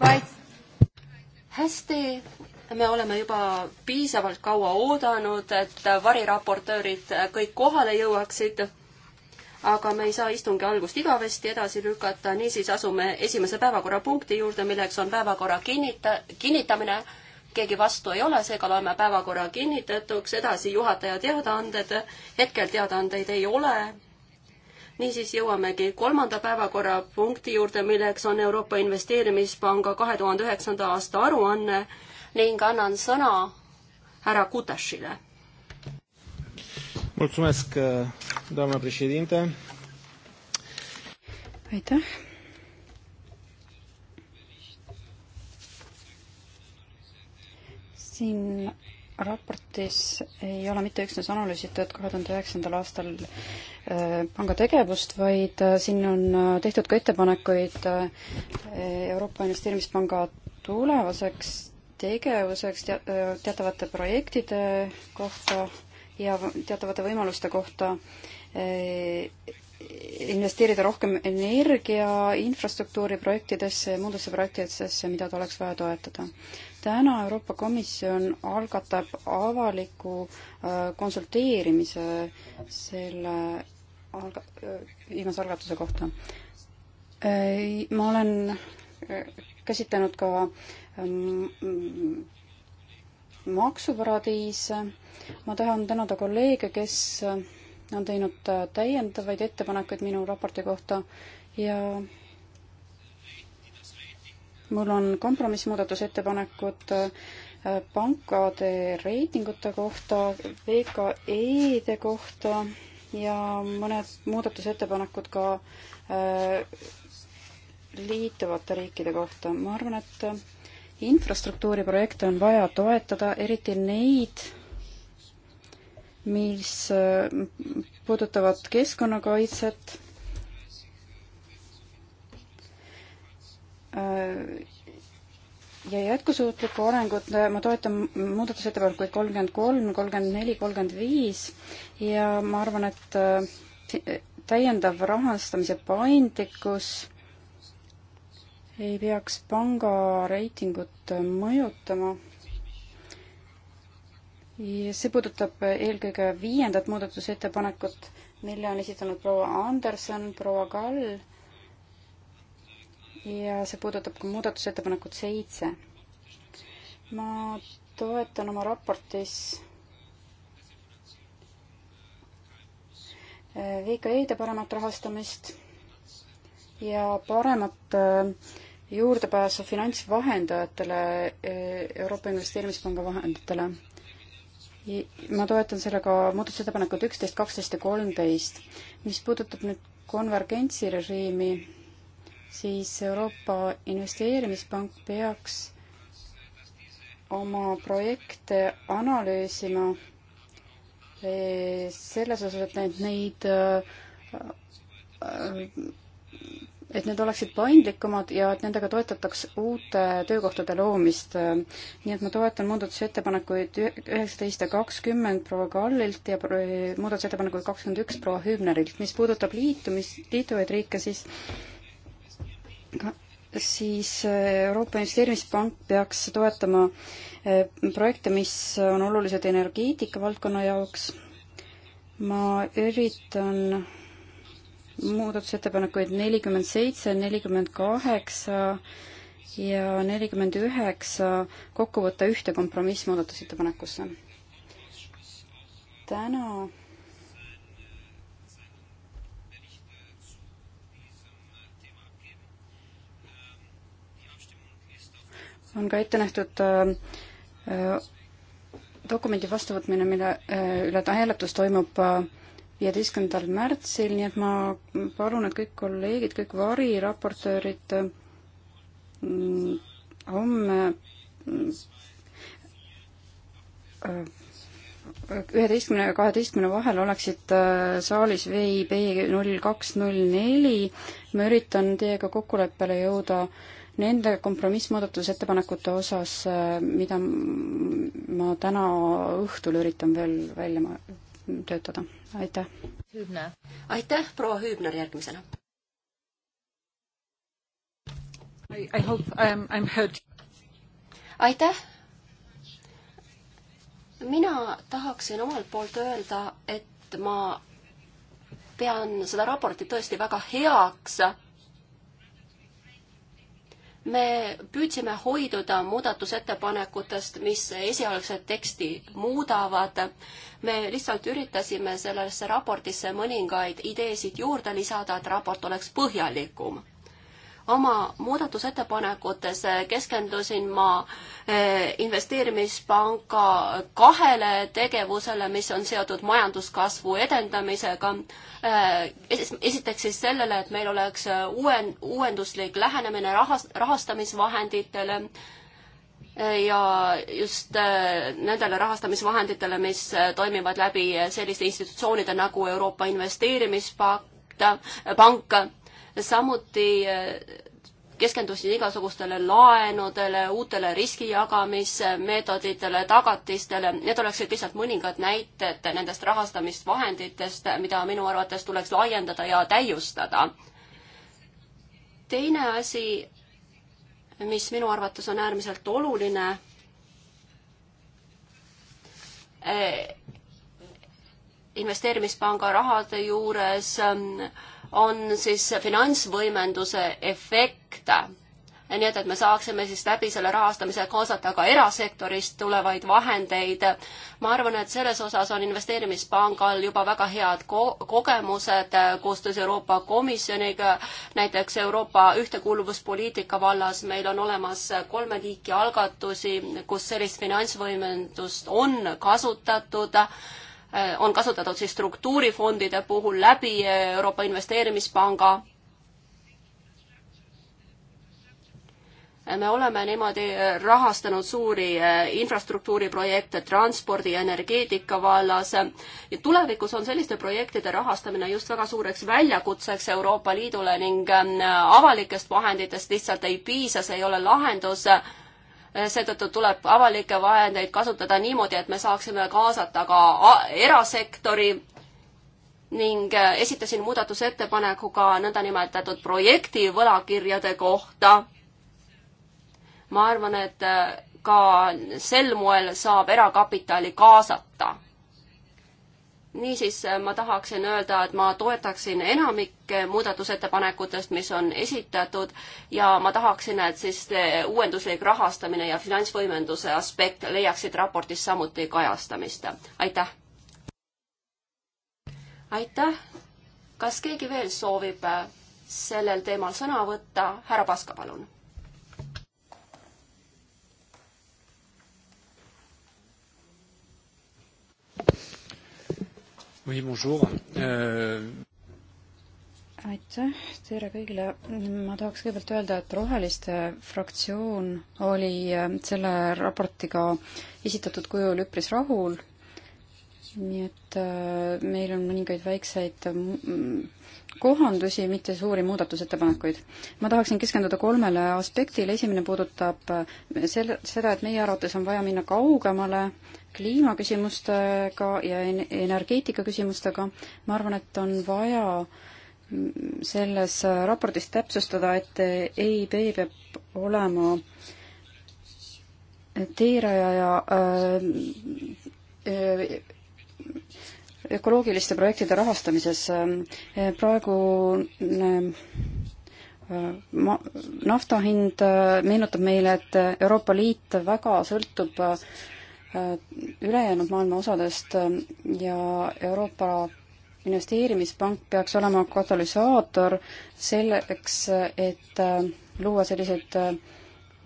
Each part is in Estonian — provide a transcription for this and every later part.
right. hästi, me oleme juba piisavalt kaua oodanud, et variraportöörid kõik kohale jõuaksid. aga me ei saa istungi algust igavesti edasi lükata, niisiis asume esimese päevakorrapunkti juurde, milleks on päevakorra kinnita-, kinnitamine. keegi vastu ei ole, seega loeme päevakorra kinnitatuks, edasi juhataja teadaanded. hetkel teadaandeid ei ole niisiis jõuamegi kolmanda päevakorrapunkti juurde, milleks on Euroopa Investeerimispanga kahe tuhande üheksanda aasta aruanne ning annan sõna härra Kutašile. aitäh. siin raportis ei ole mitte üksnes analüüsitud kahe tuhande üheksandal aastal äh, panga tegevust, vaid äh, siin on äh, tehtud ka ettepanekuid Euroopa Investeerimispanga tulevaseks tegevuseks teatavate projektide kohta ja teatavate võimaluste kohta investeerida rohkem energia infrastruktuuri projektidesse ja muudesse projektidesse, mida ta oleks vaja toetada. täna Euroopa Komisjon algatab avaliku äh, konsulteerimise selle alga-, äh, viimase algatuse kohta. ma olen äh, käsitlenud ka ähm, maksuparadiise, ma tahan tänada kolleege, kes on teinud äh, täiendavaid ettepanekuid minu raporti kohta ja mul on kompromissmuudatusettepanekud äh, pankade reitingute kohta, VKE-de kohta ja mõned muudatusettepanekud ka äh, liituvate riikide kohta. ma arvan, et infrastruktuuriprojekte on vaja toetada, eriti neid, mis äh, puudutavad keskkonnakaitset äh, ja jätkusuutlikku arengut äh, ma toetan muudatusettepanekuid kolmkümmend kolm, kolmkümmend neli, kolmkümmend viis ja ma arvan, et täiendav rahastamise paindlikkus ei peaks panga reitingut mõjutama see puudutab eelkõige viiendat muudatusettepanekut, mille on esitanud proua Anderson, proua Kall ja see puudutab ka muudatusettepanekut seitse. ma toetan oma raportis äh, VKI-de paremat rahastamist ja paremat äh, juurdepääsu finantsvahendajatele, äh, Euroopa Investeerimispanga vahenditele ma toetan sellega muudatusettepanekut üksteist, kaksteist ja kolmteist. mis puudutab nüüd konvergentsirežiimi, siis Euroopa Investeerimispank peaks oma projekte analüüsima eh, selles osas, et neid, neid eh, et need oleksid paindlikumad ja et nendega toetataks uute töökohtade loomist. nii et ma toetan muudatusettepanekuid üheksateist ja kakskümmend proua Kallilt ja muudatusettepanekuid kakskümmend üks proua Hübnerilt. mis puudutab liitumist, liituvaid riike, siis siis äh, Euroopa Investeerimispank peaks toetama äh, projekte, mis on olulised energeetika valdkonna jaoks. ma üritan muudatusettepanekuid nelikümmend seitse, nelikümmend kaheksa ja nelikümmend üheksa kokku võtta ühte kompromissmuudatusettepanekusse. täna on ka ette nähtud äh, äh, dokumendi vastuvõtmine, mille äh, üle hääletus toimub viieteistkümnendal märtsil, nii et ma palun, et kõik kolleegid, kõik variraportöörid mm, homme mm, äh, üheteistkümne ja kaheteistkümne vahel oleksid äh, saalis VIP null kaks null neli. ma üritan teiega kokkuleppele jõuda nende kompromissmuudatusettepanekute osas, äh, mida ma täna õhtul üritan veel välja töötada aitäh. aitäh, proua Hüübner järgmisena. I hope I am, um, I am heard. aitäh. mina tahaksin omalt poolt öelda, et ma pean seda raportit tõesti väga heaks me püüdsime hoiduda muudatusettepanekutest, mis esialgset teksti muudavad. me lihtsalt üritasime sellesse raportisse mõningaid ideesid juurde lisada, et raport oleks põhjalikum oma muudatusettepanekutes keskendusin ma eh, investeerimispanga kahele tegevusele, mis on seotud majanduskasvu edendamisega. Eh, esiteks siis sellele, et meil oleks uuen, uuenduslik lähenemine rahas, rahastamisvahenditele eh, ja just nendele rahastamisvahenditele, mis toimivad läbi selliste institutsioonide nagu Euroopa Investeerimispakt, pank samuti eh, keskendusin igasugustele laenudele, uutele riskijagamismeetoditele, tagatistele, need oleksid lihtsalt mõningad näited nendest rahastamisvahenditest, mida minu arvates tuleks laiendada ja täiustada. teine asi, mis minu arvates on äärmiselt oluline, eh, investeerimispanga rahade juures äh, on siis finantsvõimenduse efekt. nii et, et me saaksime siis läbi selle rahastamise kaasata ka erasektorist tulevaid vahendeid. ma arvan, et selles osas on investeerimispangal juba väga head ko kogemused äh, koostöös Euroopa Komisjoniga. näiteks Euroopa ühtekuuluvuspoliitika vallas meil on olemas kolme liiki algatusi, kus sellist finantsvõimendust on kasutatud Äh, on kasutatud siis struktuurifondide puhul läbi äh, Euroopa Investeerimispanga. me oleme niimoodi äh, rahastanud suuri infrastruktuuriprojekte transpordi ja energeetika vallas ja tulevikus on selliste projektide rahastamine just väga suureks väljakutseks Euroopa Liidule ning avalikest vahenditest lihtsalt ei piisa, see ei ole lahendus seetõttu tuleb avalikke vahendeid kasutada niimoodi, et me saaksime kaasata ka erasektori ning äh, esitasin muudatusettepaneku ka nõndanimetatud projekti võlakirjade kohta. ma arvan, et äh, ka sel moel saab erakapitali kaasata niisiis ma tahaksin öelda, et ma toetaksin enamikke muudatusettepanekutest, mis on esitatud ja ma tahaksin, et siis uuenduslik rahastamine ja finantsvõimenduse aspekt leiaksid raportis samuti kajastamist. aitäh! aitäh! kas keegi veel soovib sellel teemal sõna võtta? härra Paska, palun oui, bonjour euh.... aitäh, tere kõigile. ma tahaks kõigepealt öelda, et Roheliste fraktsioon oli äh, selle raportiga esitatud kujul üpris rahul. nii et äh, meil on mõningaid väikseid mm, kohandusi, mitte suuri muudatusettepanekuid. ma tahaksin keskenduda kolmele aspektile, esimene puudutab äh, sel-, seda, et meie arvates on vaja minna kaugemale kliimaküsimustega ja energeetikaküsimustega. ma arvan, et on vaja selles raportis täpsustada, et EIB peab olema teeraja ja äh, äh ökoloogiliste projektide rahastamises praegune äh, ma-, nafta hind äh, meenutab meile, et Euroopa Liit väga sõltub äh, Äh, ülejäänud maailma osadest äh, ja Euroopa investeerimispank peaks olema katalüsaator selleks, et äh, luua selliseid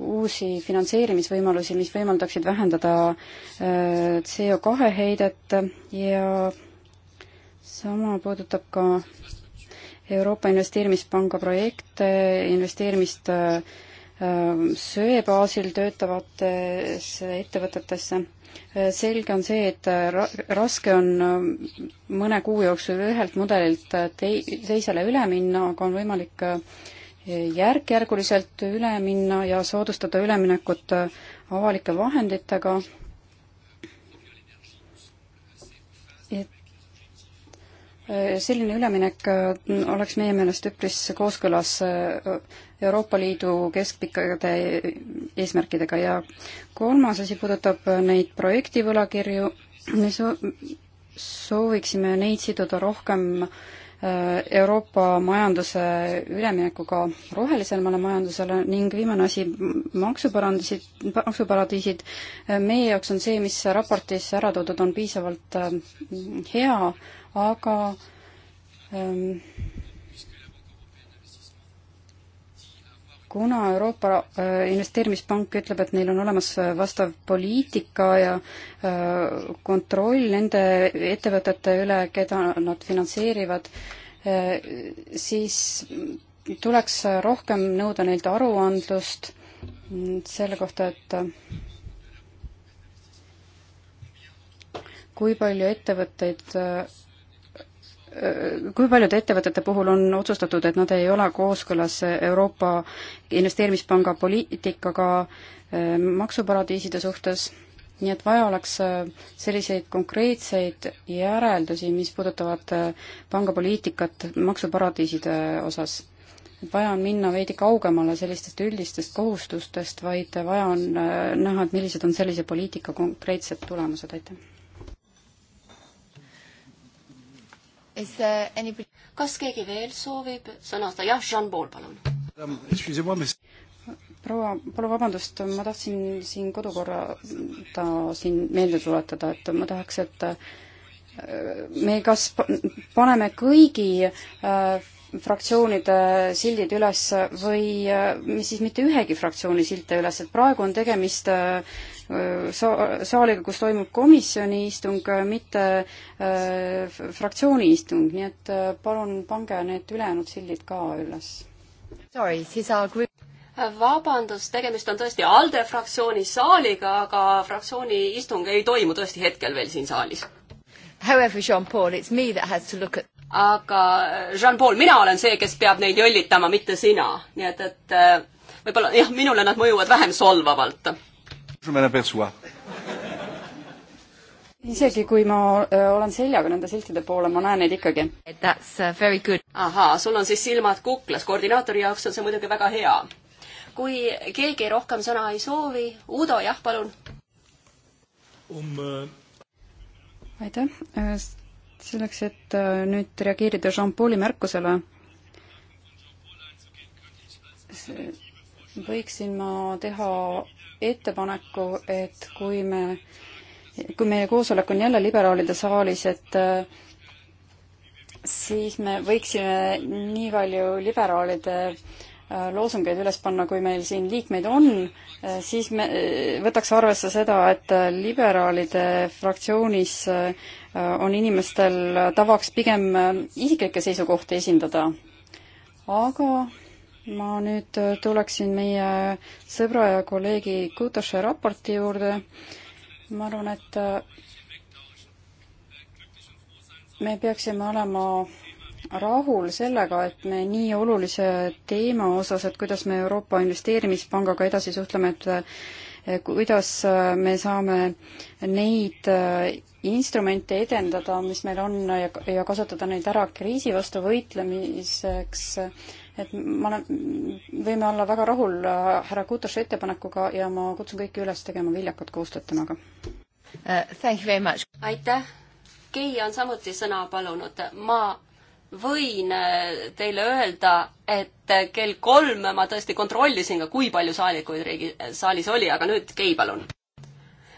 uusi finantseerimisvõimalusi, mis võimaldaksid vähendada CO2 heidet ja sama puudutab ka Euroopa Investeerimispanga projekte, investeerimist äh, Ähm, söe baasil töötavatesse ettevõtetesse. Äh, selge on see, et äh, raske on ähm, mõne kuu jooksul ühelt mudelilt äh, tei-, teisele üle minna, aga on võimalik järk-järguliselt üle minna ja soodustada üleminekut avalike vahenditega, et selline üleminek oleks meie meelest üpris kooskõlas Euroopa Liidu keskpikkade eesmärkidega ja kolmas asi puudutab neid projektivõlakirju, me soo-, sooviksime neid siduda rohkem äh, Euroopa majanduse üleminekuga rohelisemale majandusele ning viimane asi, maksuparandisid, maksuparadiisid, äh, meie jaoks on see, mis raportis ära toodud on, piisavalt äh, hea, aga ähm, kuna Euroopa äh, Investeerimispank ütleb, et neil on olemas äh, vastav poliitika ja äh, kontroll nende ettevõtete üle, keda nad finantseerivad, siis tuleks rohkem nõuda neilt aruandlust mm, selle kohta, et kui palju ettevõtteid kui paljude ettevõtete puhul on otsustatud, et nad ei ole kooskõlas Euroopa Investeerimispanga poliitikaga eh, maksuparadiiside suhtes, nii et vaja oleks eh, selliseid konkreetseid järeldusi, mis puudutavad eh, panga poliitikat maksuparadiiside osas. vaja on minna veidi kaugemale sellistest üldistest kohustustest, vaid vaja on näha, et millised on sellise poliitika konkreetsed tulemused, aitäh! Anybody... kas keegi veel soovib sõna saada? jah, Jean-Paul, palun. Um, proua, palun vabandust, ma tahtsin siin kodukorda siin meelde tuletada, et ma tahaks, et äh, me kas paneme kõigi äh, fraktsioonide sildid üles või äh, siis mitte ühegi fraktsiooni silte üles, et praegu on tegemist äh, Äh, saaliga, kus toimub komisjoni istung, äh, mitte äh, fraktsiooni istung, nii et palun pange need ülejäänud sildid ka üles. Sorry, siis our group vabandust, tegemist on tõesti ALDE fraktsiooni saaliga, aga fraktsiooni istung ei toimu tõesti hetkel veel siin saalis. However, Jean-Paul, it's me that has to look at aga Jean-Paul, mina olen see, kes peab neid jõllitama, mitte sina. nii et, et võib-olla jah, minule nad mõjuvad vähem solvavalt isegi kui ma äh, olen seljaga nende siltide poole, ma näen neid ikkagi. Äh, ahaa, sul on siis silmad kuklas, koordinaatori jaoks on see muidugi väga hea. kui keegi rohkem sõna ei soovi, Udo, jah, palun um,. Uh... aitäh, selleks, et nüüd reageerida Jean-Pauli märkusele, võiksin ma teha ettepaneku, et kui me, kui meie koosolek on jälle liberaalide saalis, et siis me võiksime nii palju liberaalide äh, loosungeid üles panna, kui meil siin liikmeid on, äh, siis me äh, võtaks arvesse seda, et liberaalide fraktsioonis on inimestel tavaks pigem isiklikke seisukohti esindada. aga ma nüüd äh, tuleksin meie sõbra ja kolleegi Kutoše raporti juurde. ma arvan, et äh, me peaksime olema rahul sellega, et me nii olulise teema osas, et kuidas me Euroopa Investeerimispangaga edasi suhtleme, et äh, kuidas me saame neid instrumente edendada, mis meil on ja, ja kasutada neid ära kriisi vastu võitlemiseks äh, et ma olen, võime olla väga rahul äh, härra Kutoši ettepanekuga ja ma kutsun kõiki üles tegema viljakat koostööd temaga uh,. aitäh. Kei on samuti sõna palunud. ma võin äh, teile öelda, et äh, kell kolm ma tõesti kontrollisin ka, kui palju saalikuid riigi, saalis oli, aga nüüd Kei, palun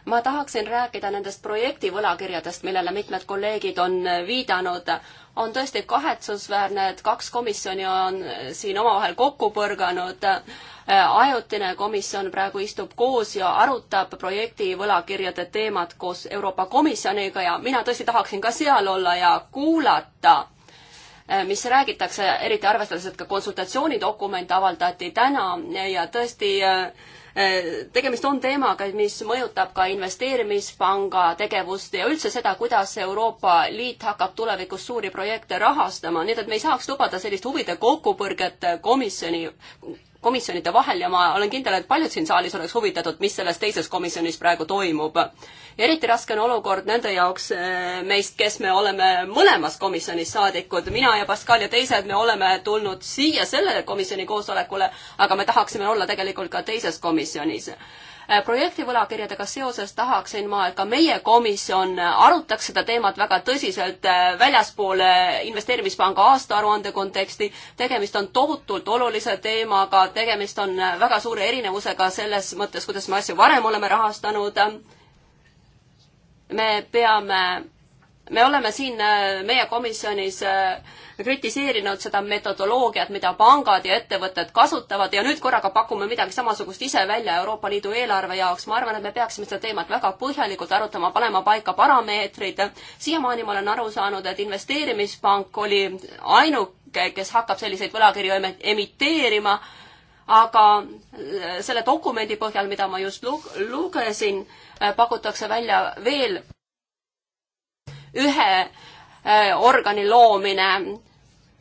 ma tahaksin rääkida nendest projektivõlakirjadest, millele mitmed kolleegid on äh, viidanud. on tõesti kahetsusväärne, et kaks komisjoni on äh, siin omavahel kokku põrganud. Äh, ajutine komisjon praegu istub koos ja arutab projektivõlakirjade teemat koos Euroopa Komisjoniga ja mina tõesti tahaksin ka seal olla ja kuulata mis räägitakse, eriti arvestades, et ka konsultatsioonidokument avaldati täna ja tõesti äh, Äh, tegemist on teemaga, mis mõjutab ka investeerimispanga tegevust ja üldse seda, kuidas Euroopa Liit hakkab tulevikus suuri projekte rahastama, nii et me ei saaks lubada sellist huvide kokkupõrget komisjoni komisjonide vahel ja ma olen kindel, et paljud siin saalis oleks huvitatud, mis selles teises komisjonis praegu toimub. eriti raske on olukord nende jaoks eh, meist, kes me oleme mõlemas komisjonis saadikud, mina ja Pascal ja teised, me oleme tulnud siia sellele komisjoni koosolekule, aga me tahaksime olla tegelikult ka teises komisjonis Äh, projekti võlakirjadega seoses tahaksin ma, et ka meie komisjon äh, arutaks seda teemat väga tõsiselt äh, väljaspool investeerimispanga aastaaruande konteksti. tegemist on tohutult olulise teemaga, tegemist on väga suure erinevusega selles mõttes, kuidas me asju varem oleme rahastanud. me peame me oleme siin äh, meie komisjonis äh, kritiseerinud seda metodoloogiat, mida pangad ja ettevõtted kasutavad ja nüüd korraga pakume midagi samasugust ise välja Euroopa Liidu eelarve jaoks. ma arvan, et me peaksime seda teemat väga põhjalikult arutama, panema paika parameetrid. siiamaani ma olen aru saanud, et investeerimispank oli ainuke, kes hakkab selliseid võlakirju emiteerima, aga äh, selle dokumendi põhjal, mida ma just lugesin, pakutakse välja veel ühe äh, organi loomine,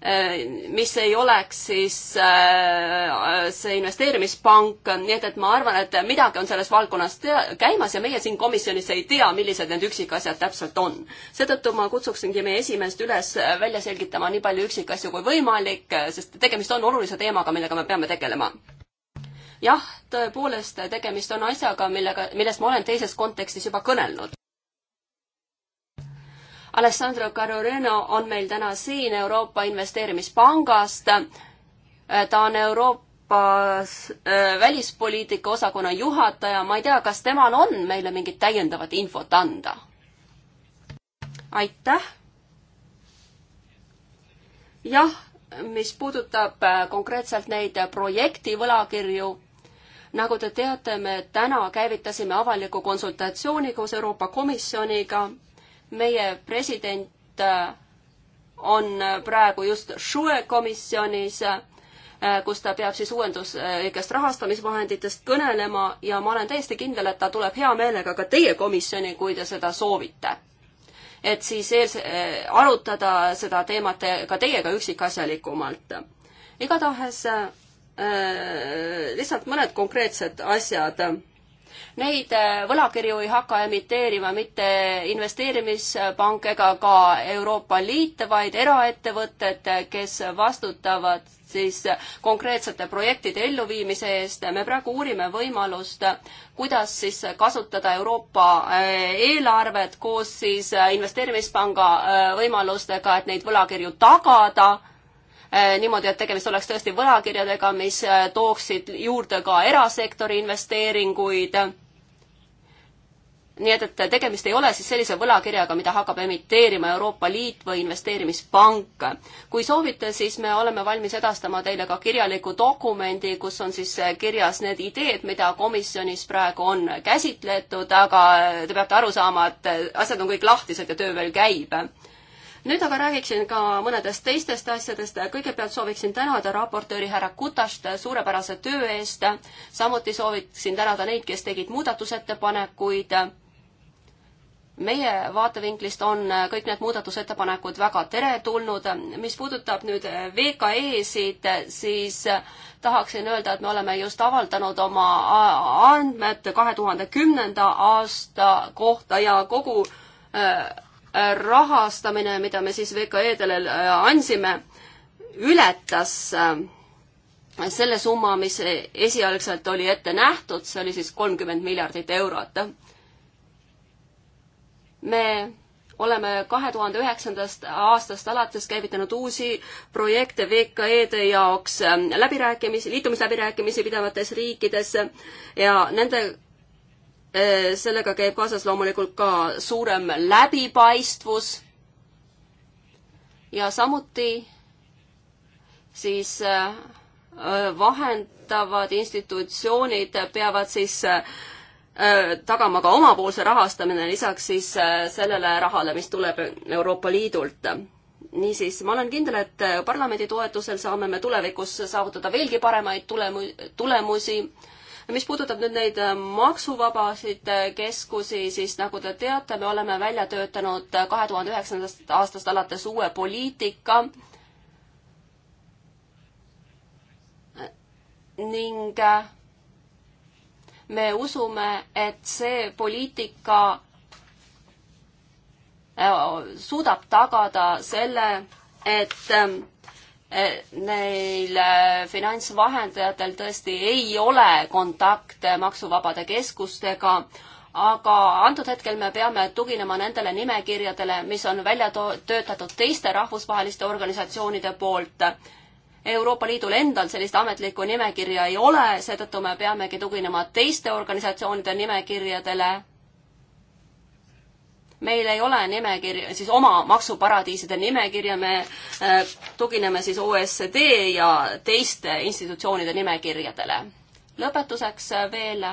äh, mis ei oleks siis äh, see investeerimispank, nii et, et ma arvan, et midagi on selles valdkonnas tea-, käimas ja meie siin komisjonis ei tea, millised need üksikasjad täpselt on. seetõttu ma kutsuksingi meie esimeest üles välja selgitama nii palju üksikasju kui võimalik, sest tegemist on olulise teemaga, millega me peame tegelema jah, tõepoolest, tegemist on asjaga, millega, millest ma olen teises kontekstis juba kõnelnud. Alessandro Caroreno on meil täna siin Euroopa Investeerimispangast. ta on Euroopas äh, välispoliitika osakonna juhataja, ma ei tea, kas temal on meile mingit täiendavat infot anda? aitäh! jah, mis puudutab äh, konkreetselt neid projekti võlakirju, nagu te teate, me täna käivitasime avaliku konsultatsiooni koos Euroopa Komisjoniga meie president äh, on praegu just Shue komisjonis, äh, kus ta peab siis uuenduslikest rahastamisvahenditest kõnelema ja ma olen täiesti kindel, et ta tuleb hea meelega ka teie komisjoni, kui te seda soovite. et siis ees, äh, arutada seda teemat ka teiega üksikasjalikumalt. igatahes lihtsalt mõned konkreetsed asjad Neid äh, võlakirju ei hakka emiteerima mitte investeerimispank ega ka Euroopa Liit, vaid eraettevõtted, kes vastutavad siis konkreetsete projektide elluviimise eest. me praegu uurime võimalust, kuidas siis kasutada Euroopa äh, eelarvet koos siis äh, investeerimispanga võimalustega, et neid võlakirju tagada Äh, niimoodi, et tegemist oleks tõesti võlakirjadega, mis äh, tooksid juurde ka erasektori investeeringuid. nii et, et tegemist ei ole siis sellise võlakirjaga, mida hakkab emiteerima Euroopa Liit või investeerimispank. kui soovite, siis me oleme valmis edastama teile ka kirjaliku dokumendi, kus on siis äh, kirjas need ideed, mida komisjonis praegu on käsitletud, aga te peate aru saama, et asjad on kõik lahtised ja töö veel käib nüüd aga räägiksin ka mõnedest teistest asjadest. kõigepealt sooviksin tänada raportööri härra Kutast suurepärase töö eest. samuti sooviksin tänada neid, kes tegid muudatusettepanekuid. meie vaatevinklist on kõik need muudatusettepanekud väga teretulnud. mis puudutab nüüd VKE-sid, siis tahaksin öelda, et me oleme just avaldanud oma andmed kahe tuhande kümnenda aasta kohta ja kogu äh, rahastamine, mida me siis VKE-dele äh, andsime, ületas äh, selle summa, mis esialgselt oli ette nähtud, see oli siis kolmkümmend miljardit eurot. me oleme kahe tuhande üheksandast aastast alates käivitanud uusi projekte VKE-de jaoks äh, läbirääkimisi, liitumisläbirääkimisi pidavates riikides ja nende Äh, sellega käib kaasas loomulikult ka suurem läbipaistvus ja samuti siis äh, vahendavad institutsioonid peavad siis äh, tagama ka omapoolse rahastamine lisaks siis sellele rahale, mis tuleb Euroopa Liidult. niisiis, ma olen kindel, et parlamendi toetusel saame me tulevikus saavutada veelgi paremaid tulemu-, tulemusi mis puudutab nüüd neid äh, maksuvabasid äh, keskusi, siis nagu te teate, me oleme välja töötanud äh, kahe tuhande üheksandast aastast alates uue poliitika ning me usume, et see poliitika suudab tagada selle, et ähm, neil äh, finantsvahendajatel tõesti ei ole kontakte maksuvabade keskustega, aga antud hetkel me peame tuginema nendele nimekirjadele, mis on välja töötatud teiste rahvusvaheliste organisatsioonide poolt. Euroopa Liidul endal sellist ametlikku nimekirja ei ole, seetõttu me peamegi tuginema teiste organisatsioonide nimekirjadele meil ei ole nimekirja, siis oma maksuparadiiside nimekirja, me äh, tugineme siis OSCD ja teiste institutsioonide nimekirjadele. lõpetuseks äh, veel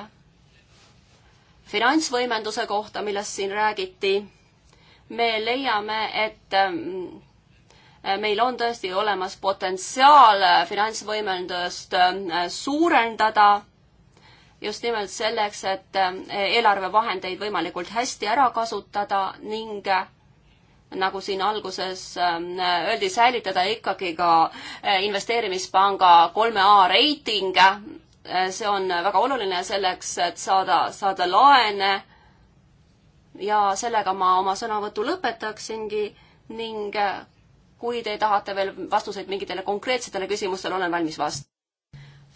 finantsvõimenduse kohta, millest siin räägiti. me leiame, et äh, meil on tõesti olemas potentsiaal finantsvõimendust suurendada just nimelt selleks, et eh, eelarvevahendeid võimalikult hästi ära kasutada ning eh, nagu siin alguses eh, öeldi, säilitada ikkagi ka investeerimispanga kolme A reiting. see on väga oluline selleks, et saada, saada laene. ja sellega ma oma sõnavõtu lõpetaksingi ning kui te tahate veel vastuseid mingitele konkreetsetele küsimustele, olen valmis vastama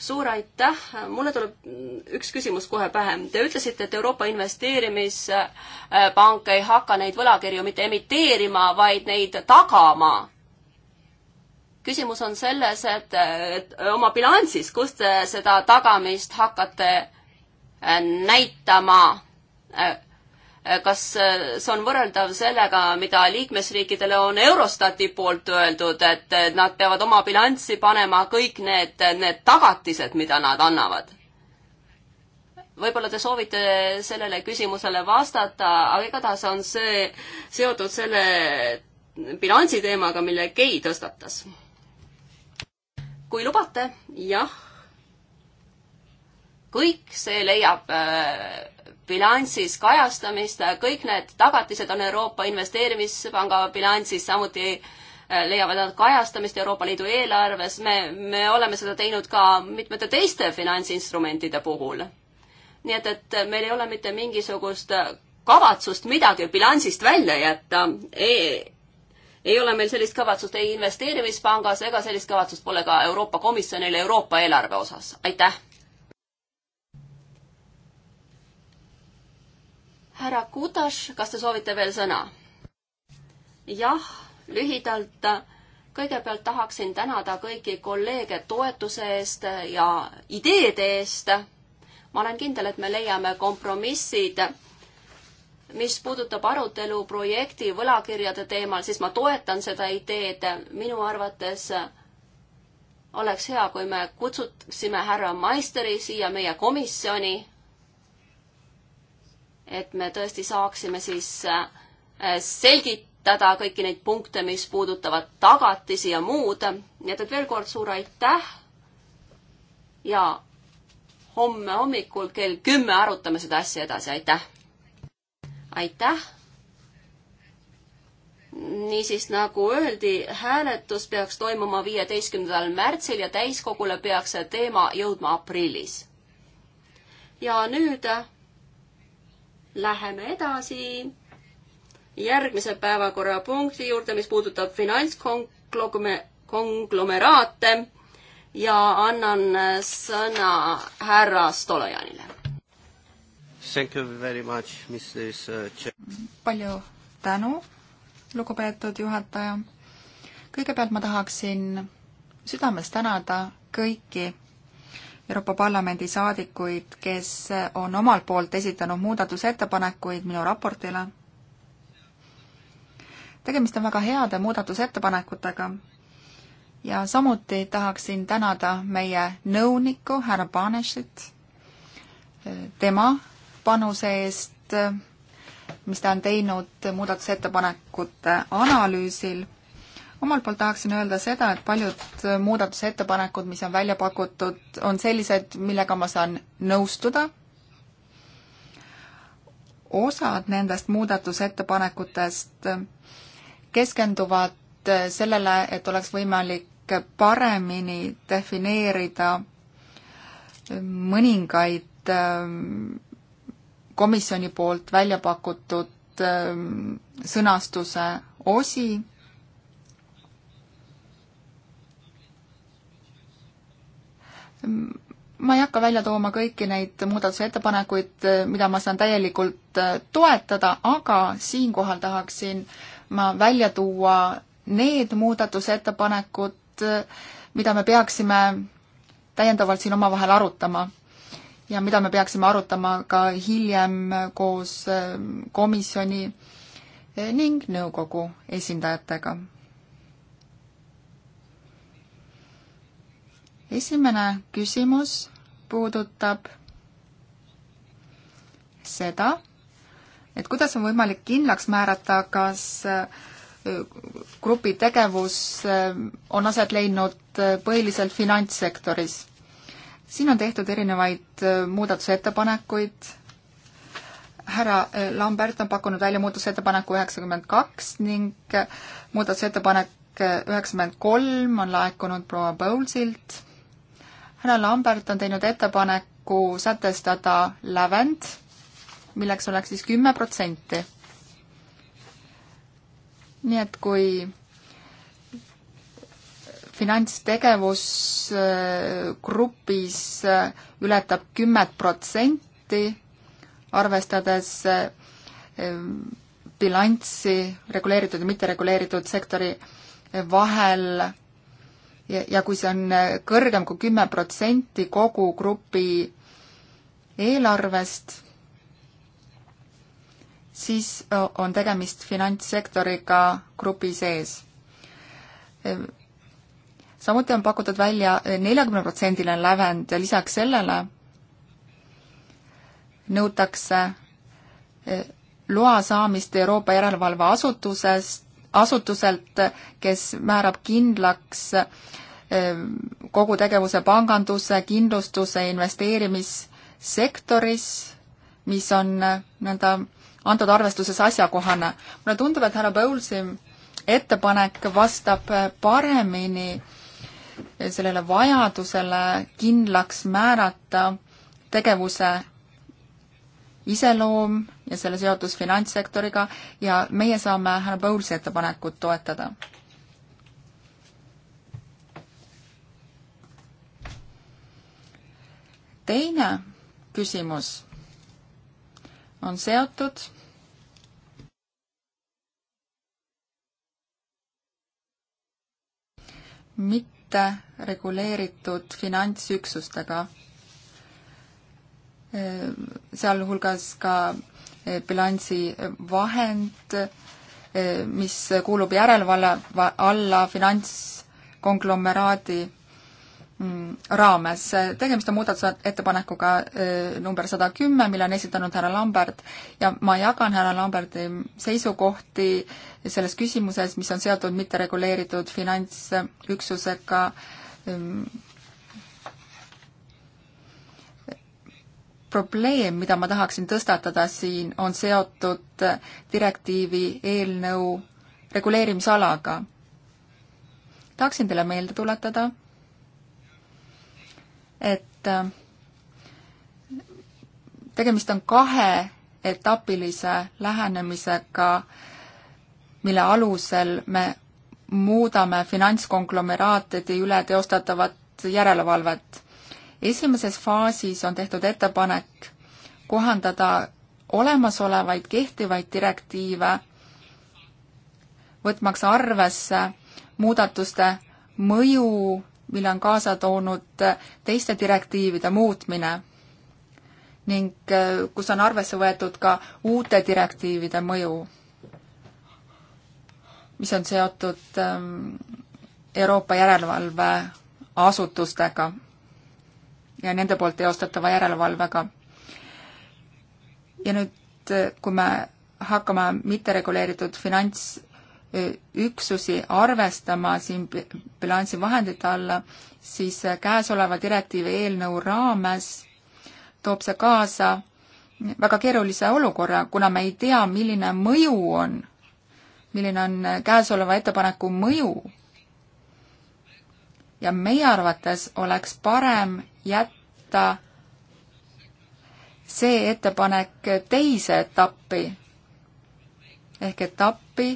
suur aitäh, mulle tuleb üks küsimus kohe pähe. Te ütlesite, et Euroopa Investeerimispank ei hakka neid võlakirju mitte emiteerima, vaid neid tagama. küsimus on selles, et, et oma bilansis, kust te seda tagamist hakkate äh, näitama äh, kas äh, see on võrreldav sellega, mida liikmesriikidele on Eurostati poolt öeldud, et nad peavad oma bilanssi panema kõik need, need tagatised, mida nad annavad? võib-olla te soovite sellele küsimusele vastata, aga igatahes on see seotud selle bilansi teemaga, mille Kei tõstatas. kui lubate, jah kõik see leiab äh, bilansis kajastamist, äh, kõik need tagatised on Euroopa Investeerimispanga bilansis, samuti äh, leiavad nad kajastamist Euroopa Liidu eelarves, me, me oleme seda teinud ka mitmete teiste finantsinstrumentide puhul. nii et, et meil ei ole mitte mingisugust kavatsust midagi bilansist välja jätta e ei ole meil sellist kavatsust ei investeerimispangas ega sellist kavatsust pole ka Euroopa Komisjonil Euroopa eelarve osas. aitäh! härra Kutas, kas te soovite veel sõna? jah, lühidalt. kõigepealt tahaksin tänada kõiki kolleege toetuse eest ja ideede eest. ma olen kindel, et me leiame kompromissid. mis puudutab arutelu projekti võlakirjade teemal, siis ma toetan seda ideed. minu arvates oleks hea, kui me kutsuksime härra Maisteri siia meie komisjoni et me tõesti saaksime siis äh, selgitada kõiki neid punkte, mis puudutavad tagatisi ja muud. nii et, et veel kord suur aitäh ja homme hommikul kell kümme arutame seda asja edasi, aitäh! aitäh! niisiis, nagu öeldi, hääletus peaks toimuma viieteistkümnendal märtsil ja täiskogule peaks see teema jõudma aprillis. ja nüüd Läheme edasi järgmise päevakorrapunkti juurde, mis puudutab finantskonglomeraate ja annan sõna härra Stolojanile. Uh, palju tänu, lugupeetud juhataja. kõigepealt ma tahaksin südames tänada kõiki Euroopa Parlamendi saadikuid, kes on omalt poolt esitanud muudatusettepanekuid minu raportile. tegemist on väga heade muudatusettepanekutega ja samuti tahaksin tänada meie nõunikku härra Banešit tema panuse eest, mis ta on teinud muudatusettepanekute analüüsil omalt poolt tahaksin öelda seda, et paljud äh, muudatusettepanekud, mis on välja pakutud, on sellised, millega ma saan nõustuda. osad nendest muudatusettepanekutest äh, keskenduvad äh, sellele, et oleks võimalik paremini defineerida mõningaid komisjoni poolt välja pakutud sõnastuse osi ma ei hakka välja tooma kõiki neid muudatusettepanekuid, mida ma saan täielikult äh, toetada, aga siinkohal tahaksin ma välja tuua need muudatusettepanekud, äh, mida me peaksime täiendavalt siin omavahel arutama ja mida me peaksime arutama ka hiljem koos äh, komisjoni ning nõukogu esindajatega esimene küsimus puudutab seda, et kuidas on võimalik kindlaks määrata, kas äh, grupi tegevus äh, on aset leidnud äh, põhiliselt finantssektoris. siin on tehtud erinevaid muudatusettepanekuid, härra Lambert on pakkunud välja muudatusettepaneku üheksakümmend kaks ning muudatusettepanek üheksakümmend kolm on laekunud proua Bowlesilt härra Lambert on teinud ettepaneku sätestada lävend, milleks oleks siis kümme protsenti. nii et kui finantstegevusgrupis äh, äh, ületab kümmet protsenti, arvestades äh, bilanssi reguleeritud ja mittereguleeritud sektori vahel ja, ja kui see on äh, kõrgem kui kümme protsenti kogu grupi eelarvest, siis on tegemist finantssektoriga grupi sees. Ehm, samuti on pakutud välja äh, neljakümneprotsendiline lävend ja lisaks sellele nõutakse äh, loa saamist Euroopa järelevalveasutusest, asutuselt, kes määrab kindlaks Ehm, kogu tegevuse panganduse, kindlustuse, investeerimissektoris, mis on äh, nii-öelda antud arvestuses asjakohane. mulle tundub, et härra Põulsi ettepanek vastab äh, paremini äh, sellele vajadusele kindlaks määrata tegevuse iseloom ja selle seotus finantssektoriga ja meie saame härra Põulsi ettepanekut toetada teine küsimus on seotud mitte reguleeritud finantsüksustega, sealhulgas ka eh, bilansivahend, eh, mis kuulub järelevalve alla finantskonglomeraadi Mm, raames. tegemist on muudatusettepanekuga eh, number sada kümme, mille on esitanud härra Lambert ja ma jagan härra Lamberti seisukohti selles küsimuses, mis on seotud mittereguleeritud finantsüksusega. Mm. probleem, mida ma tahaksin tõstatada siin, on seotud direktiivi eelnõu reguleerimisalaga. tahaksin teile meelde tuletada et äh, tegemist on kaheetapilise lähenemisega, mille alusel me muudame finantskonglomeraatide üle teostatavat järelevalvet. esimeses faasis on tehtud ettepanek kohandada olemasolevaid kehtivaid direktiive, võtmaks arvesse muudatuste mõju mille on kaasa toonud teiste direktiivide muutmine ning äh, kus on arvesse võetud ka uute direktiivide mõju, mis on seotud ähm, Euroopa järelevalveasutustega ja nende poolt teostatava järelevalvega. ja nüüd, äh, kui me hakkame mittereguleeritud finants üksusi arvestama siin bilansi vahendite alla, siis käesoleva direktiivi eelnõu raames toob see kaasa väga keerulise olukorra, kuna me ei tea, milline mõju on, milline on käesoleva ettepaneku mõju. ja meie arvates oleks parem jätta see ettepanek teise etappi ehk etappi,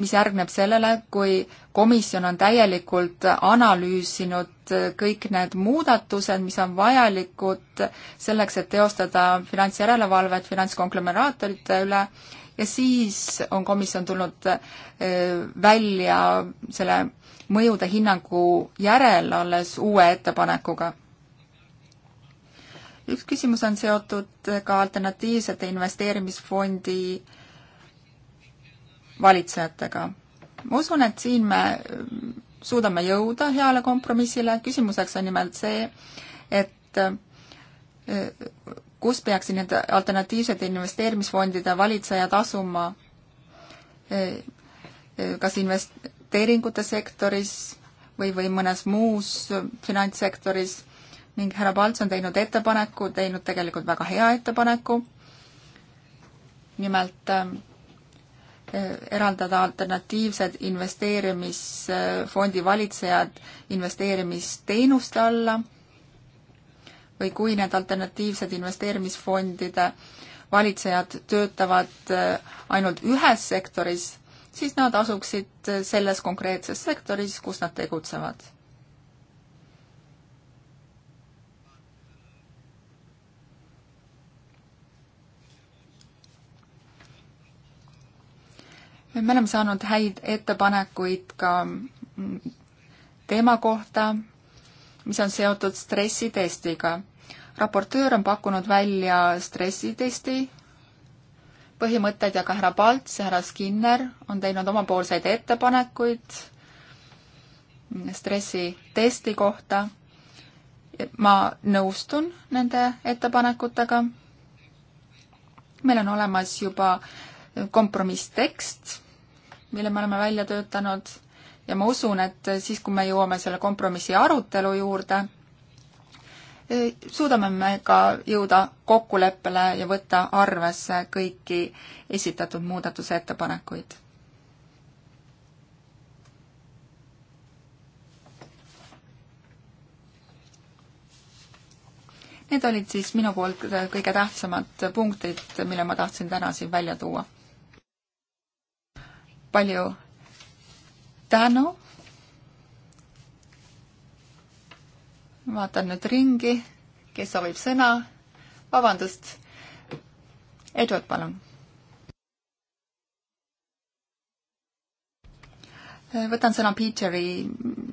mis järgneb sellele, kui komisjon on täielikult analüüsinud kõik need muudatused, mis on vajalikud selleks, et teostada finantsjärelevalvet finantskonglomeratorite üle ja siis on komisjon tulnud eh, välja selle mõjude hinnangu järel alles uue ettepanekuga. üks küsimus on seotud ka alternatiivsete investeerimisfondi äh, valitsejatega. ma usun, et siin me mm, suudame jõuda heale kompromissile, küsimuseks on nimelt see, et e, kus peaksid need alternatiivsete investeerimisfondide valitsejad asuma, e, e, kas investeeringute sektoris või, või mõnes muus finantssektoris ning härra Palts on teinud ettepaneku, teinud tegelikult väga hea ettepaneku, nimelt eraldada alternatiivsed investeerimisfondi valitsejad investeerimisteenuste alla või kui need alternatiivsed investeerimisfondide valitsejad töötavad äh, ainult ühes sektoris, siis nad asuksid selles konkreetses sektoris, kus nad tegutsevad. me oleme saanud häid ettepanekuid ka teema kohta, mis on seotud stressitestiga. raportöör on pakkunud välja stressitesti põhimõtted ja ka härra Palts ja härra Skinner on teinud omapoolseid ettepanekuid stressitesti kohta. ma nõustun nende ettepanekutega. meil on olemas juba kompromisstekst mille me oleme välja töötanud ja ma usun, et siis, kui me jõuame selle kompromissi arutelu juurde, e, suudame me ka jõuda kokkuleppele ja võtta arvesse kõiki esitatud muudatusettepanekuid. Need olid siis minu poolt kõige tähtsamad punktid, mille ma tahtsin täna siin välja tuua palju tänu. vaatan nüüd ringi, kes soovib sõna. vabandust. Edward, palun. võtan sõna Peteri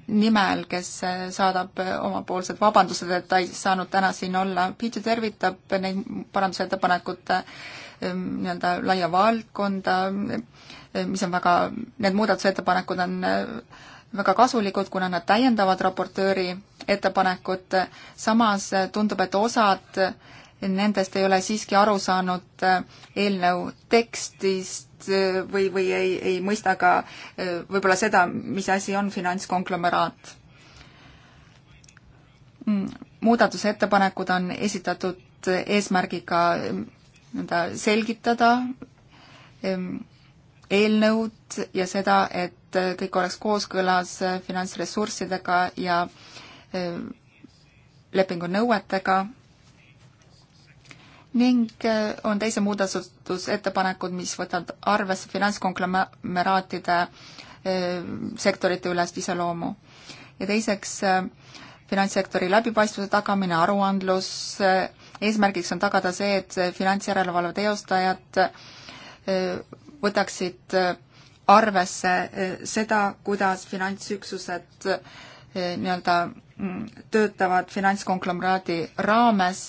nimel, kes saadab omapoolsed vabandused, et ta ei saanud täna siin olla. Peter tervitab neid parandusettepanekute ehm, nii-öelda laia valdkonda Eh, mis on väga, need muudatusettepanekud on eh, väga kasulikud, kuna nad täiendavad raportööri ettepanekut, samas eh, tundub, et osad nendest ei ole siiski aru saanud eelnõu tekstist või, või ei, ei mõista ka võib-olla seda, mis asi on finantskonglomeraat. Mm, muudatusettepanekud on esitatud eesmärgiga nii-öelda selgitada eelnõud ja seda, et kõik oleks kooskõlas finantsressurssidega ja eh, lepingu nõuetega ning eh, on teise muudatusettepanekud, mis võtavad arvesse finantskonglomeraatide eh, sektorite ülest iseloomu. ja teiseks, finantssektori läbipaistvuse tagamine, aruandlus, eesmärgiks on tagada see, et finantsjärelevalve teostajad võtaksid äh, arvesse äh, seda, kuidas finantsüksused äh, nii-öelda mm, töötavad finantskonglomeraadi raames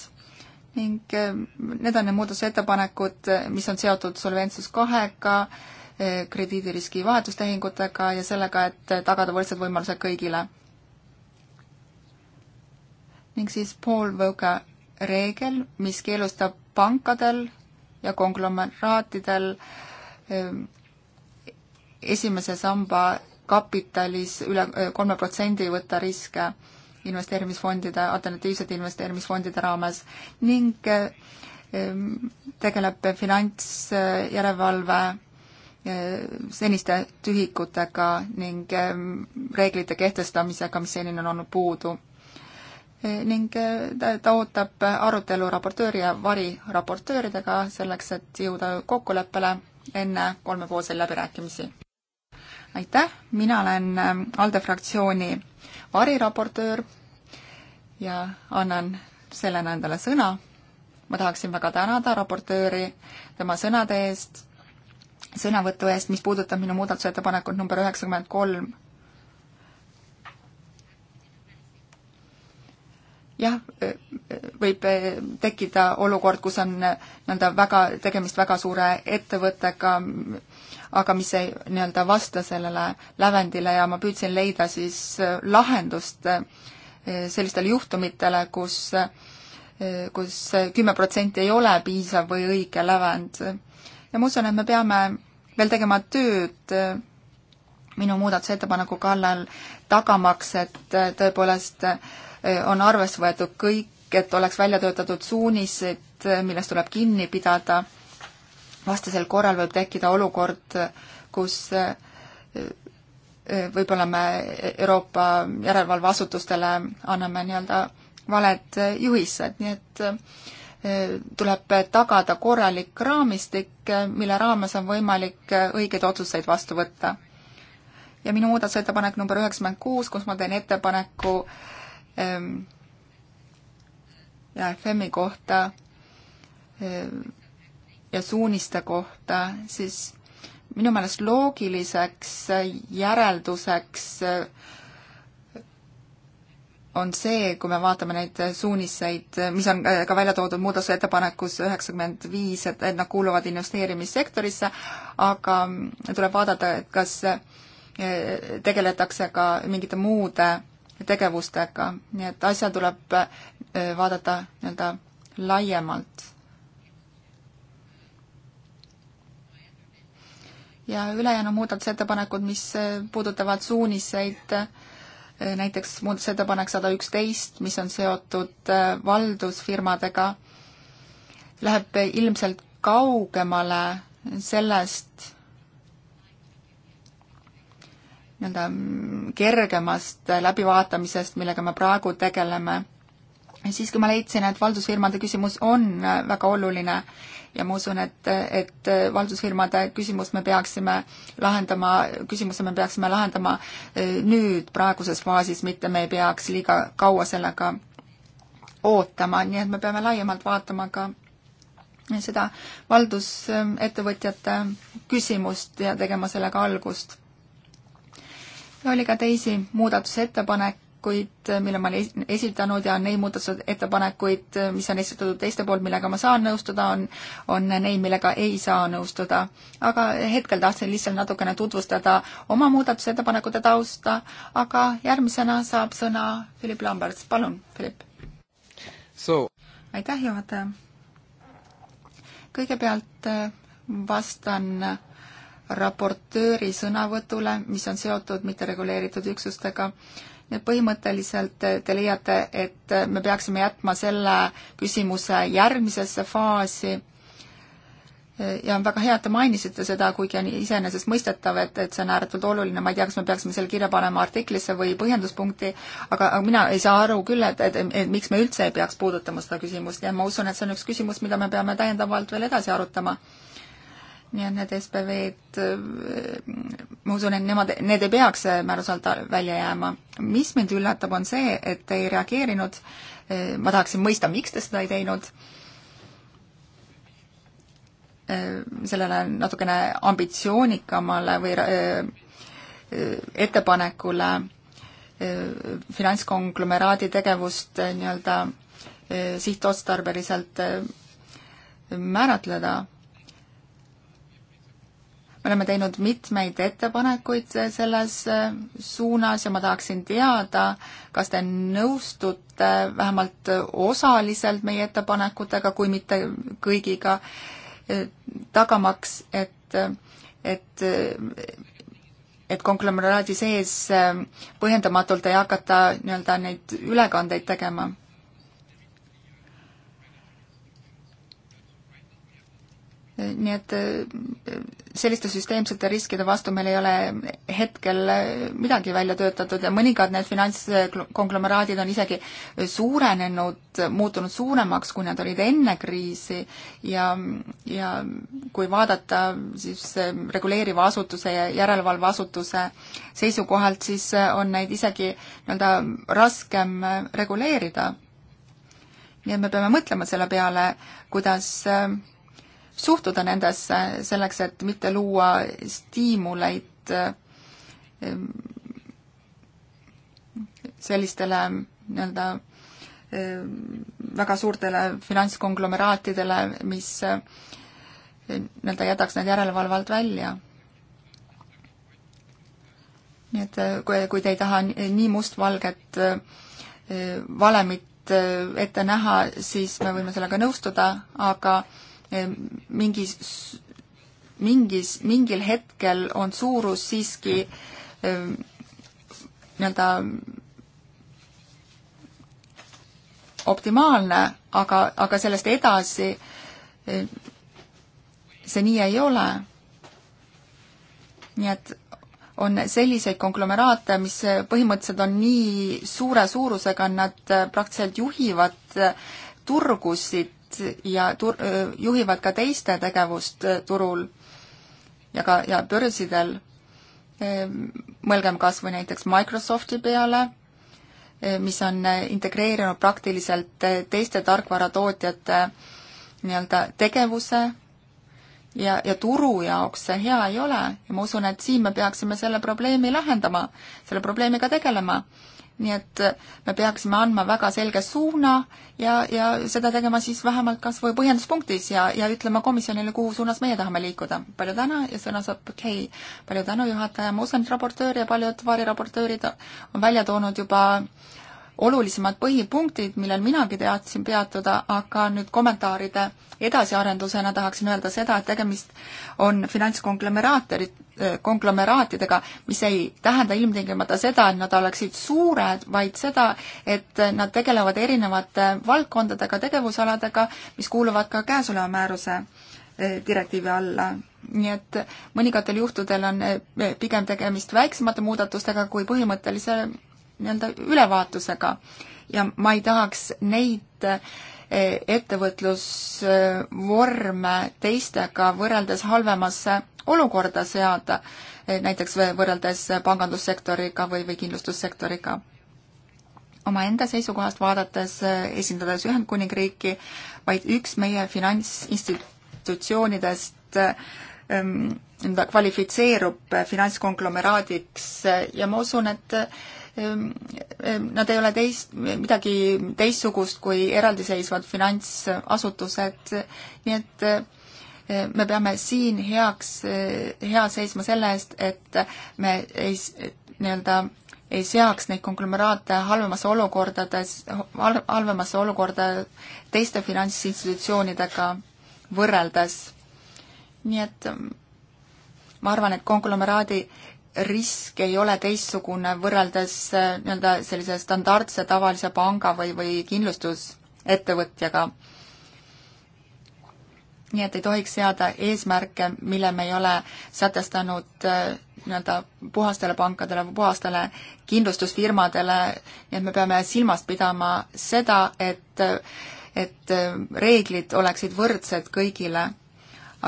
ning need on need muudatusettepanekud, mis on seotud Solventsus kahega, krediidiriski vahetustehingutega ja sellega, et tagada võrdsed võimalused kõigile. ning siis Paul Võuga reegel, mis keelustab pankadel ja konglomeraatidel äh, Ehm, esimese samba kapitalis üle eh, kolme protsendi võtta riske investeerimisfondide, alternatiivsete investeerimisfondide raames ning eh, ehm, tegeleb finantsjärelevalve eh, seniste tühikutega ning ehm, reeglite kehtestamisega, mis senini on olnud puudu. ning ta ootab arutelu raportööri ja variraportööridega selleks, et jõuda kokkuleppele enne kolmepoolseid läbirääkimisi. aitäh, mina olen ähm, ALDE fraktsiooni variraportöör ja annan sellena endale sõna. ma tahaksin väga tänada raportööri tema sõnade eest, sõnavõtu eest, mis puudutab minu muudatusettepanekut number üheksakümmend kolm jah, võib eh, tekkida olukord, kus on eh, nii-öelda väga, tegemist väga suure ettevõttega, aga mis ei nii-öelda vasta sellele lävendile ja ma püüdsin leida siis eh, lahendust sellistele juhtumitele, kus kus kümme protsenti ei ole piisav või õige lävend. ja ma usun, et me peame veel tegema tööd minu muudatusettepaneku kallal, tagamaks, et tõepoolest äh, on arvesse võetud kõik, et oleks välja töötatud suunised, millest tuleb kinni pidada. vastasel korral võib tekkida olukord, kus eh, eh, võib-olla me Euroopa järelevalveasutustele anname nii-öelda valed juhised, nii et eh, tuleb tagada korralik raamistik, mille raames on võimalik õigeid otsuseid vastu võtta. ja minu muudatusettepanek number üheksakümmend kuus, kus ma teen ettepaneku äh, Ähm, ja FM-i kohta ähm, ja suuniste kohta, siis minu meelest loogiliseks äh, järelduseks äh, on see, kui me vaatame neid äh, suuniseid, mis on ka välja toodud muudatusettepanekus üheksakümmend viis, et, et nad kuuluvad investeerimissektorisse, aga mm, tuleb vaadata, et kas tegeletakse ka mingite muude tegevustega, nii et asja tuleb äh, vaadata nii-öelda laiemalt. ja ülejäänu muudatusettepanekud, mis äh, puudutavad suuniseid, äh, näiteks muudatusettepanek sada üksteist, mis on seotud valdusfirmadega, läheb ilmselt kaugemale sellest, nii-öelda kergemast läbivaatamisest, millega me praegu tegeleme. siis, kui ma leidsin, et valdusfirmade küsimus on väga oluline ja ma usun, et, et valdusfirmade küsimust me peaksime lahendama, küsimuse me peaksime lahendama e, nüüd, praeguses faasis, mitte me ei peaks liiga kaua sellega ootama, nii et me peame laiemalt vaatama ka seda valdusettevõtjate küsimust ja tegema sellega algust oli ka teisi muudatusettepanekuid, mille ma olen esitanud ja neid muudatusettepanekuid, mis on esitatud teiste poolt, millega ma saan nõustuda, on, on neid, millega ei saa nõustuda. aga hetkel tahtsin lihtsalt natukene tutvustada oma muudatusettepanekute tausta, aga järgmisena saab sõna Philip Lamberts, palun, Philip. aitäh, juhataja. kõigepealt äh, vastan raportööri sõnavõtule, mis on seotud mittereguleeritud üksustega. nii et põhimõtteliselt te leiate, et me peaksime jätma selle küsimuse järgmisesse faasi ja on väga hea, et te mainisite seda, kuigi on iseenesestmõistetav, et, et see on ääretult oluline, ma ei tea, kas me peaksime selle kirja panema artiklisse või põhjenduspunkti, aga, aga mina ei saa aru küll, et, et, et, et miks me üldse ei peaks puudutama seda küsimust ja ma usun, et see on üks küsimus, mida me peame täiendavalt veel edasi arutama nii et need SPV-d, ma usun, et nemad, need ei peaks määruse alt välja jääma. mis mind üllatab, on see, et te ei reageerinud, ma tahaksin mõista, miks te seda ei teinud, sellele natukene ambitsioonikamale või eh, ettepanekule eh, finantskonglomeraadi tegevust eh, nii-öelda sihtotstarbeliselt määratleda me oleme teinud mitmeid ettepanekuid selles äh, suunas ja ma tahaksin teada, kas te nõustute vähemalt osaliselt meie ettepanekutega, kui mitte kõigiga, äh, tagamaks, et, et et konglomeraadi sees äh, põhjendamatult ei hakata nii-öelda neid ülekandeid tegema nii et eh, selliste süsteemsete riskide vastu meil ei ole hetkel eh, midagi välja töötatud ja mõningad need finantskonglomeraadid on isegi suurenenud, muutunud suuremaks, kui nad olid enne kriisi ja, ja kui vaadata siis eh, reguleeriva asutuse ja järelevalveasutuse seisukohalt, siis on neid isegi nii-öelda raskem reguleerida. nii et me peame mõtlema selle peale, kuidas äh, suhtuda nendesse, selleks et mitte luua stiimuleid ehm, sellistele nii-öelda ehm, väga suurtele finantskonglomeraatidele, mis eh, nii-öelda jätaks need järelevalve alt välja. nii et eh, kui, kui te ei taha nii mustvalget eh, valemit ette näha, siis me võime sellega nõustuda, aga mingis, mingis, mingil hetkel on suurus siiski nii-öelda optimaalne, aga, aga sellest edasi see nii ei ole. nii et on selliseid konglomeraate, mis põhimõtteliselt on nii suure suurusega, nad praktiliselt juhivad turgusid ja tur-, juhivad ka teiste tegevust turul ja ka, ja börsidel. Ehm, mõelgem kas või näiteks Microsofti peale, mis on integreerinud praktiliselt teiste tarkvaratootjate nii-öelda tegevuse ja, ja turu jaoks see hea ei ole ja ma usun, et siin me peaksime selle probleemi lahendama, selle probleemiga tegelema nii et äh, me peaksime andma väga selge suuna ja, ja seda tegema siis vähemalt kas või põhjenduspunktis ja, ja ütlema komisjonile, kuhu suunas meie tahame liikuda. palju tänu ja sõna saab Kei okay.. palju tänu, juhataja, ma usun, et raportöör ja paljud variraportöörid on välja toonud juba olulisemad põhipunktid, millel minagi teadsin peatuda, aga nüüd kommentaaride edasiarendusena tahaksin öelda seda, et tegemist on finantskonglomeraatorid, konglomeraatidega, mis ei tähenda ilmtingimata seda, et nad oleksid suured, vaid seda, et nad tegelevad erinevate valdkondadega, tegevusaladega, mis kuuluvad ka käesoleva määruse eh, direktiivi alla. nii et mõningatel juhtudel on eh, pigem tegemist väiksemate muudatustega kui põhimõttelise nii-öelda ülevaatusega. ja ma ei tahaks neid eh, ettevõtlusvorme teistega võrreldes halvemasse olukorda seada, eh, näiteks võrreldes pangandussektoriga või, või kindlustussektoriga. omaenda seisukohast vaadates, eh, esindades Ühendkuningriiki, vaid üks meie finantsinstitutsioonidest ehm, nii-öelda kvalifitseerub eh, finantskonglomeraadiks ja ma usun, et ehm, ehm, nad ei ole teist, midagi teistsugust kui eraldiseisvad finantsasutused, nii et me peame siin heaks, hea seisma selle eest, et me ei nii-öelda ei seaks neid konglomeraate halvemasse olukordades, halvemasse olukorda teiste finantsinstitutsioonidega võrreldes. nii et mm, ma arvan, et konglomeraadi risk ei ole teistsugune võrreldes äh, nii-öelda sellise standardse tavalise panga või, või kindlustusettevõtjaga nii et ei tohiks seada eesmärke, mille me ei ole sätestanud äh, nii-öelda puhastele pankadele või puhastele kindlustusfirmadele, nii et me peame silmas pidama seda, et, et äh, reeglid oleksid võrdsed kõigile.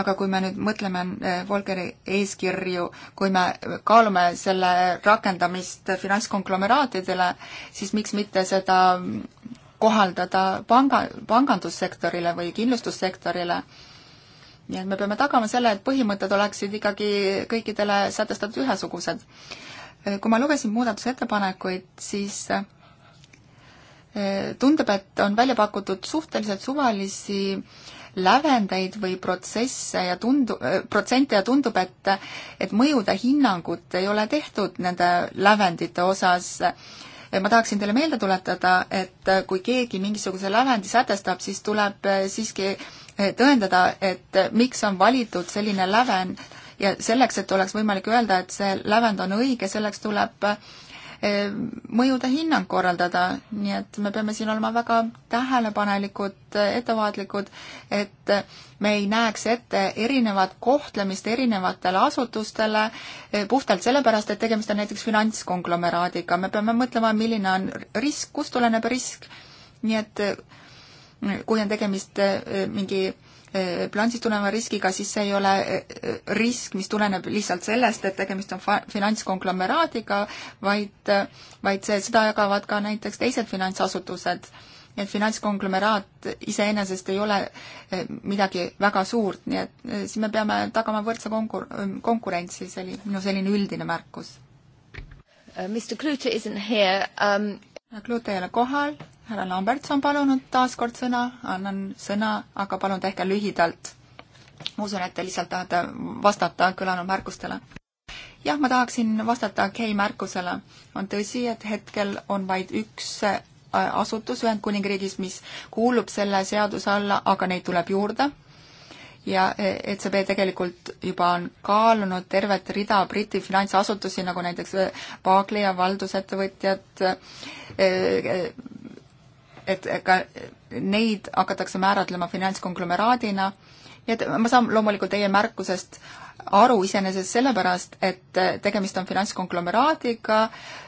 aga kui me nüüd mõtleme äh, Volkeri eeskirju, kui me kaalume selle rakendamist finantskonglomeraatidele, siis miks mitte seda kohaldada panga, pangandussektorile või kindlustussektorile nii et me peame tagama selle, et põhimõtted oleksid ikkagi kõikidele sätestatud ühesugused. kui ma lugesin muudatusettepanekuid, siis eh, tundub, et on välja pakutud suhteliselt suvalisi lävendeid või protsesse ja tundu-, eh, protsente ja tundub, et et mõjude hinnangut ei ole tehtud nende lävendite osas äh, ma tahaksin teile meelde tuletada, et kui keegi mingisuguse lävendi sätestab, siis tuleb eh, siiski eh, tõendada, et eh, miks on valitud selline lävend ja selleks, et oleks võimalik öelda, et see lävend on õige, selleks tuleb äh, mõjude hinnang korraldada, nii et me peame siin olema väga tähelepanelikud, ettevaatlikud, et me ei näeks ette erinevat kohtlemist erinevatele asutustele eh, puhtalt sellepärast, et tegemist on näiteks finantskonglomeraadiga, me peame mõtlema, milline on risk, kust tuleneb risk, nii et eh, kui on tegemist eh, mingi bilansist eh, tuleneva riskiga, siis see ei ole eh, risk, mis tuleneb lihtsalt sellest, et tegemist on finantskonglomeraadiga, vaid, vaid see, seda jagavad ka näiteks teised finantsasutused. et finantskonglomeraat iseenesest ei ole eh, midagi väga suurt, nii et siis me peame tagama võrdse konkur-, konkurentsi, see oli minu selline üldine märkus. Uh, Mr Klute isn't here um.... Klute ei ole kohal, härra Lamberts on palunud taas kord sõna, annan sõna, aga palun tehke lühidalt. ma usun, et te lihtsalt tahate vastata kõlanud märkustele. jah, ma tahaksin vastata Kei märkusele. on tõsi, et hetkel on vaid üks äh, asutus Ühendkuningriigis, mis kuulub selle seaduse alla, aga neid tuleb juurde. ja ECB e tegelikult juba on kaalunud tervet rida Briti finantsasutusi, nagu näiteks e, Barclay ja valdusettevõtjad, e, et ka neid hakatakse määratlema finantskonglomeraadina, nii et ma saan loomulikult teie märkusest aru iseenesest sellepärast, et tegemist on finantskonglomeraadiga,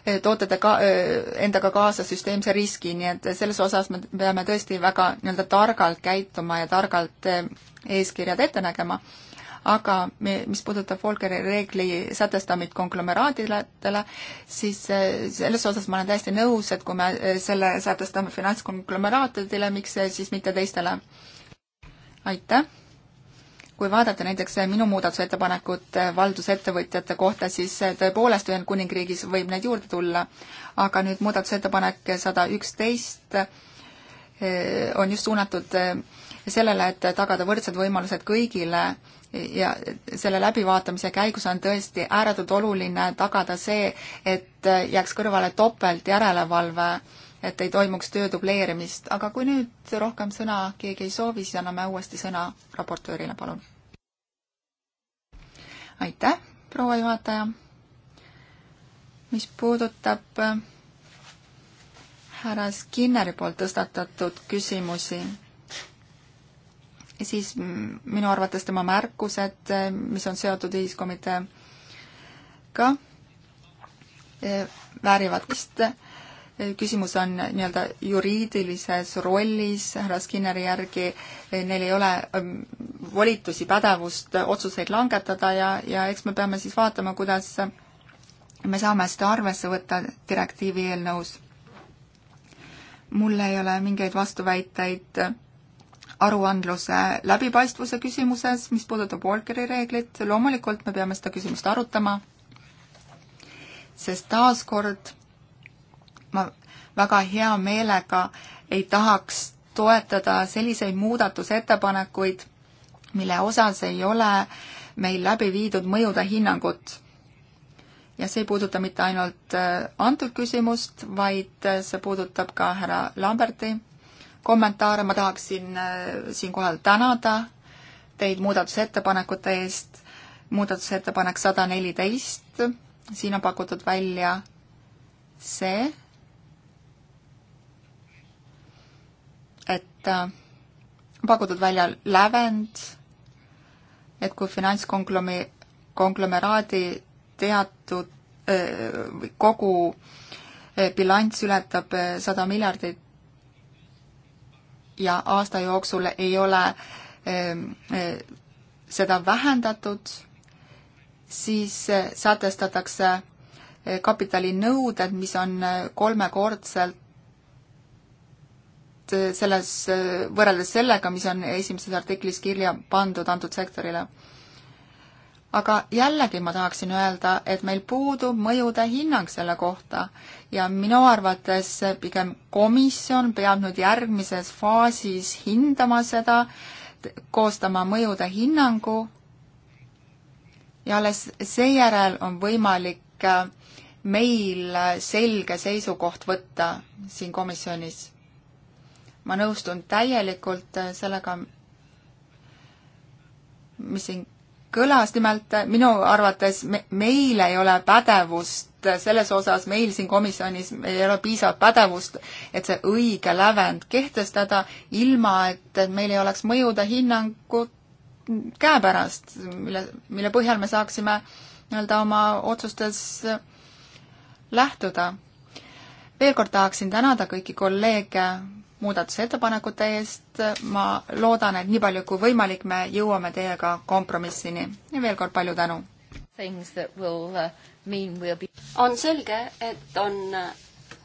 e, toote te ka, e, endaga kaasa süsteemse riski, nii et selles osas me peame tõesti väga nii-öelda targalt käituma ja targalt e, eeskirjad ette nägema aga me, mis puudutab Volkeri reegli sätestamist konglomeraadidele, siis äh, selles osas ma olen täiesti nõus, et kui me äh, selle sätestame finantskonglomeraatidele, miks äh, siis mitte teistele? aitäh! kui vaadata näiteks minu muudatusettepanekut valdusettevõtjate kohta, siis tõepoolest Ühendkuningriigis võib neid juurde tulla, aga nüüd muudatusettepanek sada üksteist on just suunatud sellele, et tagada võrdsed võimalused kõigile ja selle läbivaatamise käigus on tõesti ääretult oluline tagada see, et jääks kõrvale topeltjärelevalve, et ei toimuks töö dubleerimist, aga kui nüüd rohkem sõna keegi ei soovi, siis anname uuesti sõna raportöörile, palun. aitäh, proua juhataja. mis puudutab äh, härra Skinneri poolt tõstatatud küsimusi siis minu arvates tema märkused, eh, mis on seotud ühiskomiteega, eh, väärivad vist. Eh, küsimus on nii-öelda juriidilises rollis härra Skinneri järgi, neil ei ole volitusi, pädevust otsuseid langetada ja, ja eks me peame siis vaatama, kuidas me saame seda arvesse võtta direktiivi eelnõus. mul ei ole mingeid vastuväiteid aruandluse läbipaistvuse küsimuses, mis puudutab Walkeri reeglit, loomulikult me peame seda küsimust arutama, sest taaskord ma väga hea meelega ei tahaks toetada selliseid muudatusettepanekuid, mille osas ei ole meil läbi viidud mõjude hinnangut. ja see ei puuduta mitte ainult äh, antud küsimust, vaid äh, see puudutab ka härra Lamberti kommentaare, ma tahaksin äh, siinkohal tänada teid muudatusettepanekute eest. muudatusettepanek sada neliteist, siin on pakutud välja see, et äh, on pakutud välja lävend, et kui finantskonglomi-, konglomeraadi teatud öö, äh, kogu bilanss ületab sada miljardit ja aasta jooksul ei ole ehm, e, seda vähendatud, siis e, sätestatakse e, kapitalinõuded, mis on kolmekordselt selles, võrreldes sellega, mis on esimeses artiklis kirja pandud antud sektorile. aga jällegi ma tahaksin öelda, et meil puudub mõjude hinnang selle kohta ja minu arvates pigem komisjon peab nüüd järgmises faasis hindama seda, koostama mõjude hinnangu ja alles seejärel on võimalik äh, meil selge seisukoht võtta siin komisjonis. ma nõustun täielikult äh, sellega, mis siin kõlas, nimelt äh, minu arvates me, meil ei ole pädevust et selles osas meil siin komisjonis meil ei ole piisavat pädevust, et see õige lävend kehtestada, ilma et meil ei oleks mõjude hinnangut käepärast, mille, mille põhjal me saaksime nii-öelda oma otsustes lähtuda. veel kord tahaksin tänada kõiki kolleege muudatusettepanekute eest, ma loodan, et nii palju kui võimalik, me jõuame teiega kompromissini ja veel kord palju tänu! Uh, on selge, et on uh,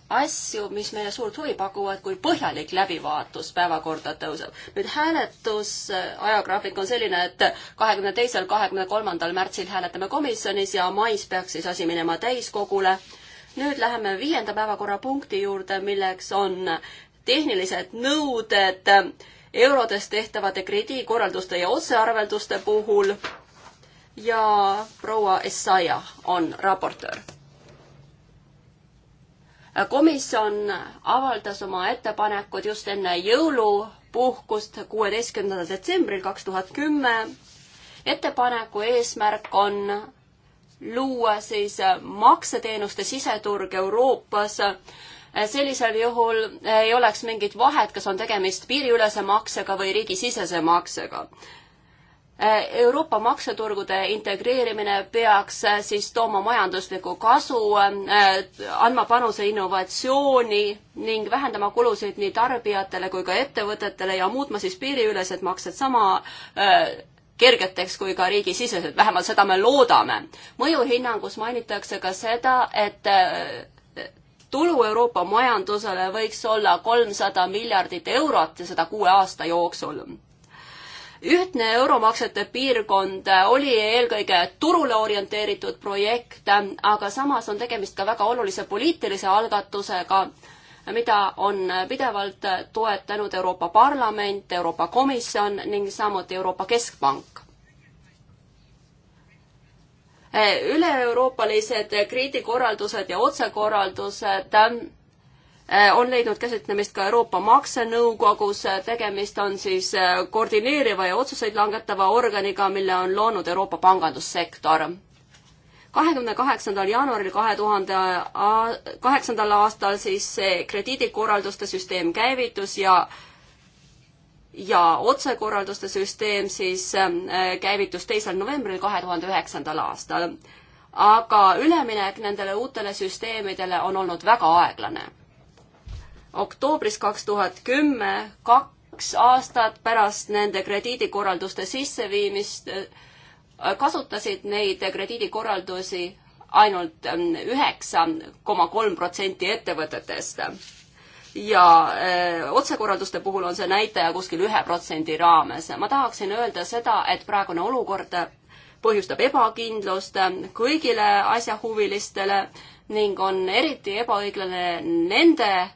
asju, mis meile suurt huvi pakuvad, kui põhjalik läbivaatus päevakorda tõuseb. nüüd hääletus, uh, ajagraafik on selline, et kahekümne teisel, kahekümne kolmandal märtsil hääletame komisjonis ja mais peaks siis asi minema täiskogule. nüüd läheme viienda päevakorrapunkti juurde, milleks on tehnilised nõuded eurodes tehtavate krediikorralduste ja otsearvelduste puhul ja proua Essaja on raportöör. komisjon avaldas oma ettepanekud just enne jõulupuhkust, kuueteistkümnendal detsembril kaks tuhat kümme. ettepaneku eesmärk on luua siis makseteenuste siseturg Euroopas sellisel juhul ei oleks mingit vahet, kas on tegemist piiriülese maksega või riigisisese maksega. Euroopa makseturgude integreerimine peaks äh, siis tooma majanduslikku kasu, äh, andma panuse innovatsiooni ning vähendama kulusid nii tarbijatele kui ka ettevõtetele ja muutma siis piiriülesed maksed sama äh, kergeteks kui ka riigisisesed, vähemalt seda me loodame. mõjuhinnangus mainitakse ka seda, et tulu Euroopa majandusele võiks olla kolmsada miljardit eurot ja seda kuue aasta jooksul ühtne euromaksete piirkond oli eelkõige turule orienteeritud projekt, aga samas on tegemist ka väga olulise poliitilise algatusega, mida on pidevalt toetanud Euroopa Parlament, Euroopa Komisjon ning samuti Euroopa Keskpank üle-euroopalised krediidikorraldused ja otsekorraldused Äh, on leidnud käsitlemist ka Euroopa Maksenõukogus, äh, tegemist on siis äh, koordineeriva ja otsuseid langetava organiga, mille on loonud Euroopa pangandussektor. kahekümne kaheksandal jaanuaril kahe tuhande kaheksandal aastal siis see krediidikorralduste süsteem käivitus ja ja otsekorralduste süsteem siis käivitus teisel novembril kahe tuhande üheksandal aastal. aga üleminek nendele uutele süsteemidele on olnud väga aeglane oktoobris kaks tuhat kümme, kaks aastat pärast nende krediidikorralduste sisseviimist, äh, kasutasid neid krediidikorraldusi ainult ähm, üheksa koma kolm protsenti ettevõtetest. ja öö, äh, otsekorralduste puhul on see näitaja kuskil ühe protsendi raames. ma tahaksin öelda seda, et praegune olukord põhjustab ebakindlust kõigile asjahuvilistele ning on eriti ebaõiglane nende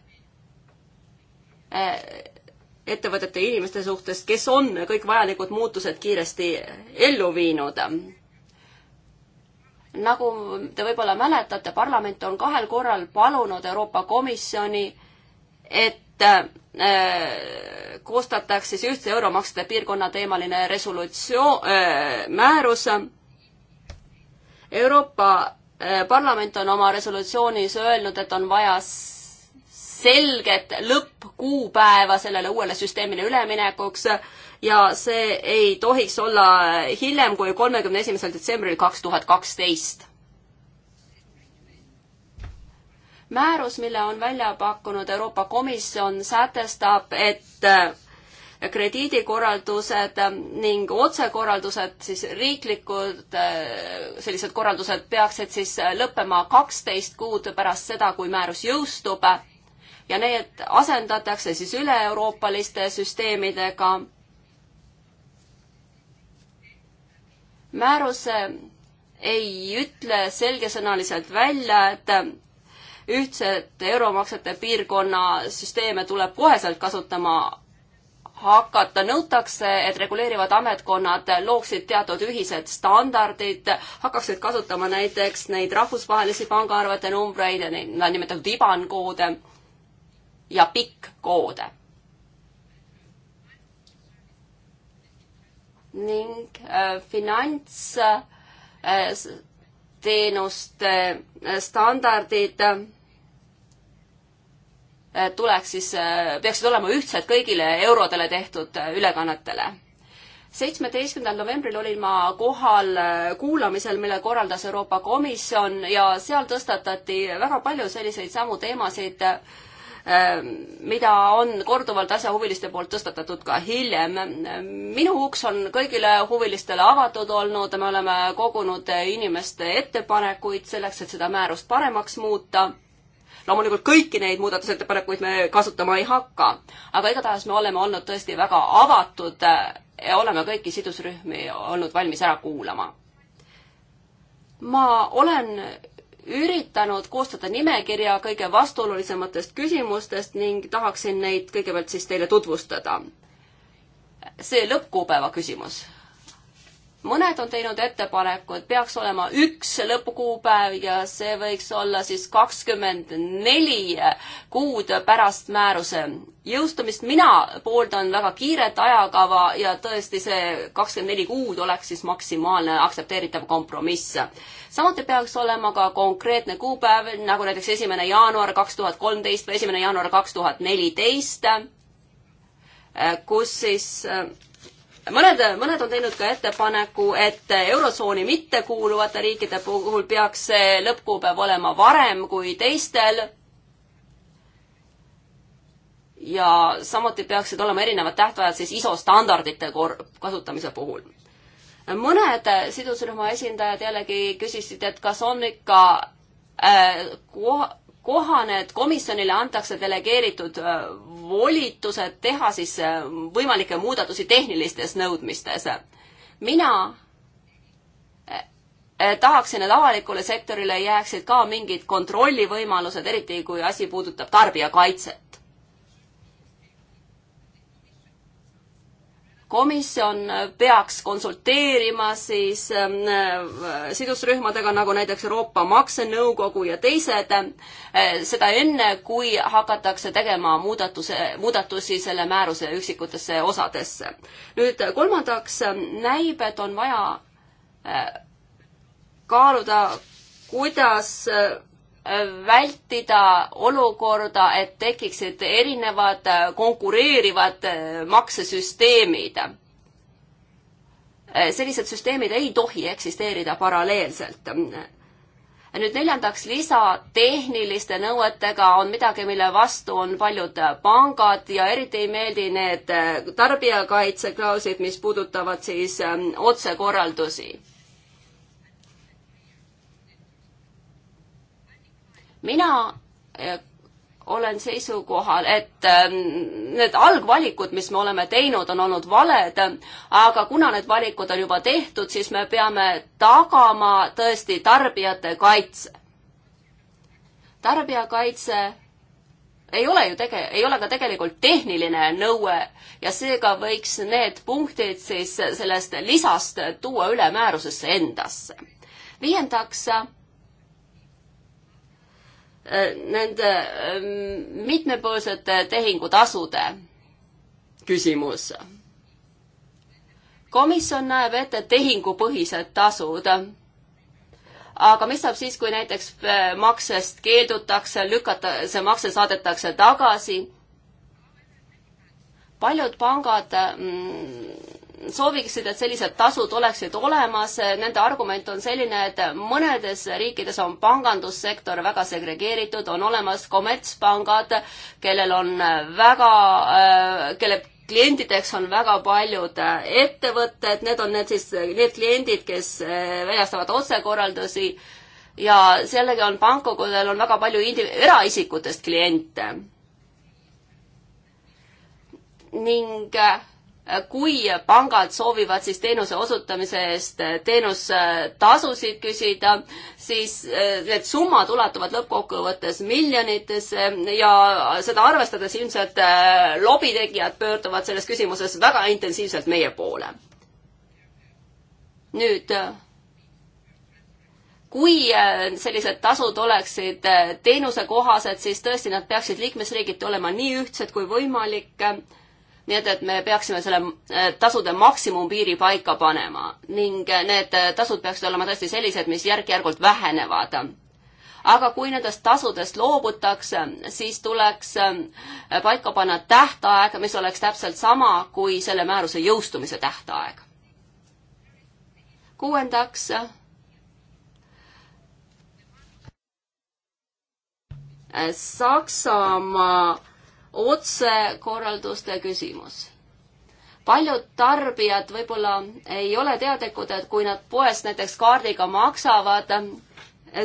Äh, ettevõtete ja inimeste suhtes, kes on kõik vajalikud muutused kiiresti ellu viinud. nagu te võib-olla mäletate, parlament on kahel korral palunud Euroopa Komisjoni, et äh, koostataks siis ühtse euromaksete piirkonna teemaline resolutsioon äh,, määrus. Euroopa äh, Parlament on oma resolutsioonis öelnud, et on vaja selget lõppkuupäeva sellele uuele süsteemile üleminekuks ja see ei tohiks olla hiljem kui kolmekümne esimesel detsembril kaks tuhat kaksteist. määrus, mille on välja pakkunud Euroopa Komisjon, sätestab, et krediidikorraldused ning otsekorraldused, siis riiklikud sellised korraldused peaksid siis lõppema kaksteist kuud pärast seda, kui määrus jõustub ja need asendatakse siis üle-euroopaliste süsteemidega. määrus ei ütle selgesõnaliselt välja, et ühtset euromaksete piirkonna süsteeme tuleb koheselt kasutama hakata, nõutakse, et reguleerivad ametkonnad looksid teatud ühised standardid, hakkaksid kasutama näiteks neid rahvusvahelisi pangaarvete numbreid ja neid nõndanimetatud IBAN koode ja pikk koode. ning äh, finantsteenuste äh, äh, standardid äh, tuleks siis, äh, peaksid olema ühtsed kõigile eurodele tehtud äh, ülekannetele seitsmeteistkümnendal novembril olin ma kohal kuulamisel, mille korraldas Euroopa Komisjon ja seal tõstatati väga palju selliseid samu teemasid, Äh, mida on korduvalt asjahuviliste poolt tõstatatud ka hiljem. minu uks on kõigile huvilistele avatud olnud, me oleme kogunud inimeste ettepanekuid selleks, et seda määrust paremaks muuta loomulikult kõiki neid muudatusettepanekuid me kasutama ei hakka, aga igatahes me oleme olnud tõesti väga avatud ja oleme kõiki sidusrühmi olnud valmis ära kuulama. ma olen üritanud koostada nimekirja kõige vastuolulisematest küsimustest ning tahaksin neid kõigepealt siis teile tutvustada. see lõppkuupäeva küsimus mõned on teinud ettepaneku, et peaks olema üks lõppkuupäev ja see võiks olla siis kakskümmend neli kuud pärast määruse jõustumist. mina pooldan väga kiiret ajakava ja tõesti see kakskümmend neli kuud oleks siis maksimaalne aktsepteeritav kompromiss. samuti peaks olema ka konkreetne kuupäev, nagu näiteks esimene jaanuar kaks tuhat kolmteist või esimene jaanuar kaks tuhat neliteist, kus siis mõned, mõned on teinud ka ettepaneku, et Eurotsooni mittekuuluvate riikide puhul peaks see lõppkuupäev olema varem kui teistel. ja samuti peaksid olema erinevad tähtajad siis ISO standardite kor-, kasutamise puhul. mõned sidusrühma esindajad jällegi küsisid, et kas on ikka äh, koha-, kohane, et komisjonile antakse delegeeritud äh, volitused teha siis äh, võimalikke muudatusi tehnilistes nõudmistes. mina äh, tahaksin, et avalikule sektorile jääksid ka mingid kontrollivõimalused, eriti kui asi puudutab tarbijakaitset. komisjon peaks konsulteerima siis ähm, sidusrühmadega, nagu näiteks Euroopa Maksenõukogu ja teised, äh, seda enne, kui hakatakse tegema muudatuse, muudatusi selle määruse üksikutesse osadesse. nüüd kolmandaks, äh, näib, et on vaja äh, kaaluda, kuidas vältida olukorda, et tekiksid erinevad äh, konkureerivad äh, maksesüsteemid. Äh, sellised süsteemid ei tohi eksisteerida paralleelselt. nüüd neljandaks, lisatehniliste nõuetega on midagi, mille vastu on paljud pangad ja eriti ei meeldi need tarbijakaitseklausid, mis puudutavad siis ähm, otsekorraldusi mina eh, olen seisukohal, et eh, need algvalikud, mis me oleme teinud, on olnud valed, aga kuna need valikud on juba tehtud, siis me peame tagama tõesti tarbijate kaitse. tarbijakaitse ei ole ju tege-, ei ole ka tegelikult tehniline nõue ja seega võiks need punktid siis sellest lisast tuua üle määrusesse endasse. viiendaks Äh, nende ähm, mitmepoolsete tehingutasude küsimus. komisjon näeb ette tehingupõhised tasud. aga mis saab siis, kui näiteks äh, maksest keeldutakse, lükata, see makse saadetakse tagasi? paljud pangad mm, sooviksid, et sellised tasud oleksid olemas, nende argument on selline, et mõnedes riikides on pangandussektor väga segregeeritud, on olemas kommertspangad, kellel on väga, äh, kelle klientideks on väga paljud ettevõtted, need on need siis, need kliendid, kes äh, väljastavad otsekorraldusi ja sellega on panku, kellel on väga palju indi-, eraisikutest kliente. ning äh, kui pangad soovivad siis teenuse osutamise eest eh, teenustasusid küsida, siis eh, need summad ulatuvad lõppkokkuvõttes miljonitesse ja seda arvestades ilmselt eh, lobitegijad pöörduvad selles küsimuses väga intensiivselt meie poole. nüüd kui sellised tasud oleksid teenusekohased, siis tõesti nad peaksid liikmesriigiti olema nii ühtsed kui võimalik nii et, et me peaksime selle äh, tasude maksimumpiiri paika panema ning äh, need äh, tasud peaksid olema tõesti sellised, mis järk-järgult vähenevad. aga kui nendest tasudest loobutakse, siis tuleks paika panna tähtaeg, mis oleks täpselt sama kui selle määruse jõustumise tähtaeg. kuuendaks Saksamaa otsekorralduste küsimus. paljud tarbijad võib-olla ei ole teadlikud, et kui nad poest näiteks kaardiga maksavad,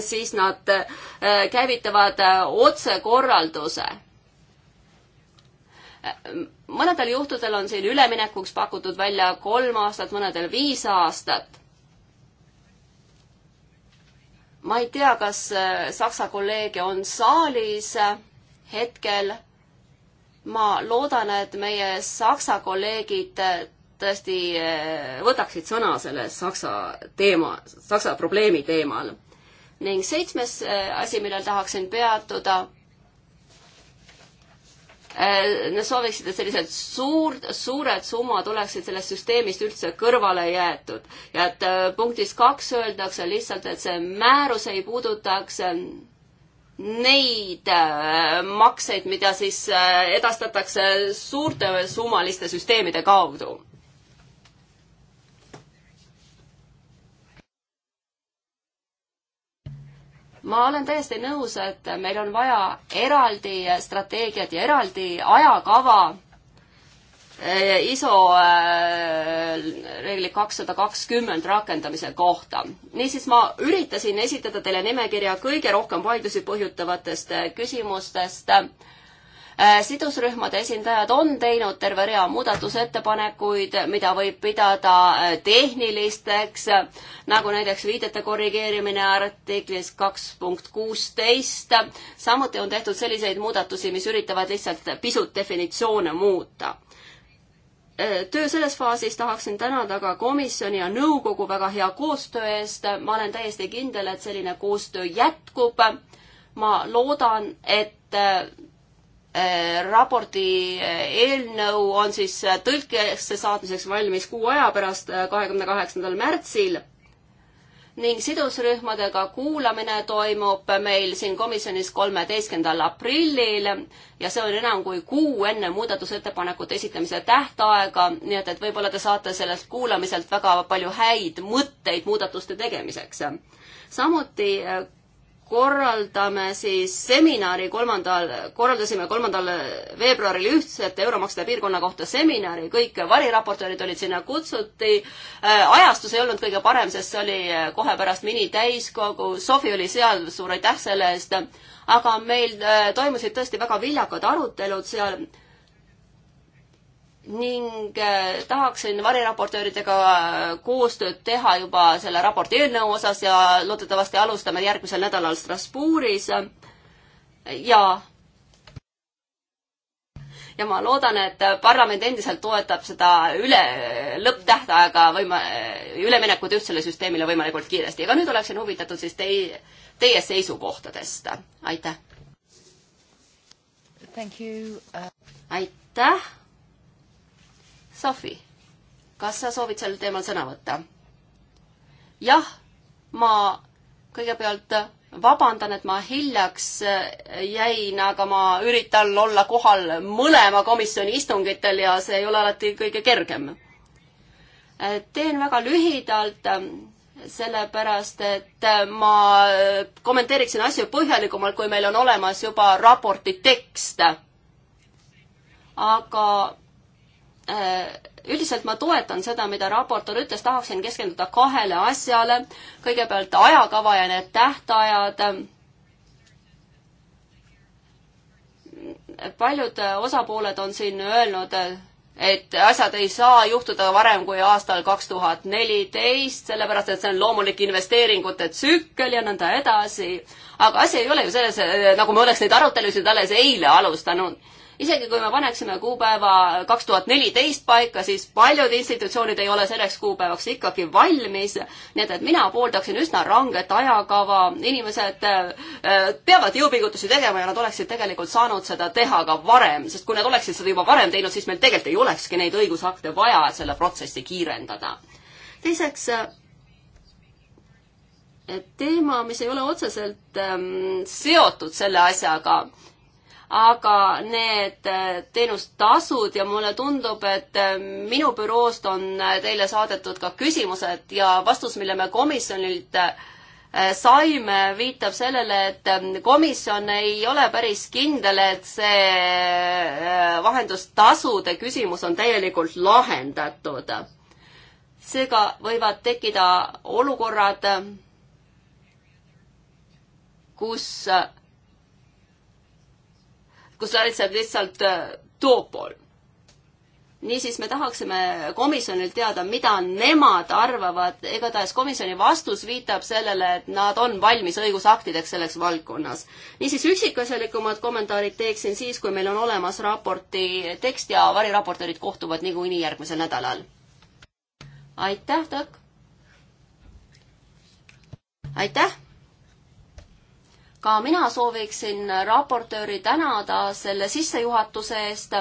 siis nad eh, käivitavad eh, otsekorralduse mõnedel juhtudel on siin üleminekuks pakutud välja kolm aastat, mõnedel viis aastat. ma ei tea, kas eh, Saksa kolleege on saalis hetkel ma loodan, et meie saksa kolleegid eh, tõesti eh, võtaksid sõna selle saksa teema, saksa probleemi teemal. ning seitsmes eh, asi, millel tahaksin peatuda, Nad sooviksid, et sellised suur, suured summad oleksid sellest süsteemist üldse kõrvale jäetud ja et punktis kaks öeldakse lihtsalt, et see määrus ei puudutaks neid äh, makseid, mida siis äh, edastatakse suurte summaliste süsteemide kaudu ma olen täiesti nõus, et meil on vaja eraldi strateegiat ja eraldi ajakava Eh, ISO eh, reegli kakssada kakskümmend rakendamise kohta. niisiis, ma üritasin esitada teile nimekirja kõige rohkem vaidlusi põhjutavatest eh, küsimustest. sidusrühmade esindajad on teinud terve rea muudatusettepanekuid, mida võib pidada tehnilisteks, nagu näiteks viidete korrigeerimine artiklis kaks punkt kuusteist. samuti on tehtud selliseid muudatusi, mis üritavad lihtsalt pisut definitsioone muuta Äh, töö selles faasis tahaksin tänada ka komisjoni ja nõukogu väga hea koostöö eest. ma olen täiesti kindel, et selline koostöö jätkub. ma loodan, et äh, raporti äh, eelnõu on siis tõlkesse saatmiseks valmis kuu aja pärast, kahekümne kaheksandal märtsil ning sidusrühmadega kuulamine toimub meil siin komisjonis kolmeteistkümnendal aprillil ja see on enam kui kuu enne muudatusettepanekute esitamise tähtaega, nii et, et võib-olla te saate sellest kuulamiselt väga palju häid mõtteid muudatuste tegemiseks. samuti korraldame siis seminari kolmandal, korraldasime kolmandal veebruaril ühtsete euromaksude piirkonna kohta seminari, kõik variraportöörid olid sinna kutsuti. Äh, ajastus ei olnud kõige parem, sest see oli äh, kohe pärast minitäiskogu, Sofi oli seal, suur aitäh selle eest. aga meil äh, toimusid tõesti väga viljakad arutelud seal ning äh, tahaksin variraportööridega äh, koostööd teha juba selle raporti eelnõu osas ja loodetavasti alustame järgmisel nädalal Strasbourgis. ja ja ma loodan, et parlament endiselt toetab seda üle, lõpptähtaega võima-, üleminekut ühtsele süsteemile võimalikult kiiresti, aga nüüd oleksin huvitatud siis tei-, teie seisukohtadest. aitäh! Uh aitäh! Sofi, kas sa soovid sel teemal sõna võtta? jah, ma kõigepealt vabandan, et ma hiljaks jäin, aga ma üritan olla kohal mõlema komisjoni istungitel ja see ei ole alati kõige kergem. teen väga lühidalt, sellepärast et ma kommenteeriksin asju põhjalikumalt, kui meil on olemas juba raporti tekst. aga Äh, üldiselt ma toetan seda, mida raportöör ütles, tahaksin keskenduda kahele asjale. kõigepealt ajakava ja need tähtajad. paljud osapooled on siin öelnud, et asjad ei saa juhtuda varem kui aastal kaks tuhat neliteist, sellepärast et see on loomulik investeeringute tsükkel ja nõnda edasi. aga asi ei ole ju selles, nagu me oleks neid arutelusid alles eile alustanud isegi kui me paneksime kuupäeva kaks tuhat neliteist paika, siis paljud institutsioonid ei ole selleks kuupäevaks ikkagi valmis. nii et, et mina pooldaksin üsna ranget ajakava, inimesed äh, äh, peavad jõupingutusi tegema ja nad oleksid tegelikult saanud seda teha ka varem, sest kui nad oleksid seda juba varem teinud, siis meil tegelikult ei olekski neid õigusakte vaja, et selle protsessi kiirendada. teiseks, äh, teema, mis ei ole otseselt ähm, seotud selle asjaga aga need äh, teenustasud ja mulle tundub, et äh, minu büroost on äh, teile saadetud ka küsimused ja vastus, mille me komisjonilt saime, viitab sellele, et komisjon ei ole päris kindel, et see vahendustasude küsimus on täielikult lahendatud. seega võivad tekkida olukorrad, kus kus laritseb lihtsalt äh, toopol. niisiis me tahaksime komisjonilt teada, mida nemad arvavad, igatahes komisjoni vastus viitab sellele, et nad on valmis õigusaktideks selles valdkonnas. niisiis üksikasjalikumad kommentaarid teeksin siis, kui meil on olemas raporti tekst ja variraportöörid kohtuvad niikuinii järgmisel nädalal. aitäh, Tõk! aitäh! ka mina sooviksin raportööri tänada selle sissejuhatuse eest.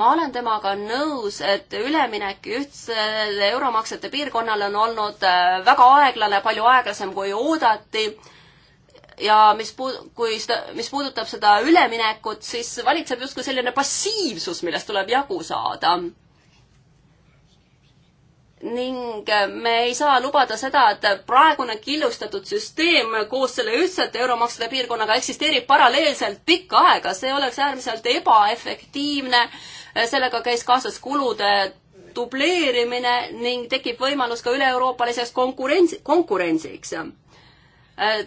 ma olen temaga nõus, et üleminek ühtsele euromaksete piirkonnale on olnud äh, väga aeglane, palju aeglasem kui oodati ja mis puud-, kui seda, mis puudutab seda üleminekut, siis valitseb justkui selline passiivsus, millest tuleb jagu saada ning me ei saa lubada seda, et praegune killustatud süsteem koos selle ühtsete euromaksude piirkonnaga eksisteerib paralleelselt pikka aega, see oleks äärmiselt ebaefektiivne, sellega käis kaasas kulude dubleerimine ning tekib võimalus ka üle-euroopaliseks konkurents, konkurentsiks.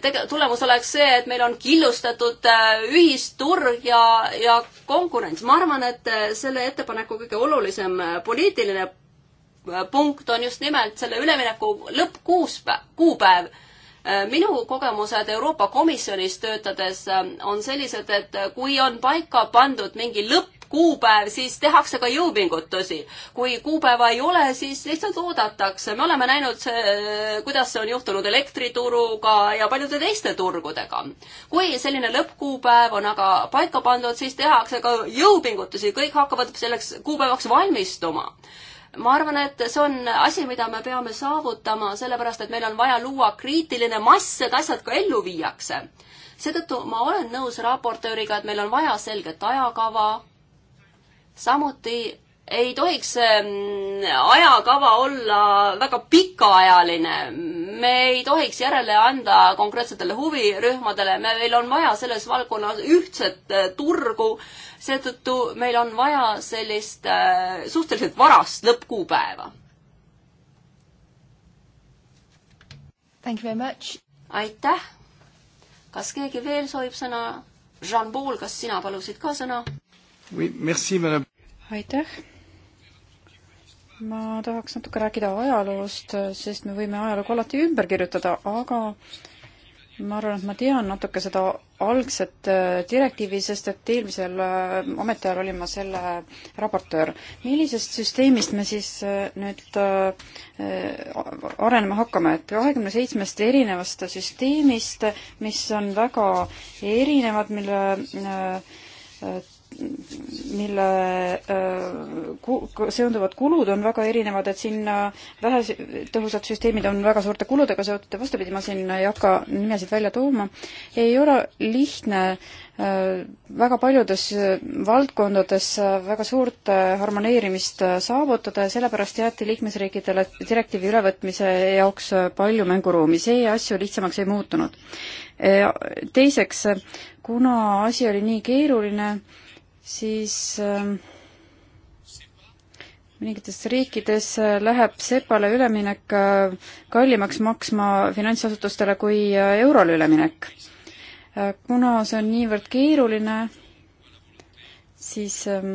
Tege-, tulemus oleks see, et meil on killustatud äh, ühisturg ja, ja konkurents. ma arvan, et äh, selle ettepaneku kõige olulisem äh, poliitiline punkt on just nimelt selle ülemineku lõppkuuspäev, kuupäev. minu kogemused Euroopa Komisjonis töötades äh, on sellised, et kui on paika pandud mingi lõppkuupäev, siis tehakse ka jõupingutusi. kui kuupäeva ei ole, siis lihtsalt oodatakse. me oleme näinud, äh, kuidas see on juhtunud elektrituruga ja paljude teiste turgudega. kui selline lõppkuupäev on aga paika pandud, siis tehakse ka jõupingutusi, kõik hakkavad selleks kuupäevaks valmistuma ma arvan, et see on asi, mida me peame saavutama, sellepärast et meil on vaja luua kriitiline mass, et asjad ka ellu viiakse. seetõttu ma olen nõus raportööriga, et meil on vaja selget ajakava, samuti ei tohiks ehm, ajakava olla väga pikaajaline. me ei tohiks järele anda konkreetsetele huvirühmadele, meil on vaja selles valdkonnas ühtset eh, turgu, seetõttu meil on vaja sellist eh, suhteliselt varast lõppkuupäeva. aitäh. kas keegi veel soovib sõna? Jean-Paul, kas sina palusid ka sõna? aitäh ma tahaks natuke rääkida ajaloost, sest me võime ajalugu alati ümber kirjutada, aga ma arvan, et ma tean natuke seda algset äh, direktiivi, sest et eelmisel äh, ametiajal olin ma selle raportöör. millisest süsteemist me siis äh, nüüd arenema hakkame, et kahekümne seitsmest erinevast süsteemist, mis on väga erinevad, mille mille seonduvad kulud on väga erinevad, et siin vähetõhusad süsteemid on väga suurte kuludega seotud ja vastupidi, ma siin ei hakka nimesid välja tooma, ei ole lihtne väga paljudes valdkondades väga suurt harmoneerimist saavutada ja sellepärast jäeti liikmesriikidele direktiivi ülevõtmise jaoks palju mänguruumi, see asju lihtsamaks ei muutunud. Teiseks, kuna asi oli nii keeruline, siis ähm, mingites riikides äh, läheb SEPA-le üleminek äh, kallimaks maksma finantsasutustele kui äh, eurole üleminek. kuna see on niivõrd keeruline, siis ähm,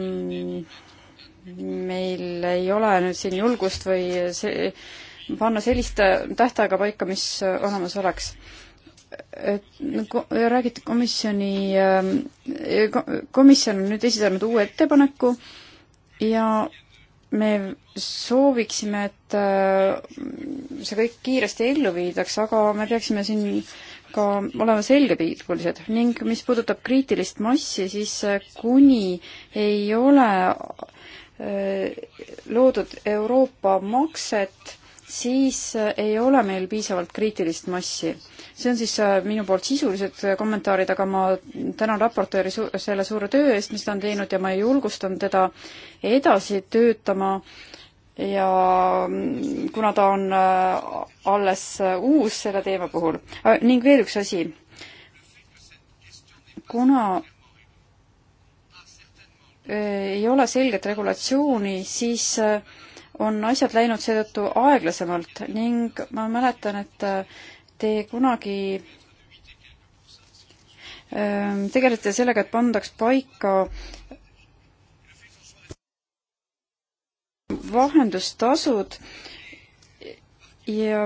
meil ei ole nüüd siin julgust või see, panna sellist tähtaega paika, mis olemas oleks räägiti komisjoni, ähm, eh, komisjon on nüüd esitanud uue ettepaneku ja me sooviksime, et äh, see kõik kiiresti ellu viidaks, aga me peaksime siin ka olema selgepiirkulised ning mis puudutab kriitilist massi, siis äh, kuni ei ole äh, loodud Euroopa makset, siis äh, ei ole meil piisavalt kriitilist massi. see on siis äh, minu poolt sisulised äh, kommentaarid, aga ma tänan raportööri su selle suure töö eest, mis ta on teinud ja ma julgustan teda edasi töötama ja mm, kuna ta on alles uus selle teema puhul. ning veel üks asi. kuna ei ole selget regulatsiooni, siis äh, on asjad läinud seetõttu aeglasemalt ning ma mäletan, et äh, te kunagi ähm, tegelete sellega, et pandaks paika vahendustasud ja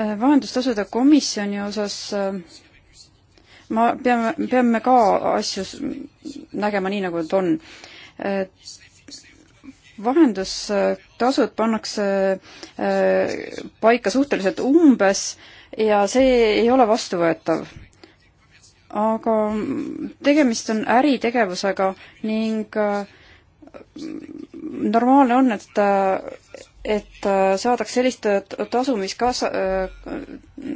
äh, vahendustasude komisjoni osas äh, ma, peame, peame ka asju nägema nii, nagu nad on. vahendustasud pannakse äh, paika suhteliselt umbes ja see ei ole vastuvõetav aga tegemist on äritegevusega ning äh, normaalne on, et äh, et äh, saadaks sellist äh, tasu, mis kas-, äh,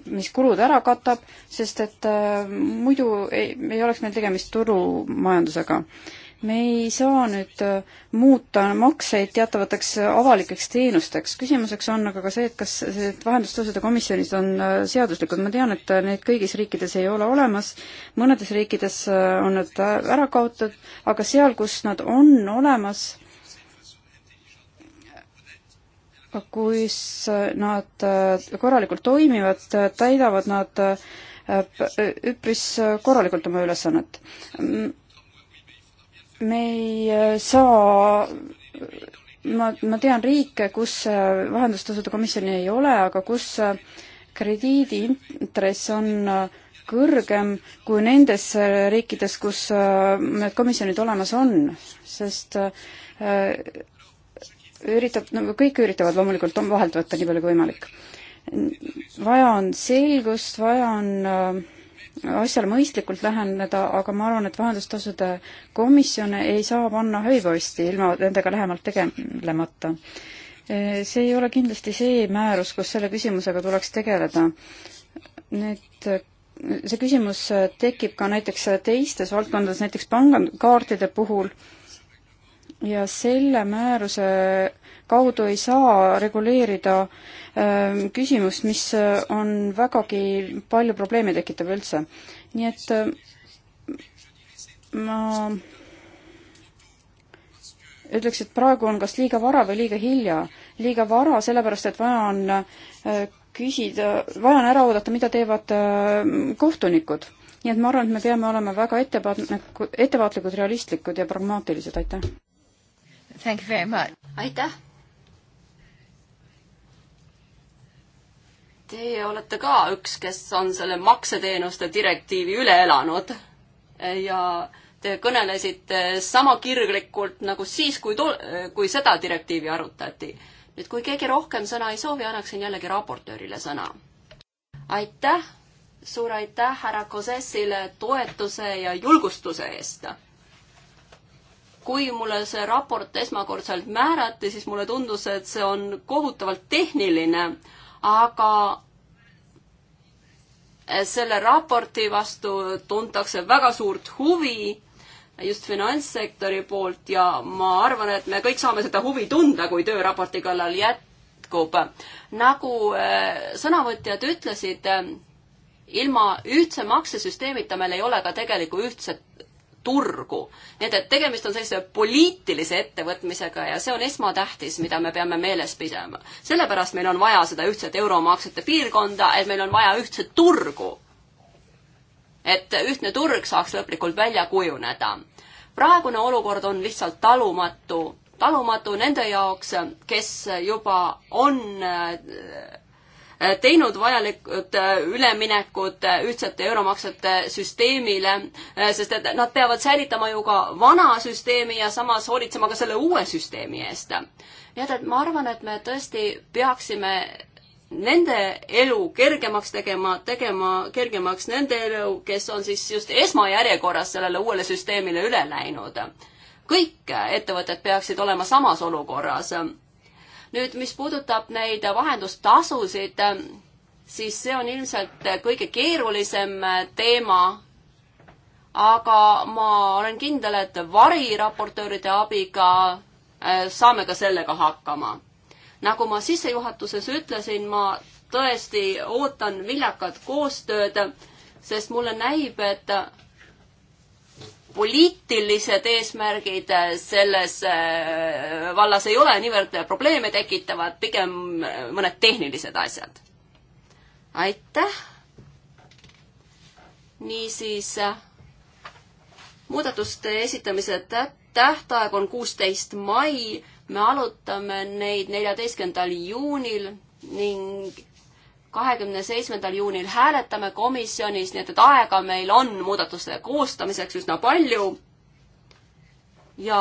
mis kulud ära katab, sest et muidu ei, ei oleks meil tegemist turumajandusega. me ei saa nüüd muuta makseid teatavateks avalikeks teenusteks. küsimuseks on aga ka see, et kas need vahendustasude komisjonid on seaduslikud. ma tean, et need kõigis riikides ei ole olemas, mõnedes riikides on need ära kaotatud, aga seal, kus nad on olemas, kus nad äh, korralikult toimivad, täidavad nad äh, üpris korralikult oma ülesannet. me ei saa, ma, ma tean riike, kus vahendustasude komisjoni ei ole, aga kus krediidiintress on kõrgem kui nendes riikides, kus need komisjonid olemas on, sest äh, üritab, no kõik üritavad loomulikult vahelt võtta nii palju kui võimalik. vaja on selgust, vaja on äh, asjale mõistlikult läheneda, aga ma arvan, et vahendustasude komisjon ei saa panna hõivosti ilma nendega lähemalt tegelemata. Äh, see ei ole kindlasti see määrus, kus selle küsimusega tuleks tegeleda. Need see küsimus äh, tekib ka näiteks teistes valdkondades, näiteks pangakaartide puhul äh, ja selle määruse kaudu ei saa reguleerida öö, ähm, küsimust, mis on vägagi palju probleeme tekitav üldse. nii et öö, ähm, ma ütleks, et praegu on kas liiga vara või liiga hilja. liiga vara, sellepärast et vaja on öö, äh, küsida, vaja on ära oodata, mida teevad ähm, kohtunikud. nii et ma arvan, et me peame olema väga ettepaatlikud, ettevaatlikud, realistlikud ja pragmaatilised, aitäh! Thank you very much. aitäh. Teie olete ka üks, kes on selle makseteenuste direktiivi üle elanud ja te kõnelesite sama kirglikult nagu siis, kui tol-, kui seda direktiivi arutati. nüüd, kui keegi rohkem sõna ei soovi, annaksin jällegi raportöörile sõna. aitäh, suur aitäh härra Kosessile toetuse ja julgustuse eest kui mulle see raport esmakordselt määrati, siis mulle tundus, et see on kohutavalt tehniline, aga selle raporti vastu tuntakse väga suurt huvi just finantssektori poolt ja ma arvan, et me kõik saame seda huvi tunda, kui töö raporti kallal jätkub. nagu äh, sõnavõtjad ütlesid, ilma ühtse maksesüsteemita meil ei ole ka tegelikult ühtset turgu. nii et, et tegemist on sellise poliitilise ettevõtmisega ja see on esmatähtis, mida me peame meeles pidama. sellepärast meil on vaja seda ühtset euromaksete piirkonda, et meil on vaja ühtset turgu. et ühtne turg saaks lõplikult välja kujuneda. praegune olukord on lihtsalt talumatu, talumatu nende jaoks, kes juba on äh, teinud vajalikud äh, üleminekud äh, ühtsete euromaksete süsteemile, äh, sest et nad peavad säilitama ju ka vana süsteemi ja samas hoolitsema ka selle uue süsteemi eest. nii et, et ma arvan, et me tõesti peaksime nende elu kergemaks tegema, tegema kergemaks nende elu, kes on siis just esmajärjekorras sellele uuele süsteemile üle läinud. kõik ettevõtted peaksid olema samas olukorras nüüd, mis puudutab neid vahendustasusid, siis see on ilmselt kõige keerulisem teema. aga ma olen kindel, et variraportööride abiga äh, saame ka sellega hakkama. nagu ma sissejuhatuses ütlesin, ma tõesti ootan viljakat koostööd, sest mulle näib, et poliitilised eesmärgid äh, selles äh, vallas ei ole niivõrd probleeme tekitavad, pigem äh, mõned tehnilised asjad. aitäh! niisiis, muudatuste esitamise tähtaeg on kuusteist mai, me arutame neid neljateistkümnendal juunil ning kahekümne seitsmendal juunil hääletame komisjonis, nii et, et aega meil on muudatuste koostamiseks üsna palju. ja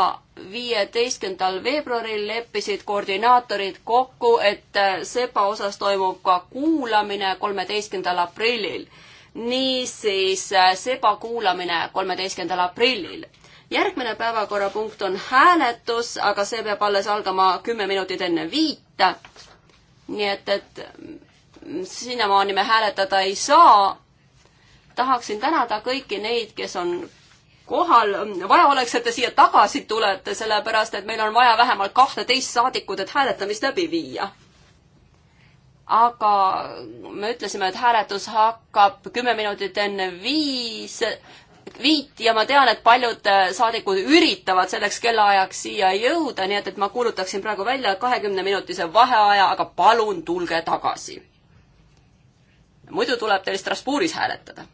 viieteistkümnendal veebruaril leppisid koordinaatorid kokku, et äh, SEPA osas toimub ka kuulamine kolmeteistkümnendal aprillil. niisiis äh, SEPA kuulamine kolmeteistkümnendal aprillil järgmine päevakorrapunkt on hääletus, aga see peab alles algama kümme minutit enne viite. nii et, et sinnamaani me hääletada ei saa. tahaksin tänada kõiki neid, kes on kohal, vaja oleks, et te siia tagasi tulete, sellepärast et meil on vaja vähemalt kahteteist saadikut, et hääletamist läbi viia. aga me ütlesime, et hääletus hakkab kümme minutit enne viis, viit ja ma tean, et paljud saadikud üritavad selleks kellaajaks siia jõuda, nii et, et ma kuulutaksin praegu välja kahekümneminutise vaheaja, aga palun tulge tagasi muidu tuleb teil Strasbourgis hääletada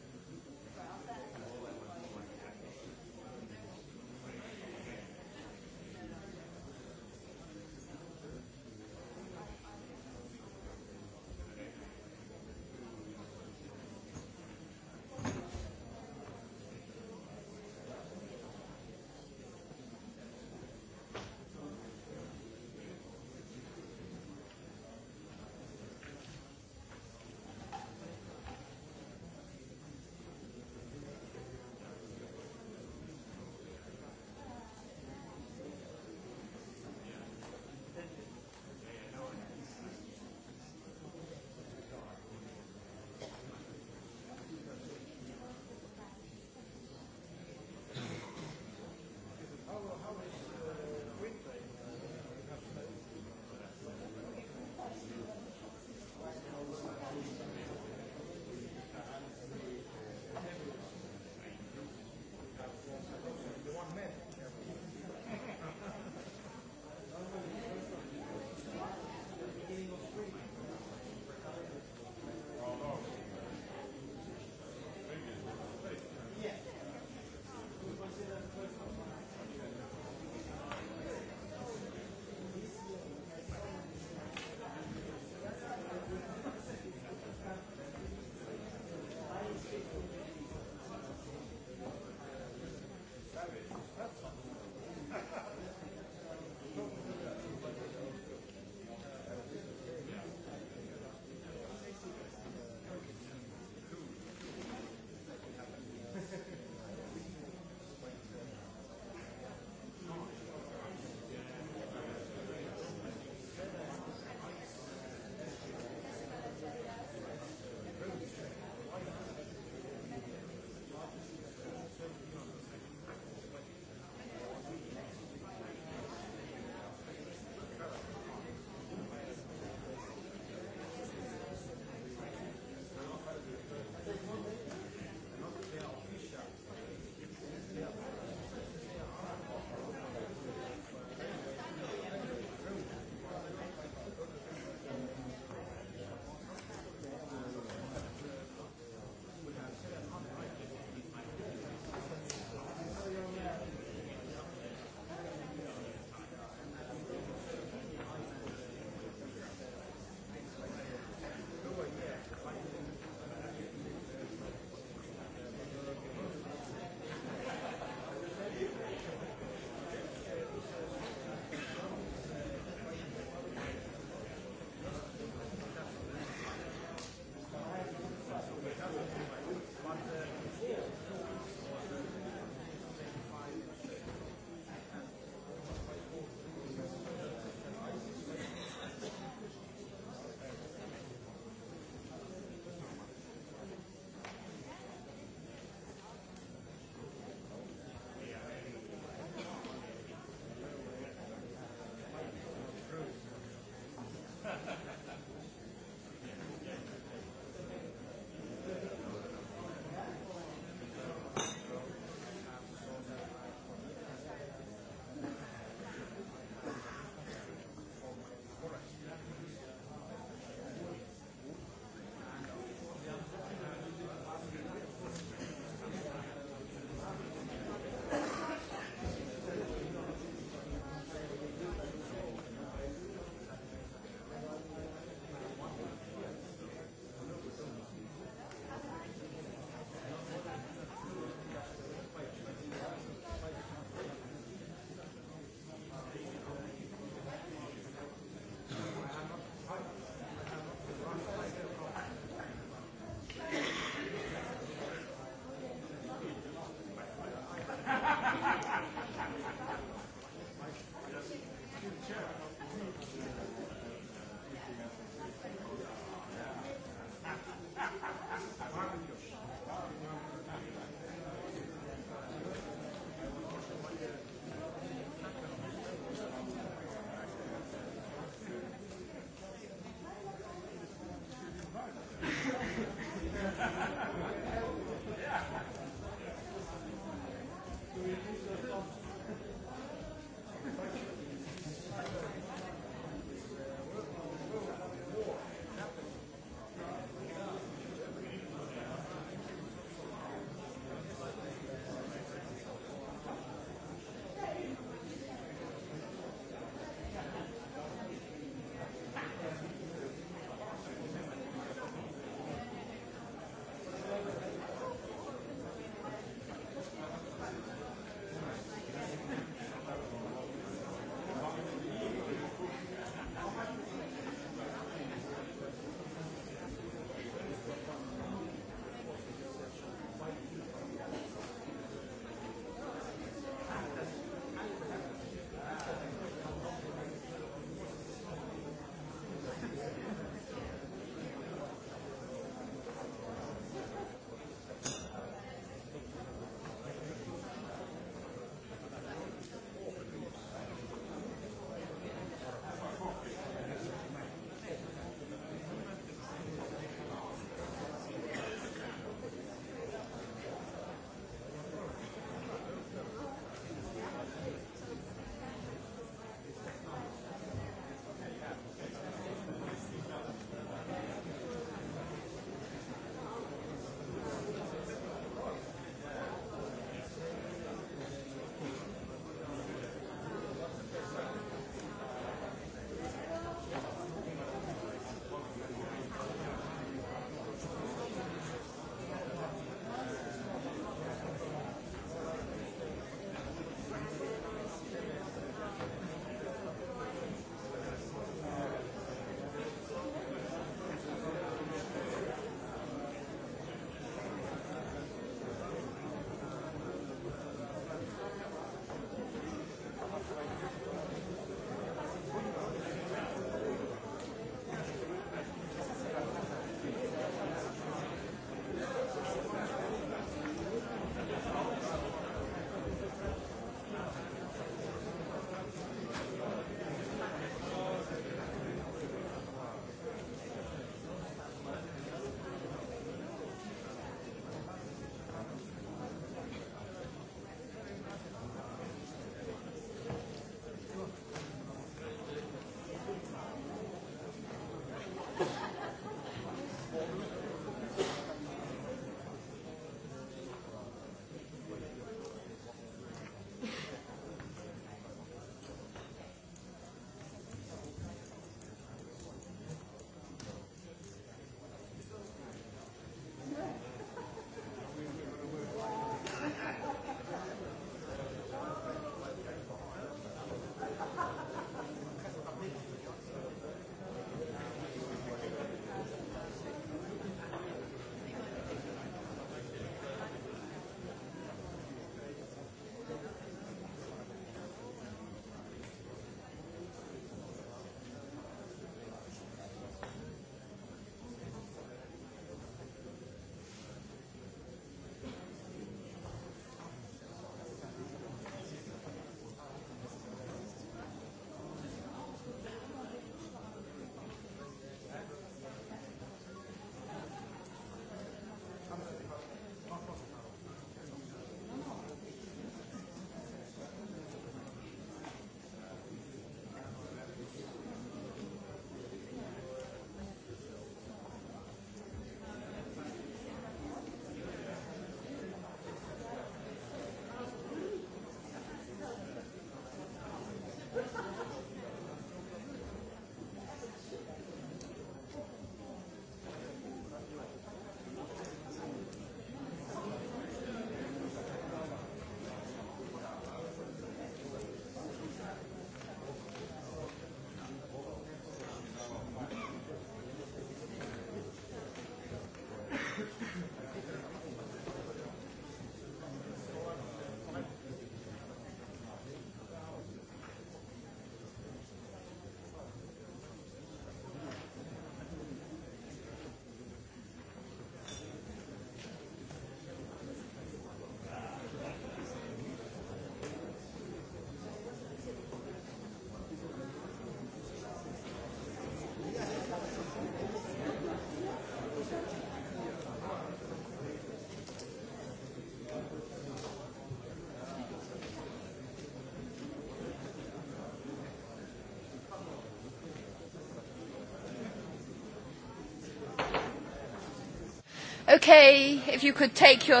okei okay,, if you could take your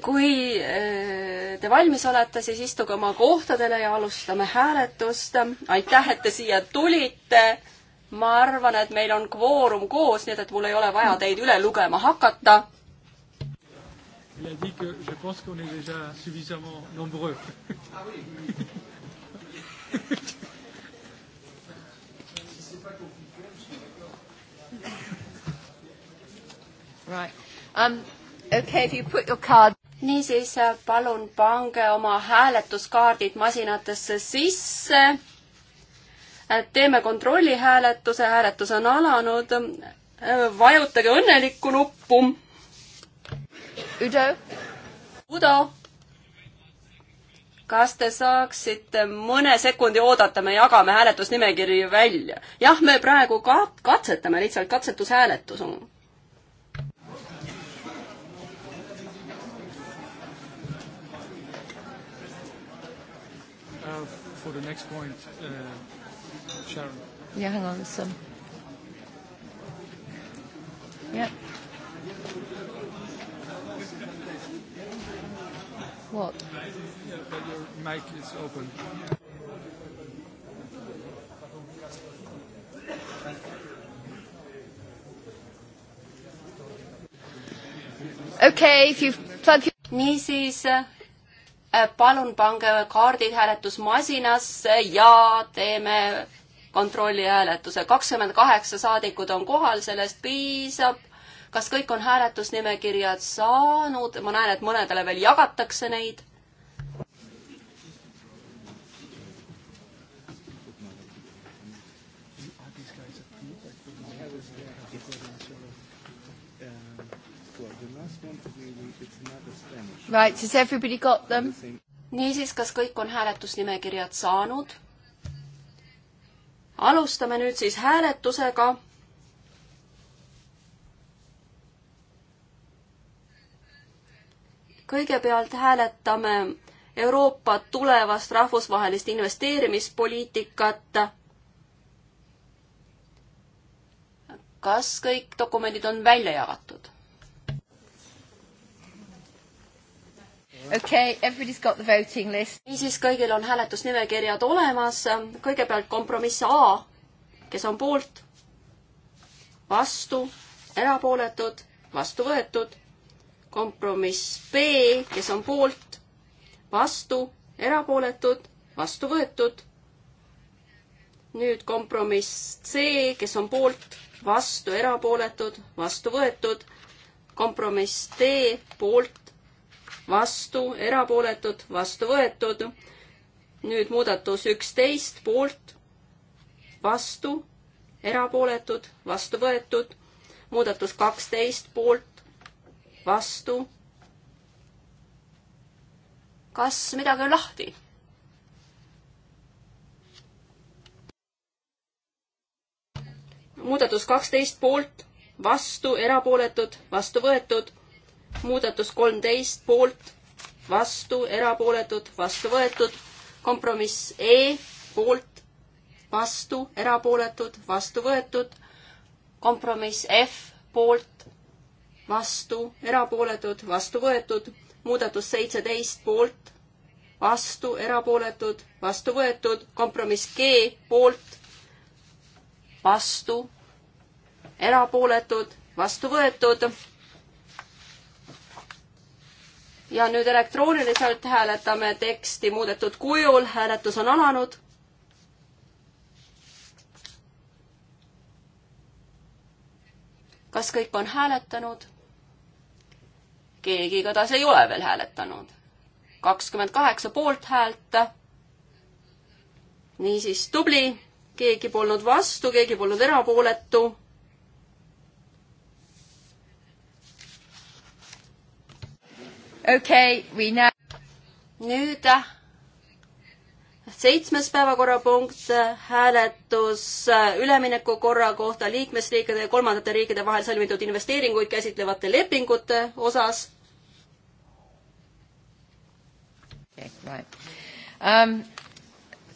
kui äh, te valmis olete, siis istuge oma kohtadele ja alustame hääletust. aitäh, et te siia tulite. ma arvan, et meil on kvoorum koos, nii et, et mul ei ole vaja teid üle lugema hakata. Il a dit que je pense qu'on est déjà suffisamment nombreux. ah oui. if you put your card niisiis palun pange oma hääletuskaardid masinatesse sisse. teeme kontrolli hääletuse, hääletus on alanud. vajutage õnnelikku nuppu. Udo. Udo. kas te saaksite mõne sekundi oodata, me jagame hääletusnimekirju välja. jah, me praegu ka katsetame, lihtsalt katsetushääletus on for the next point, uh, Sharon. Yeah, hang on. Some. Yeah. What? Yeah, but your mic is open. Okay, if you plug your... niisiis Äh, palun pange kaardid hääletusmasinasse ja teeme kontrollihääletuse. kakskümmend kaheksa saadikut on kohal, sellest piisab. kas kõik on hääletusnimekirjad saanud? ma näen, et mõnedele veel jagatakse neid Right, has everybody got them? niisiis, kas kõik on hääletusnimekirjad saanud? alustame nüüd siis hääletusega. kõigepealt hääletame Euroopa tulevast rahvusvahelist investeerimispoliitikat. kas kõik dokumendid on välja jagatud? okei okay,, everybody's got the voting list. niisiis, kõigil on hääletusnimekirjad olemas, kõigepealt kompromiss A, kes on poolt, vastu, erapooletud, vastu võetud. kompromiss B, kes on poolt, vastu, erapooletud, vastu võetud. nüüd kompromiss C, kes on poolt, vastu, erapooletud, vastu võetud. kompromiss D, poolt, vastu, erapooletud, vastu võetud. nüüd muudatus üksteist poolt, vastu, erapooletud, vastu võetud. muudatus kaksteist poolt, vastu. kas midagi on lahti? muudatus kaksteist poolt, vastu, erapooletud, vastu võetud muudatus kolmteist poolt, vastu, erapooletud, vastu võetud. kompromiss E poolt, vastu, erapooletud, vastu võetud. kompromiss F poolt, vastu, erapooletud, vastu võetud. muudatus seitseteist poolt, vastu, erapooletud, vastu võetud. kompromiss G poolt, vastu, erapooletud, vastu võetud ja nüüd elektrooniliselt hääletame teksti muudetud kujul, hääletus on alanud. kas kõik on hääletanud? keegi igatahes ei ole veel hääletanud. kakskümmend kaheksa poolthäält. niisiis tubli, keegi polnud vastu, keegi polnud erapooletu okay, we now. nüüd äh, seitsmes päevakorrapunkt, äh, hääletus äh, üleminekukorra kohta liikmesriikide ja kolmandate riikide vahel sõlmitud investeeringuid käsitlevate lepingute osas okay,. Right. Um,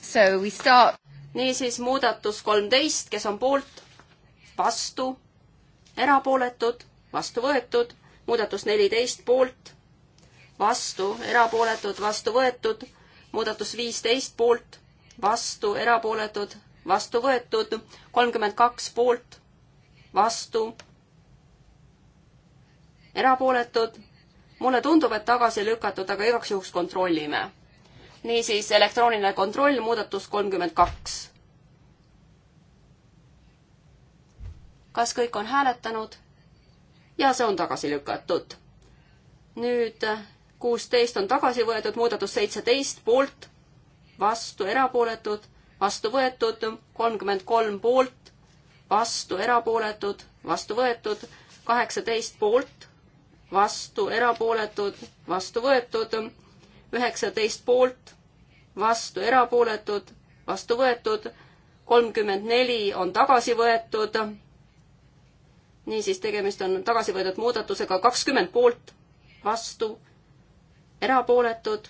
so we start. niisiis muudatus kolmteist, kes on poolt, vastu, erapooletud, vastu võetud, muudatus neliteist poolt vastu, erapooletud, vastu võetud, muudatus viisteist poolt, vastu, erapooletud, vastu võetud, kolmkümmend kaks poolt, vastu, erapooletud. mulle tundub, et tagasi lükatud, aga igaks juhuks kontrollime. niisiis elektrooniline kontroll, muudatus kolmkümmend kaks. kas kõik on hääletanud? ja see on tagasi lükatud. nüüd kuusteist on tagasi võetud, muudatus seitseteist poolt, vastu erapooletud, vastu võetud, kolmkümmend kolm poolt, vastu erapooletud, vastu võetud, kaheksateist poolt, vastu erapooletud, vastu võetud, üheksateist poolt, vastu erapooletud, vastu võetud, kolmkümmend neli on tagasi võetud, niisiis tegemist on tagasi võetud muudatusega kakskümmend poolt, vastu erapooletud,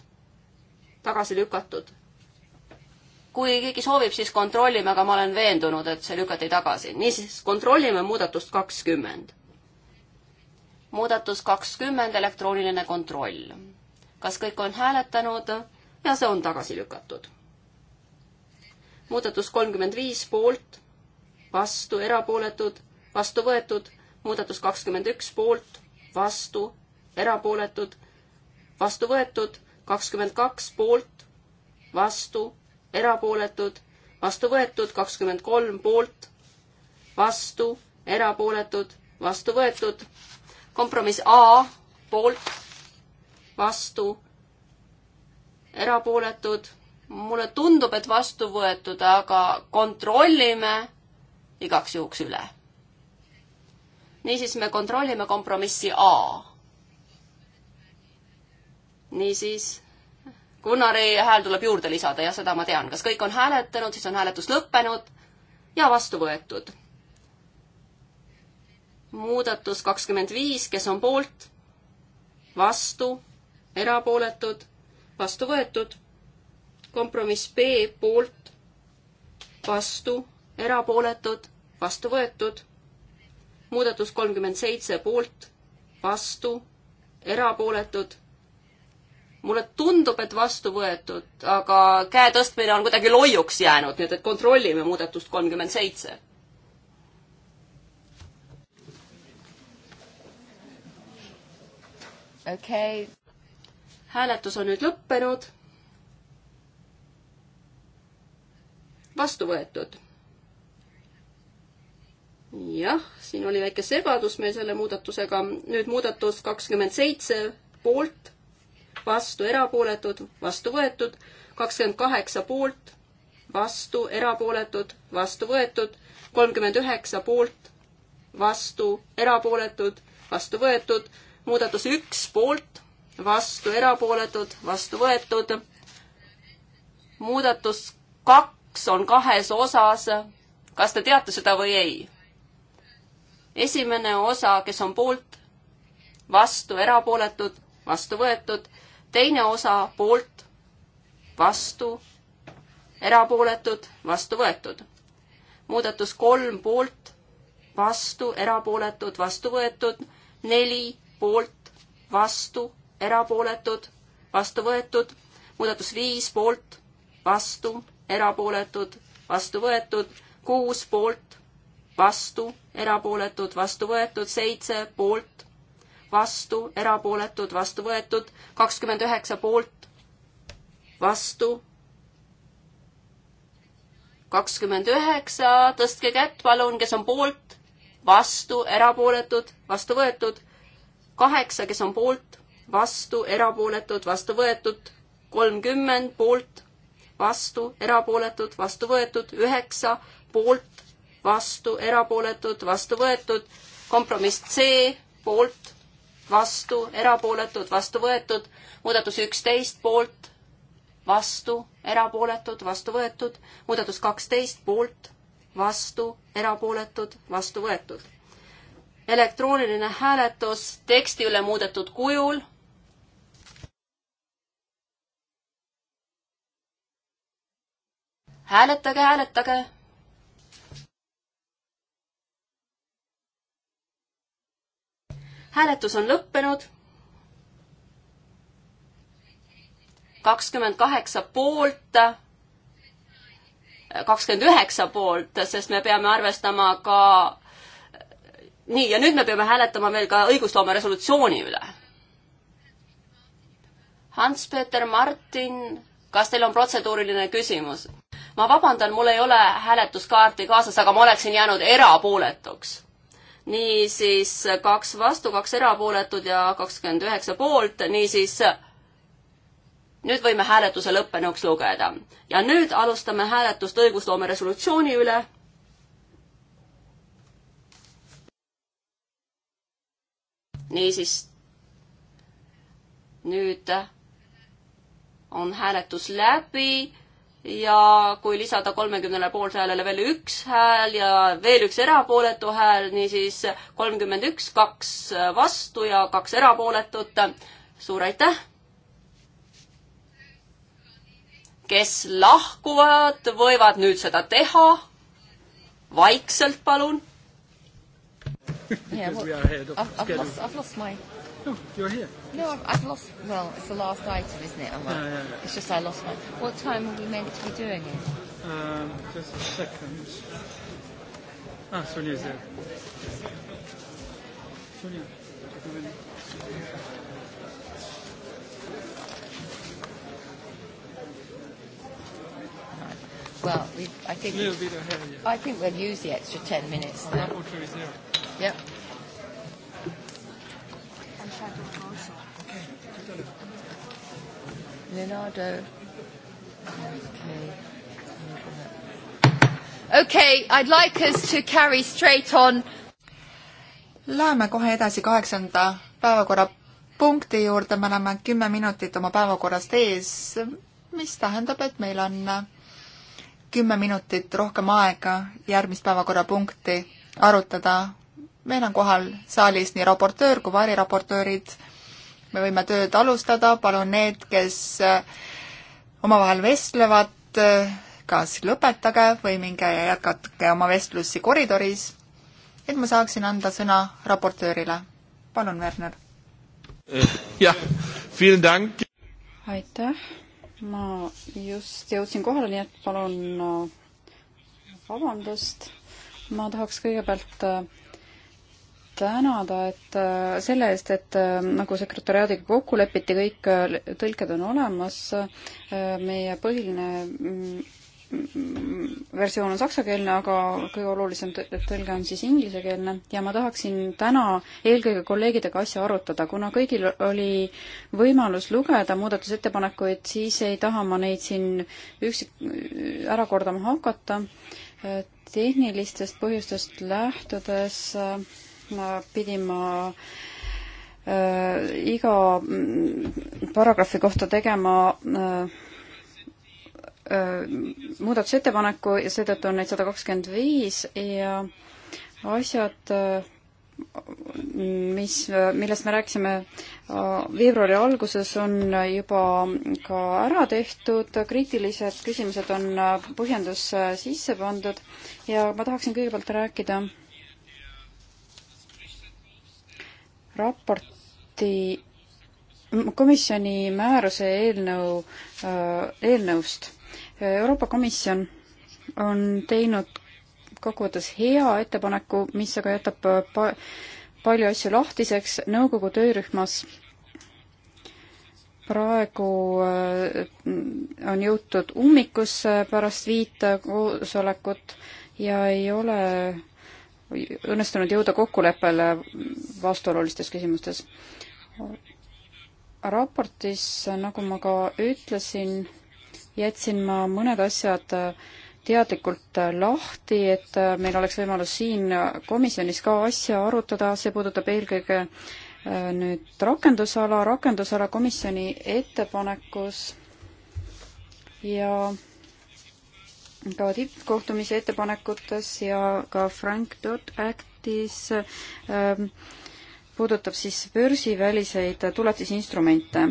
tagasi lükatud. kui keegi soovib, siis kontrollime, aga ma olen veendunud, et see lükati tagasi. niisiis, kontrollime muudatust kakskümmend. muudatus kakskümmend, elektrooniline kontroll. kas kõik on hääletanud? ja see on tagasi lükatud. muudatus kolmkümmend viis poolt, vastu, erapooletud, vastu võetud, muudatus kakskümmend üks poolt, vastu, erapooletud vastu võetud, kakskümmend kaks poolt, vastu, erapooletud, vastu võetud, kakskümmend kolm poolt, vastu, erapooletud, vastu võetud, kompromiss A poolt, vastu, erapooletud, mulle tundub, et vastu võetud, aga kontrollime igaks juhuks üle. niisiis, me kontrollime kompromissi A niisiis, Gunnari hääl tuleb juurde lisada ja seda ma tean. kas kõik on hääletanud, siis on hääletus lõppenud ja vastu võetud. muudatus kakskümmend viis, kes on poolt, vastu, erapooletud, vastu võetud. kompromiss B poolt, vastu, erapooletud, vastu võetud. muudatus kolmkümmend seitse poolt, vastu, erapooletud mulle tundub, et vastu võetud, aga käe tõstmine on kuidagi loiuks jäänud, nii et, et kontrollime muudatust kolmkümmend seitse. okei okay.. hääletus on nüüd lõppenud. vastu võetud. jah, siin oli väike segadus meil selle muudatusega, nüüd muudatus kakskümmend seitse poolt vastu, erapooletud, vastu võetud, kakskümmend kaheksa poolt, vastu, erapooletud, vastu võetud, kolmkümmend üheksa poolt, vastu, erapooletud, vastu võetud, muudatus üks poolt, vastu, erapooletud, vastu võetud, muudatus kaks on kahes osas, kas te teate seda või ei? esimene osa, kes on poolt, vastu, erapooletud, vastu võetud teine osa poolt, vastu, erapooletud, vastu võetud. muudatus kolm poolt, vastu, erapooletud, vastu võetud, neli poolt, vastu, erapooletud, vastu võetud, muudatus viis poolt, vastu, erapooletud, vastu võetud, kuus poolt, vastu, erapooletud, vastu võetud, seitse poolt, vastu, erapooletud, vastu võetud, kakskümmend üheksa poolt, vastu, kakskümmend üheksa, tõstke kätt, palun, kes on poolt, vastu, erapooletud, vastu võetud, kaheksa, kes on poolt, vastu, erapooletud, vastu võetud, kolmkümmend poolt, vastu, erapooletud, vastu võetud, üheksa poolt, vastu, erapooletud, vastu võetud, kompromiss C poolt, vastu, erapooletud, vastu võetud, muudatus üksteist poolt, vastu, erapooletud, vastu võetud, muudatus kaksteist poolt, vastu, erapooletud, vastu võetud. elektrooniline hääletus teksti üle muudetud kujul. hääletage, hääletage hääletus on lõppenud. kakskümmend kaheksa poolt, kakskümmend üheksa poolt, sest me peame arvestama ka nii, ja nüüd me peame hääletama veel ka õigusloome resolutsiooni üle. Hans-Peter Martin, kas teil on protseduuriline küsimus? ma vabandan, mul ei ole hääletuskaarti kaasas, aga ma oleksin jäänud erapooletuks niisiis kaks vastu, kaks erapooletut ja kakskümmend üheksa poolt, niisiis nüüd võime hääletuse lõppenuks lugeda. ja nüüd alustame hääletust õigusloome resolutsiooni üle. niisiis, nüüd on hääletus läbi ja kui lisada kolmekümnele poolthäälele veel üks hääl ja veel üks erapooletu hääl, niisiis kolmkümmend üks, kaks vastu ja kaks erapooletut. suur aitäh! kes lahkuvad, võivad nüüd seda teha. vaikselt, palun. Yeah, well, I've, I've, lost, I've lost my No, oh, you're here. No, I've, I've lost. Well, it's the last item, isn't it? I'm yeah, yeah, yeah. It's just I lost my. What time were we meant to be doing it? Um, just a second. Ah, Sonia's there. Sonia, come in. Well, we've, I think. A little bit ahead, yeah. I think we'll use the extra ten minutes. Our oh, rapporteur is there. Yep. Leonardo. Okay, I'd like us to carry straight on. Läheme kohe edasi kaheksanda päevakorrapunkti juurde, me oleme kümme minutit oma päevakorrast ees, mis tähendab, et meil on kümme minutit rohkem aega järgmist päevakorrapunkti arutada meil on kohal saalis nii raportöör kui variraportöörid. me võime tööd alustada, palun need, kes äh, omavahel vestlevad, äh, kas lõpetage või minge ja jätkake oma vestlusi koridoris, et ma saaksin anda sõna raportöörile. palun, Werner. Äh, jah, aitäh, ma just jõudsin kohale, nii et palun vabandust. ma tahaks kõigepealt äh, tänada, et äh, selle eest, et äh, nagu sekretäriaadiga kokku lepiti, kõik äh, tõlked on olemas. meie põhiline mm, versioon on saksakeelne, aga kõige olulisem tõlge on siis inglisekeelne ja ma tahaksin täna eelkõige kolleegidega asja arutada, kuna kõigil oli võimalus lugeda muudatusettepanekuid, siis ei taha ma neid siin üksik, ära kordama hakata. tehnilistest põhjustest lähtudes äh, pidin ma äh, iga mm, paragrahvi kohta tegema äh, äh, muudatusettepaneku ja seetõttu on neid sada kakskümmend viis ja asjad äh, mis, millest me rääkisime veebruari alguses, on juba ka ära tehtud, kriitilised küsimused on põhjendusse sisse pandud ja ma tahaksin kõigepealt rääkida raporti, komisjoni määruse eelnõu, äh, eelnõust. Euroopa Komisjon on teinud kokkuvõttes hea ettepaneku, mis aga jätab äh, pa-, palju asju lahtiseks, nõukogu töörühmas praegu äh, on jõutud ummikusse pärast viit koosolekut ja ei ole õnnestunud jõuda kokkuleppele vastuolulistes küsimustes. raportis, nagu ma ka ütlesin, jätsin ma mõned asjad teadlikult lahti, et meil oleks võimalus siin komisjonis ka asja arutada, see puudutab eelkõige äh, nüüd rakendusala, rakendusala komisjoni ettepanekus ja ka tippkohtumise ettepanekutes ja ka Frank Dodd Actis ähm, puudutab siis börsiväliseid tuletisinstrumente.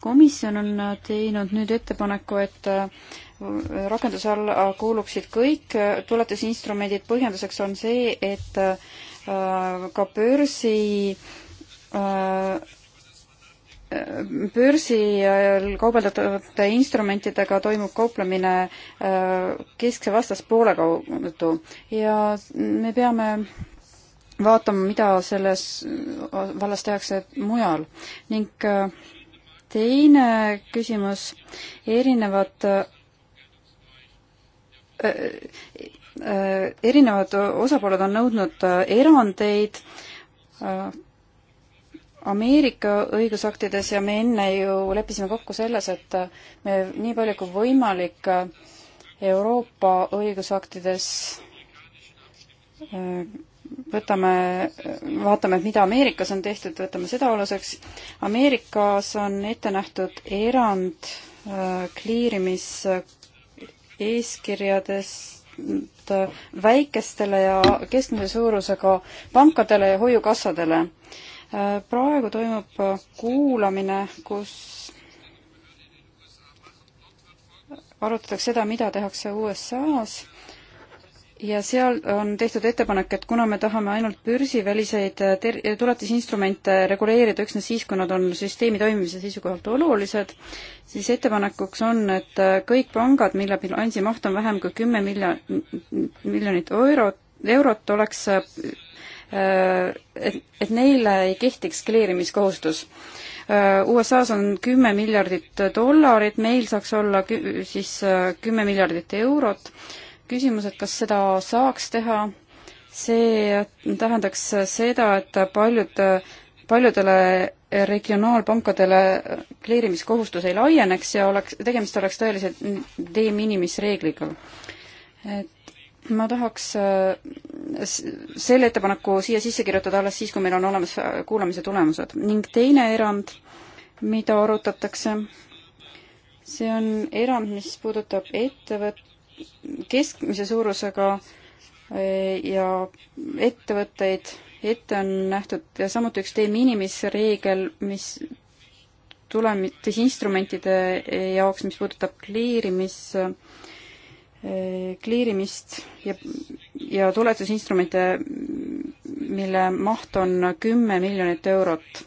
komisjon on teinud nüüd ettepaneku, et äh, rakenduse alla kuuluksid kõik äh, tuletisinstrumendid, põhjenduseks on see, et äh, ka börsi börsil kaubeldatavate instrumentidega toimub kauplemine äh, keskse vastaspoole kaudu ja me peame vaatama, mida selles vallas tehakse mujal ning äh, teine küsimus, erinevad äh, erinevad osapooled on nõudnud erandeid Ameerika õigusaktides ja me enne ju leppisime kokku selles, et me nii palju kui võimalik Euroopa õigusaktides äh, võtame, vaatame, et mida Ameerikas on tehtud, võtame seda aluseks. Ameerikas on ette nähtud erand kliirimiseeskirjadest äh, äh, väikestele ja keskmise suurusega pankadele ja hoiukassadele praegu toimub kuulamine, kus arutatakse seda, mida tehakse USA-s ja seal on tehtud ettepanek, et kuna me tahame ainult börsiväliseid ter-, tuletisinstrumente reguleerida üksnes siis, kui nad on süsteemi toimimise seisukohalt olulised, siis ettepanekuks on, et kõik pangad, mille bilansimaht on vähem kui kümme miljon-, miljonit eurot, eurot, oleks Äh, et, et neile ei kehtiks kleerimiskohustus. Äh, USA-s on kümme miljardit dollarit, meil saaks olla kü-, siis äh, kümme miljardit eurot. küsimus, et kas seda saaks teha, see tähendaks seda, et paljud, paljudele regionaalpankadele kleerimiskohustus ei laieneks ja oleks, tegemist oleks tõelise de minimis reegliga. et ma tahaks äh, selle ettepaneku siia sisse kirjutada alles siis, kui meil on olemas äh, kuulamise tulemused. ning teine erand, mida arutatakse, see on erand, mis puudutab ettevõt-, keskmise suurusega äh, ja ettevõtteid, ette on nähtud ja samuti üks de minimis reegel, mis tulemites instrumentide jaoks, mis puudutab kliirimis- kliirimist ja, ja tuletusinstrumente, mille maht on kümme miljonit eurot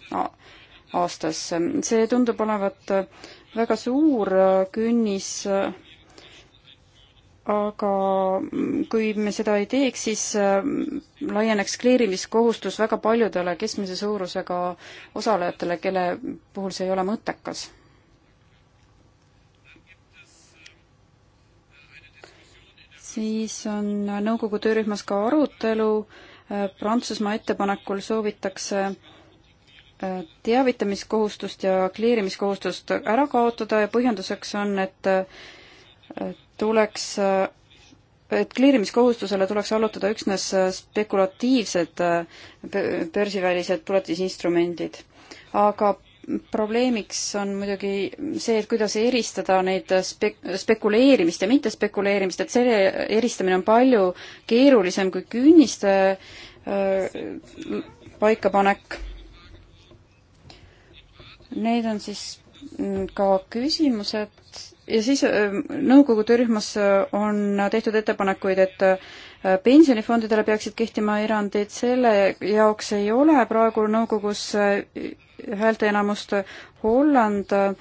aastas. see tundub olevat väga suur künnis, aga kui me seda ei teeks, siis laieneks kliirimiskohustus väga paljudele keskmise suurusega osalejatele, kelle puhul see ei ole mõttekas siis on nõukogu töörühmas ka arutelu, äh, Prantsusmaa ettepanekul soovitakse äh, teavitamiskohustust ja kleerimiskohustust ära kaotada ja põhjenduseks on, et äh, tuleks, et kleerimiskohustusele tuleks allutada üksnes spekulatiivsed börsivälised tuletisinstrumendid. aga probleemiks on muidugi see, et kuidas eristada neid spek-, spekuleerimist ja mittespekuleerimist, et selle eristamine on palju keerulisem kui künniste äh, paikapanek. Need on siis mm, ka küsimused ja siis äh, nõukogu töörühmas äh, on tehtud ettepanekuid, et äh, Äh, pensionifondidele peaksid kehtima erandid, selle jaoks ei ole praegu nõukogus äh, häälteenamust. Holland äh,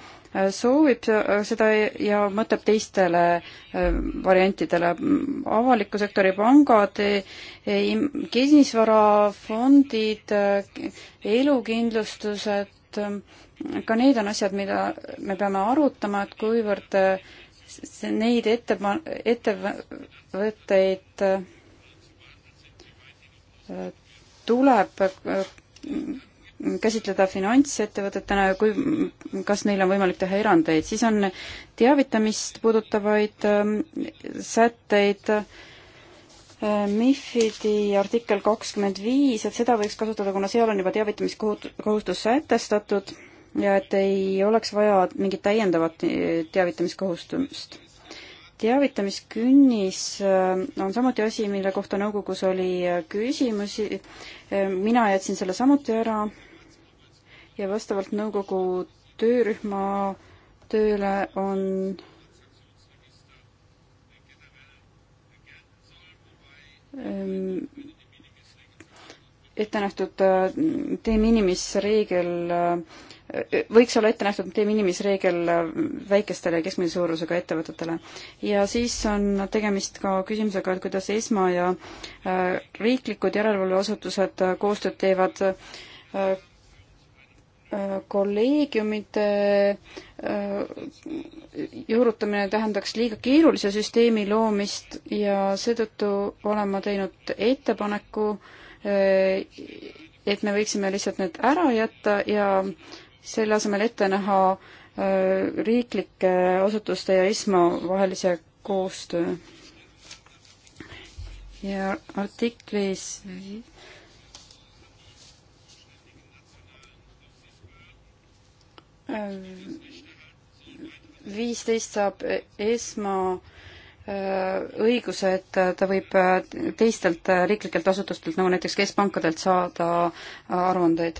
soovib seda ja mõtleb teistele variantidele. avaliku sektori pangad, e, e, kinnisvarafondid, elukindlustused, ka need on asjad, mida me peame arutama, et kuivõrd see, neid ette, ettevõtteid äh, tuleb äh, käsitleda finantsettevõtetena ja kui, kas neil on võimalik teha erandeid, siis on teavitamist puudutavaid äh, sätteid, MIFID-i artikkel kakskümmend viis, et seda võiks kasutada, kuna seal on juba teavitamiskohustus sätestatud ja et ei oleks vaja mingit täiendavat teavitamiskohustust. teavitamiskünnis äh, on samuti asi, mille kohta nõukogus oli äh, küsimusi, äh, mina jätsin selle samuti ära ja vastavalt nõukogu töörühma tööle on ähm, ette nähtud de minimis reegel äh, võiks olla ette nähtud de minimis reegel väikestele ja keskmise suurusega ettevõtetele. ja siis on tegemist ka küsimusega, et kuidas ESMA ja äh, riiklikud järelevalveasutused äh, koostööd teevad äh, kolleegiumide juurutamine tähendaks liiga keerulise süsteemi loomist ja seetõttu olen ma teinud ettepaneku, et me võiksime lihtsalt need ära jätta ja äh, selle asemel ette näha äh, riiklike asutuste ja ESMA vahelise koostöö. ja artiklis äh, viisteist saab ESMA äh, õiguse, et ta võib teistelt riiklikelt asutustelt, nagu näiteks keskpankadelt, saada aruandeid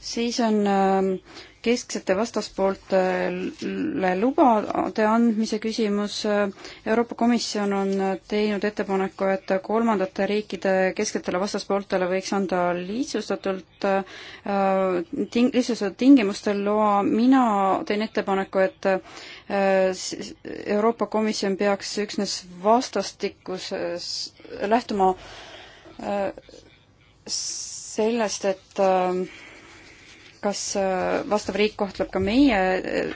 siis on ähm, kesksete vastaspooltele lubade andmise küsimus. Euroopa Komisjon on teinud ettepaneku, et kolmandate riikide kesksetele vastaspooltele võiks anda lihtsustatult äh, ting-, lihtsustatud tingimustel loa. mina teen ettepaneku, et äh, Euroopa Komisjon peaks üksnes vastastikuses lähtuma äh, sellest, et kas äh, vastav riik kohtleb ka meie äh,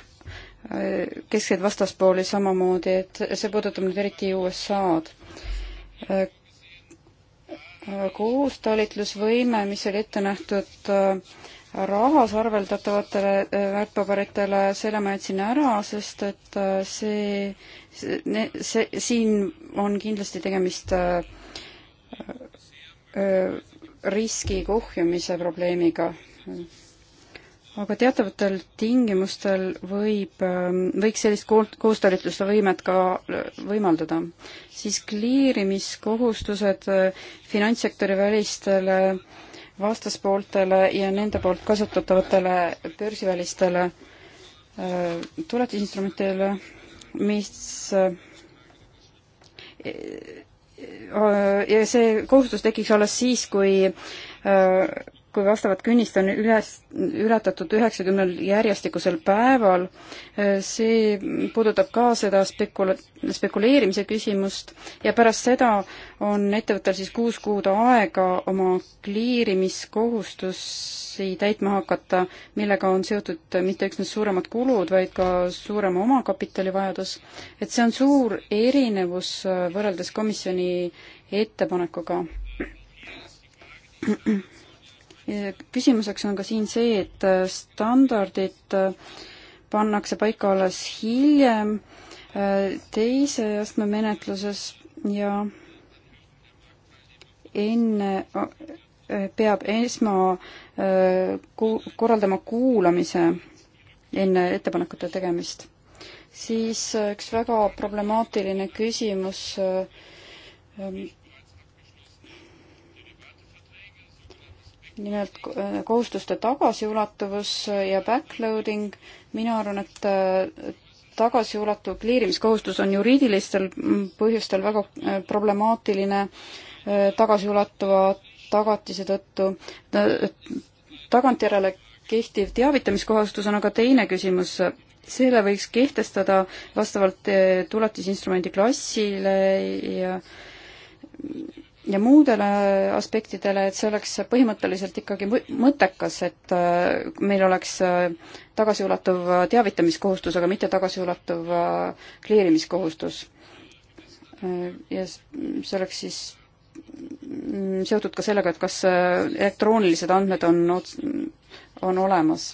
keskseid vastaspooli samamoodi, et see puudutab nüüd eriti USA-d. Äh, koostalitlusvõime, mis oli ette nähtud rahas arveldatavatele väärtpaberitele, selle ma jätsin ära, sest et see, see, see, siin on kindlasti tegemist riski kuhjumise probleemiga aga teatavatel tingimustel võib, ähm, võiks sellist koostalitluste võimet ka äh, võimaldada. siis kliirimiskohustused äh, finantssektori välistele vastaspooltele ja nende poolt kasutatavatele börsivälistele äh, tuletisinstrumentidele, mis ja see kohustus tekiks alles siis, kui kui vastavat künnist on üles, ületatud üheksakümnel järjestikusel päeval, eh, see puudutab ka seda spekul-, spekuleerimise küsimust ja pärast seda on ettevõttel siis kuus kuud aega oma kliirimiskohustusi täitma hakata, millega on seotud mitte üksnes suuremad kulud, vaid ka suurem omakapitali vajadus. et see on suur erinevus eh, võrreldes komisjoni ettepanekuga küsimuseks on ka siin see, et äh, standardid äh, pannakse paika alles hiljem äh, teise astme menetluses ja enne peab esma korraldama kuulamise enne ettepanekute tegemist. siis üks väga problemaatiline küsimus nimelt äh, kohustuste tagasiulatuvus ja backloading. mina arvan, et äh, tagasiulatuv kliirimiskohustus on juriidilistel mm, põhjustel väga äh, problemaatiline tagasiulatuva tagatise tõttu. tagantjärele kehtiv teavitamiskohustus on aga teine küsimus. selle võiks kehtestada vastavalt tuletisinstrumendi klassile ja ja muudele aspektidele, et see oleks põhimõtteliselt ikkagi mõttekas, et äh, meil oleks äh, tagasiulatuv äh, teavitamiskohustus, aga mitte tagasiulatuv kleerimiskohustus. ja see oleks siis mm, seotud ka sellega, et kas elektroonilised andmed on, on olemas.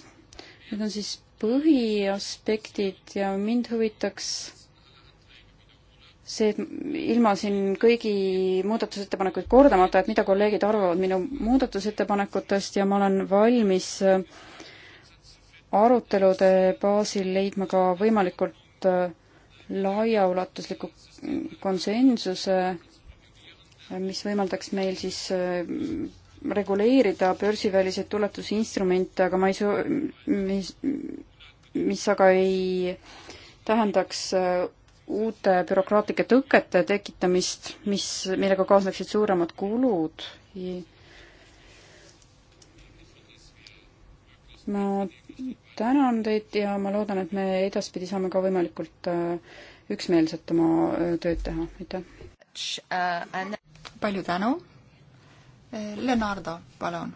Need on siis põhiaspektid ja mind huvitaks see, et ilma siin kõigi muudatusettepanekuid kordamata, et mida kolleegid arvavad minu muudatusettepanekutest ja ma olen valmis äh, arutelude baasil leidma ka võimalikult äh, laiaulatusliku konsensuse, äh, mis võimaldaks meil siis reguleerida börsiväliseid tuletusinstrumente, aga ma ei soo-, mis, mis aga ei tähendaks uute bürokraatlike tõkete tekitamist, mis, millega kaasneksid suuremad kulud. ma tänan teid ja ma loodan, et me edaspidi saame ka võimalikult äh, üksmeelselt oma äh, tööd teha, aitäh. palju tänu. Leonardo, palun,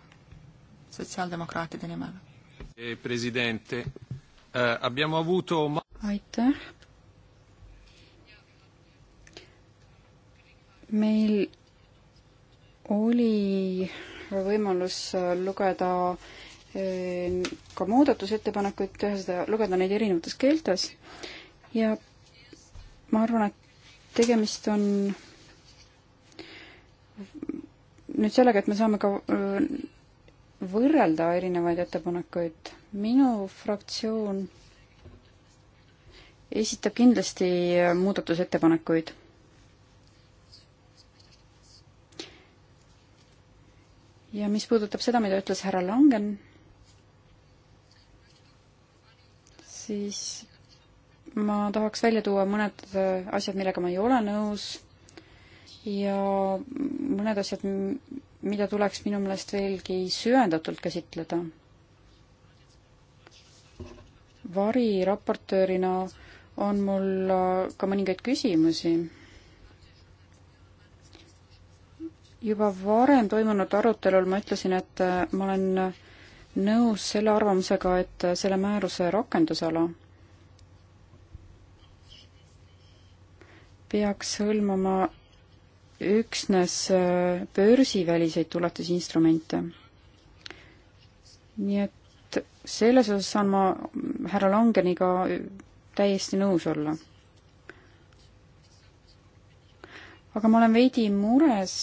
sotsiaaldemokraatide nimel. Eh, eh, aitäh, meil oli võimalus lugeda eh, ka muudatusettepanekuid, teha seda, lugeda neid erinevates keeltes ja ma arvan, et tegemist on nüüd sellega, et me saame ka eh, võrrelda erinevaid ettepanekuid. minu fraktsioon esitab kindlasti eh, muudatusettepanekuid ja mis puudutab seda, mida ütles härra Langen, siis ma tahaks välja tuua mõned asjad, millega ma ei ole nõus ja mõned asjad, mida tuleks minu meelest veelgi süvendatult käsitleda. variraportöörina on mul ka mõningaid küsimusi juba varem toimunud arutelul ma ütlesin, et äh, ma olen nõus selle arvamusega, et äh, selle määruse rakendusala peaks hõlmama üksnes äh, börsiväliseid tuletisinstrumente. nii et selles osas saan ma härra Langeniga täiesti nõus olla. aga ma olen veidi mures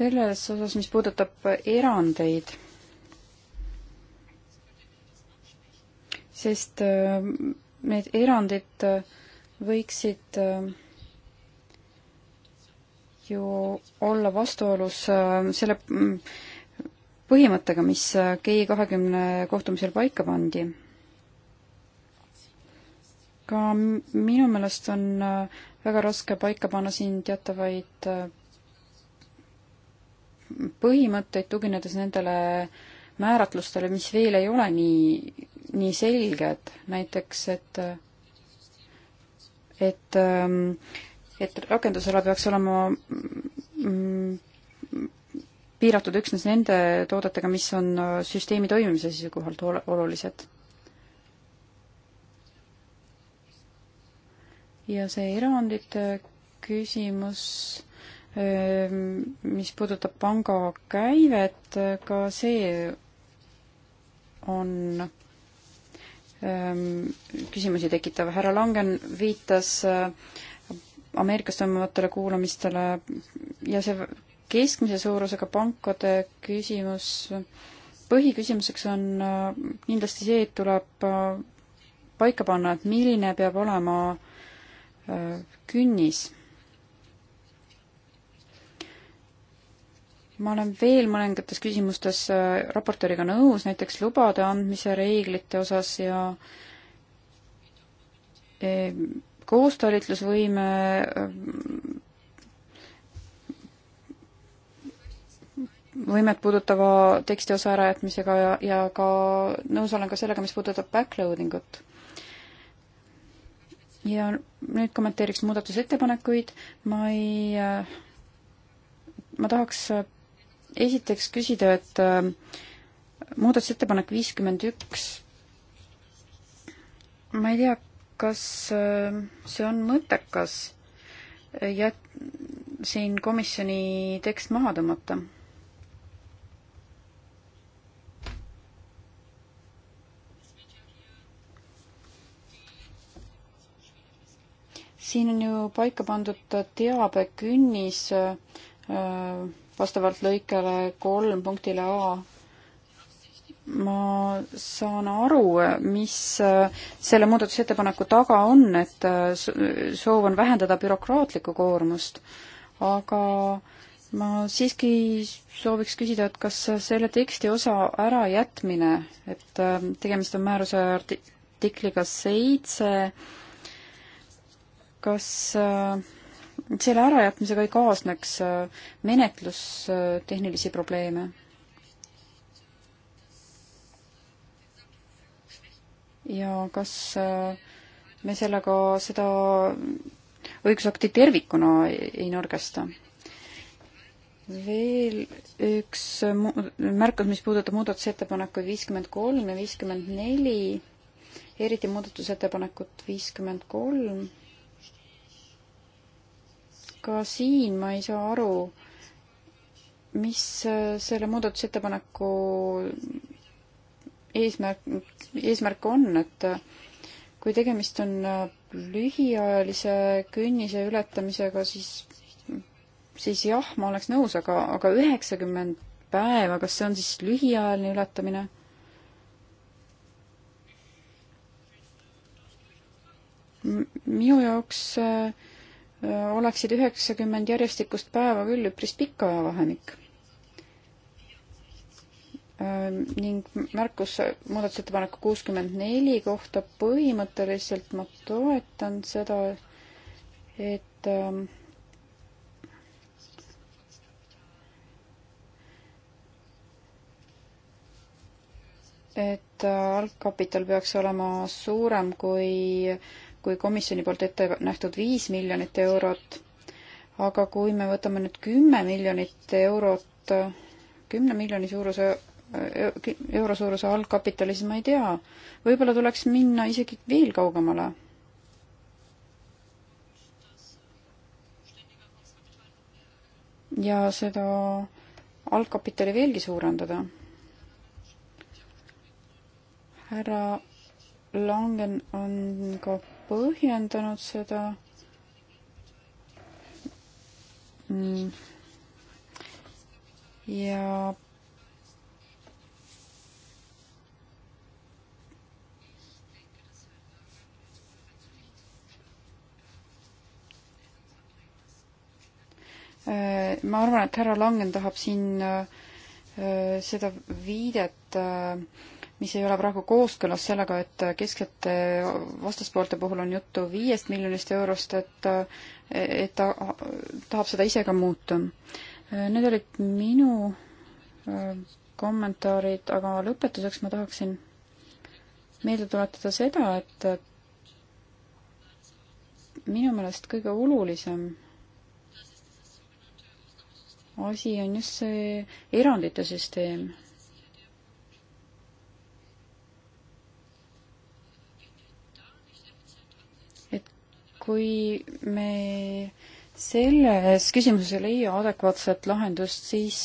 selles osas, mis puudutab erandeid, sest äh, need erandid äh, võiksid äh, ju olla vastuolus selle mm, põhimõttega, mis G kahekümne kohtumisel paika pandi. ka minu meelest on väga raske paika panna siin teatavaid põhimõtteid, tuginedes nendele määratlustele, mis veel ei ole nii, nii selged, näiteks et, et, ähm, et rakendusala peaks olema mm, piiratud üksnes nende toodetega, mis on äh, süsteemi toimimise seisukohalt olulised. ja see erandite küsimus Ehm, mis puudutab panga käivet, ka see on ehm, küsimusi tekitav. härra Langen viitas äh, Ameerikas toimuvatele kuulamistele ja see keskmise suurusega pankade küsimus, põhiküsimuseks on äh, kindlasti see, et tuleb äh, paika panna, et milline peab olema künnis ma olen veel mõningates küsimustes äh, raportööriga nõus, näiteks lubade andmise reeglite osas ja e, koostalitlusvõime äh, võimet puudutava teksti osa ärajätmisega ja, ja ka nõus olen ka sellega, mis puudutab backloading ut. ja nüüd kommenteeriks muudatusettepanekuid, ma ei, äh, ma tahaks esiteks küsida, et äh, muudatusettepanek viiskümmend üks, ma ei tea, kas äh, see on mõttekas äh, jät-, siin komisjoni tekst maha tõmmata? siin on ju paika pandud teabekünnis äh, vastavalt lõikele kolm punktile A. ma saan aru, mis äh, selle muudatusettepaneku taga on, et äh, soov on vähendada bürokraatlikku koormust, aga ma siiski sooviks küsida, et kas selle teksti osa ärajätmine, et äh, tegemist on määruse artikliga seitse, kas äh, selle ärajätmisega ei kaasneks äh, menetlustehnilisi äh, probleeme. ja kas äh, me sellega seda õigusakti tervikuna ei nõrgesta? veel üks märkus, mis puudutab muudatusettepanekuid viiskümmend kolm ja viiskümmend neli, eriti muudatusettepanekut viiskümmend kolm ka siin ma ei saa aru, mis äh, selle muudatusettepaneku eesmärk, eesmärk on, et äh, kui tegemist on äh, lühiajalise künnise ületamisega, siis, siis jah, ma oleks nõus, aga, aga üheksakümmend päeva, kas see on siis lühiajaline ületamine? minu jaoks äh, Äh, oleksid üheksakümmend järjestikust päeva küll üpris pikk ajavahemik. Äh, ning märkus muudatusettepaneku kuuskümmend neli kohta, põhimõtteliselt ma toetan seda, et ähm, et äh, algkapital peaks olema suurem kui äh, kui komisjoni poolt ette nähtud viis miljonit eurot, aga kui me võtame nüüd kümme miljonit eurot, kümne miljoni suuruse euro suuruse algkapitali, siis ma ei tea, võib-olla tuleks minna isegi veel kaugemale. ja seda algkapitali veelgi suurendada. härra Langen on ka põhjendanud seda ja äh, ma arvan, et härra Langen tahab siin äh, äh, seda viidet mis ei ole praegu kooskõlas sellega, et kesksete vastaspoolte puhul on juttu viiest miljonist eurost, et, et ta tahab seda ise ka muuta. Need olid minu äh, kommentaarid, aga lõpetuseks ma tahaksin meelde tuletada seda, et minu meelest kõige olulisem asi on just see erandite süsteem kui me selles küsimuses ei leia adekvaatset lahendust, siis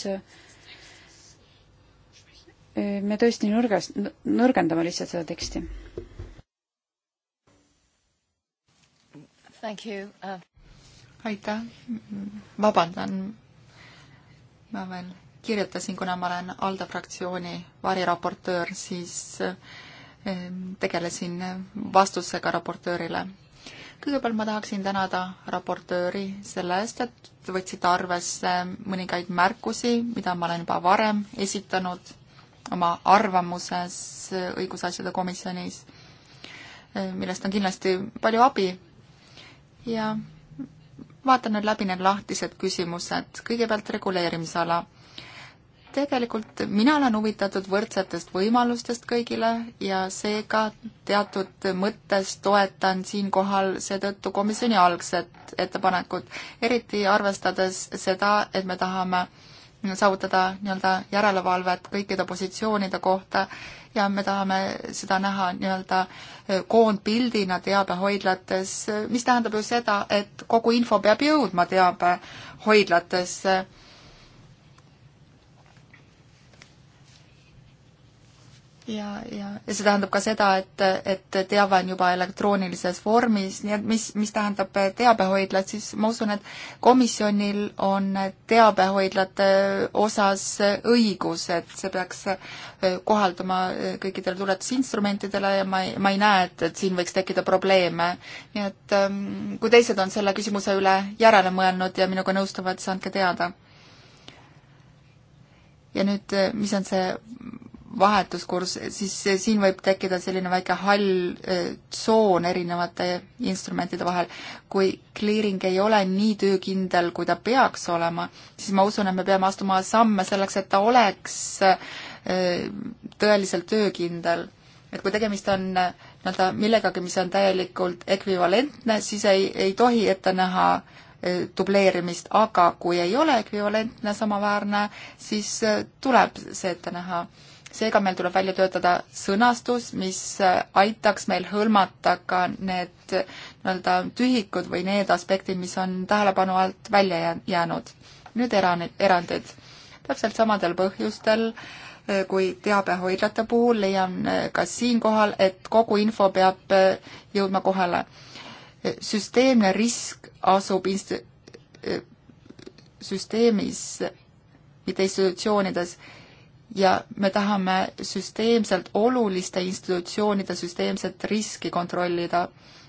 eh, me tõesti nõrges, nõrgendame lihtsalt seda teksti. Uh... aitäh, vabandan. ma veel kirjutasin, kuna ma olen ALDE fraktsiooni variraportöör, siis eh, tegelesin vastusega raportöörile kõigepealt ma tahaksin tänada raportööri selle eest, et võtsite arvesse mõningaid märkusi, mida ma olen juba varem esitanud oma arvamuses õigusasjade komisjonis, millest on kindlasti palju abi. ja vaatan nüüd läbi need lahtised küsimused, kõigepealt reguleerimisala tegelikult mina olen huvitatud võrdsetest võimalustest kõigile ja seega teatud mõttes toetan siinkohal seetõttu komisjoni algset ettepanekut, eriti arvestades seda, et me tahame saavutada nii-öelda järelevalvet kõikide positsioonide kohta ja me tahame seda näha nii-öelda koondpildina teabehoidlates, mis tähendab ju seda, et kogu info peab jõudma teabehoidlatesse ja, ja, ja see tähendab ka seda, et, et teave on juba elektroonilises vormis, nii et mis, mis tähendab teabehoidlat, siis ma usun, et komisjonil on teabehoidlate osas õigus, et see peaks kohalduma kõikidele tuletusinstrumentidele ja ma ei, ma ei näe, et, et siin võiks tekkida probleeme. nii et ähm, kui teised on selle küsimuse üle järele mõelnud ja minuga nõustuvad, siis andke teada. ja nüüd, mis on see vahetuskurs, siis siin võib tekkida selline väike hall äh, tsoon erinevate instrumentide vahel. kui clearing ei ole nii töökindel, kui ta peaks olema, siis ma usun, et me peame astuma samme selleks, et ta oleks äh, tõeliselt töökindel. et kui tegemist on äh, nii-öelda millegagi, mis on täielikult ekvivalentne, siis ei, ei tohi ette näha dubleerimist, aga kui ei ole ekvivalentne, samaväärne, siis tuleb see ette näha seega meil tuleb välja töötada sõnastus, mis äh, aitaks meil hõlmata ka need nii-öelda tühikud või need aspektid, mis on tähelepanu alt välja jäänud. nüüd erandid, erandid. täpselt samadel põhjustel äh, kui teabehoidlate puhul leian äh, ka siinkohal, et kogu info peab jõudma kohale. süsteemne risk asub inst-, süsteemis, mitte institutsioonides ja me tahame süsteemselt oluliste institutsioonide süsteemset riski kontrollida,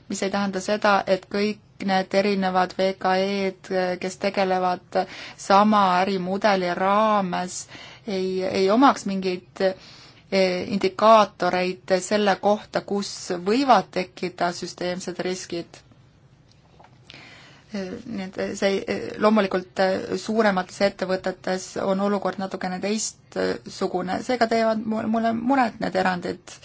mis ei tähenda seda, et kõik need erinevad VKE-d, kes tegelevad sama ärimudeli raames, ei, ei omaks mingeid e, indikaatoreid selle kohta, kus võivad tekkida süsteemsed riskid nii et see, loomulikult äh, suuremates ettevõtetes on olukord natukene teistsugune, seega teevad mulle muret need erandid,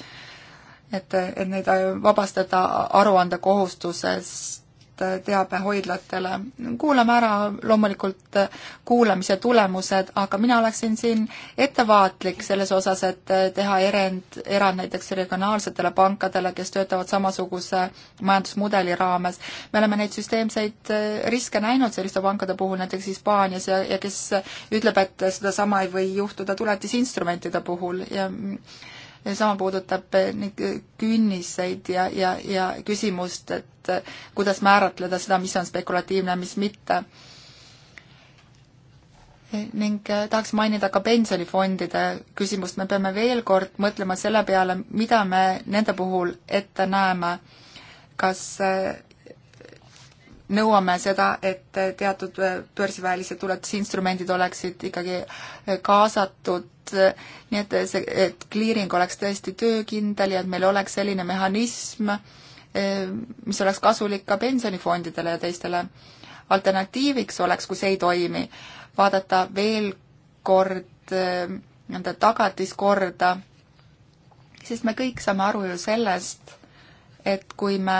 et, et neid äh, vabastada aruandekohustusest eest teabehoidlatele. kuulame ära loomulikult kuulamise tulemused, aga mina oleksin siin ettevaatlik selles osas, et teha erand, erand näiteks regionaalsetele pankadele, kes töötavad samasuguse majandusmudeli raames. me oleme neid süsteemseid riske näinud selliste pankade puhul, näiteks Hispaanias ja, ja kes ütleb, et sedasama ei või juhtuda tuletisinstrumentide puhul ja sama puudutab eh, neid künniseid ja, ja, ja küsimust, et eh, kuidas määratleda seda, mis on spekulatiivne, mis mitte. Eh, ning tahaks mainida ka pensionifondide küsimust, me peame veel kord mõtlema selle peale, mida me nende puhul ette näeme. kas nõuame seda, et teatud börsivälised tuletisinstrumendid oleksid ikkagi kaasatud et, nii et see, et clearing oleks tõesti töökindel ja et meil oleks selline mehhanism, eh, mis oleks kasulik ka pensionifondidele ja teistele. alternatiiviks oleks, kui see ei toimi, vaadata veel kord eh, nii-öelda tagatiskorda, sest me kõik saame aru ju sellest, et kui me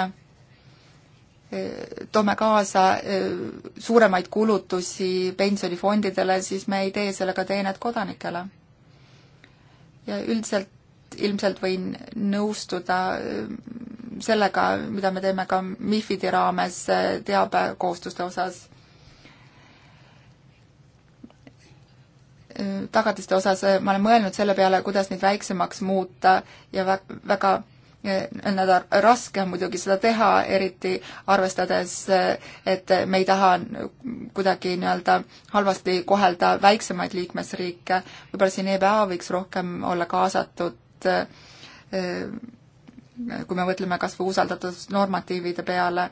eh, toome kaasa suuremaid kulutusi pensionifondidele, siis me ei tee sellega teenet kodanikele ja üldiselt ilmselt võin nõustuda ähm, sellega, mida me teeme ka MIFID-i raames äh, teabekohustuste osas. Äh, tagatiste osas äh, ma olen mõelnud selle peale, kuidas neid väiksemaks muuta ja väga nad, raske on muidugi seda teha, eriti arvestades, et me ei taha kuidagi nii-öelda halvasti kohelda väiksemaid liikmesriike, võib-olla siin EBA võiks rohkem olla kaasatud, eh, kui me mõtleme kas või usaldatusnormatiivide peale,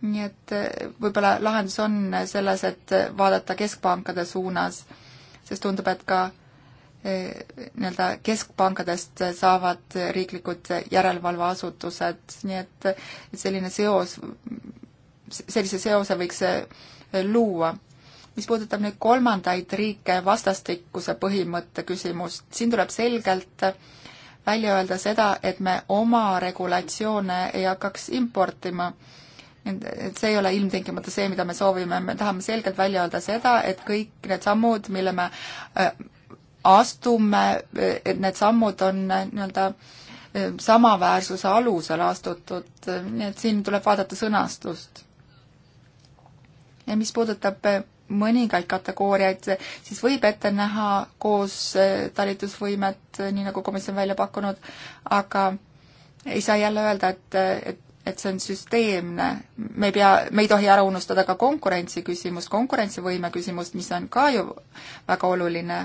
nii et eh, võib-olla lahendus on selles, et vaadata keskpankade suunas, sest tundub, et ka Eh, nii-öelda keskpankadest saavad riiklikud järelevalveasutused, nii et selline seos, sellise seose võiks eh, luua. mis puudutab nüüd kolmandaid riike vastastikuse põhimõtte küsimust, siin tuleb selgelt välja öelda seda, et me oma regulatsioone ei hakkaks importima. et see ei ole ilmtingimata see, mida me soovime, me tahame selgelt välja öelda seda, et kõik need sammud, mille me eh, astume, et need sammud on äh, nii-öelda äh, samaväärsuse alusel astutud, nii et siin tuleb vaadata sõnastust. ja mis puudutab äh, mõningaid kategooriaid, siis võib ette näha koos talitusvõimet, nii nagu komisjon välja pakkunud, aga ei saa jälle öelda, et, et, et see on süsteemne. me ei pea, me ei tohi ära unustada ka konkurentsi küsimust, konkurentsivõime küsimust, mis on ka ju väga oluline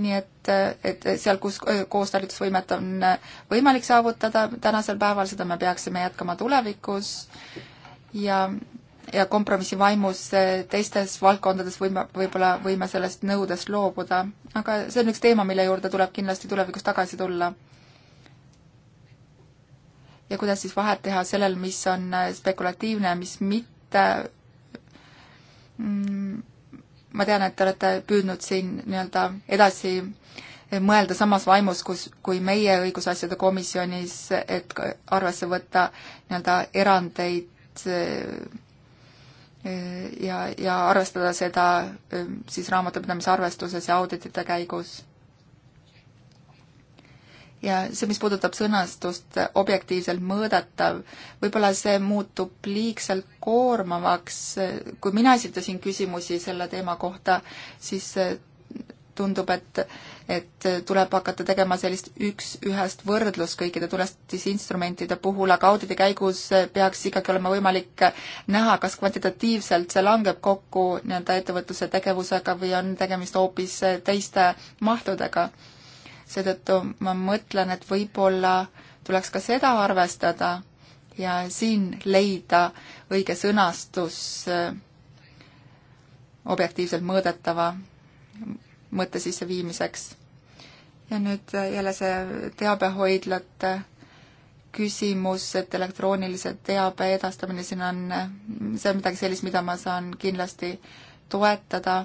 nii et, et seal, kus äh, koostalitusvõimet on äh, võimalik saavutada tänasel päeval, seda me peaksime jätkama tulevikus ja, ja kompromissi vaimus äh, teistes valdkondades võime, võib-olla võime sellest nõudest loobuda. aga see on üks teema, mille juurde tuleb kindlasti tulevikus tagasi tulla. ja kuidas siis vahet teha sellel, mis on spekulatiivne ja mis mitte mm, ma tean, et te olete püüdnud siin nii-öelda edasi mõelda samas vaimus, kus, kui meie õigusasjade komisjonis, et arvesse võtta nii-öelda erandeid eh, eh, ja, ja arvestada seda eh, siis raamatupidamise arvestuses ja auditite käigus ja see, mis puudutab sõnastust objektiivselt mõõdetav, võib-olla see muutub liigselt koormavaks, kui mina esitasin küsimusi selle teema kohta, siis tundub, et, et tuleb hakata tegema sellist üks-ühest võrdlust kõikide tulestisinstrumentide puhul, aga auditi käigus peaks ikkagi olema võimalik näha, kas kvantitatiivselt see langeb kokku nii-öelda ettevõtluse tegevusega või on tegemist hoopis teiste mahtudega seetõttu ma mõtlen, et võib-olla tuleks ka seda arvestada ja siin leida õige sõnastus äh, objektiivselt mõõdetava mõtte sisseviimiseks. ja nüüd äh, jälle see teabehoidlate küsimus, et elektroonilise teabe edastamine, siin on, äh, see on midagi sellist, mida ma saan kindlasti toetada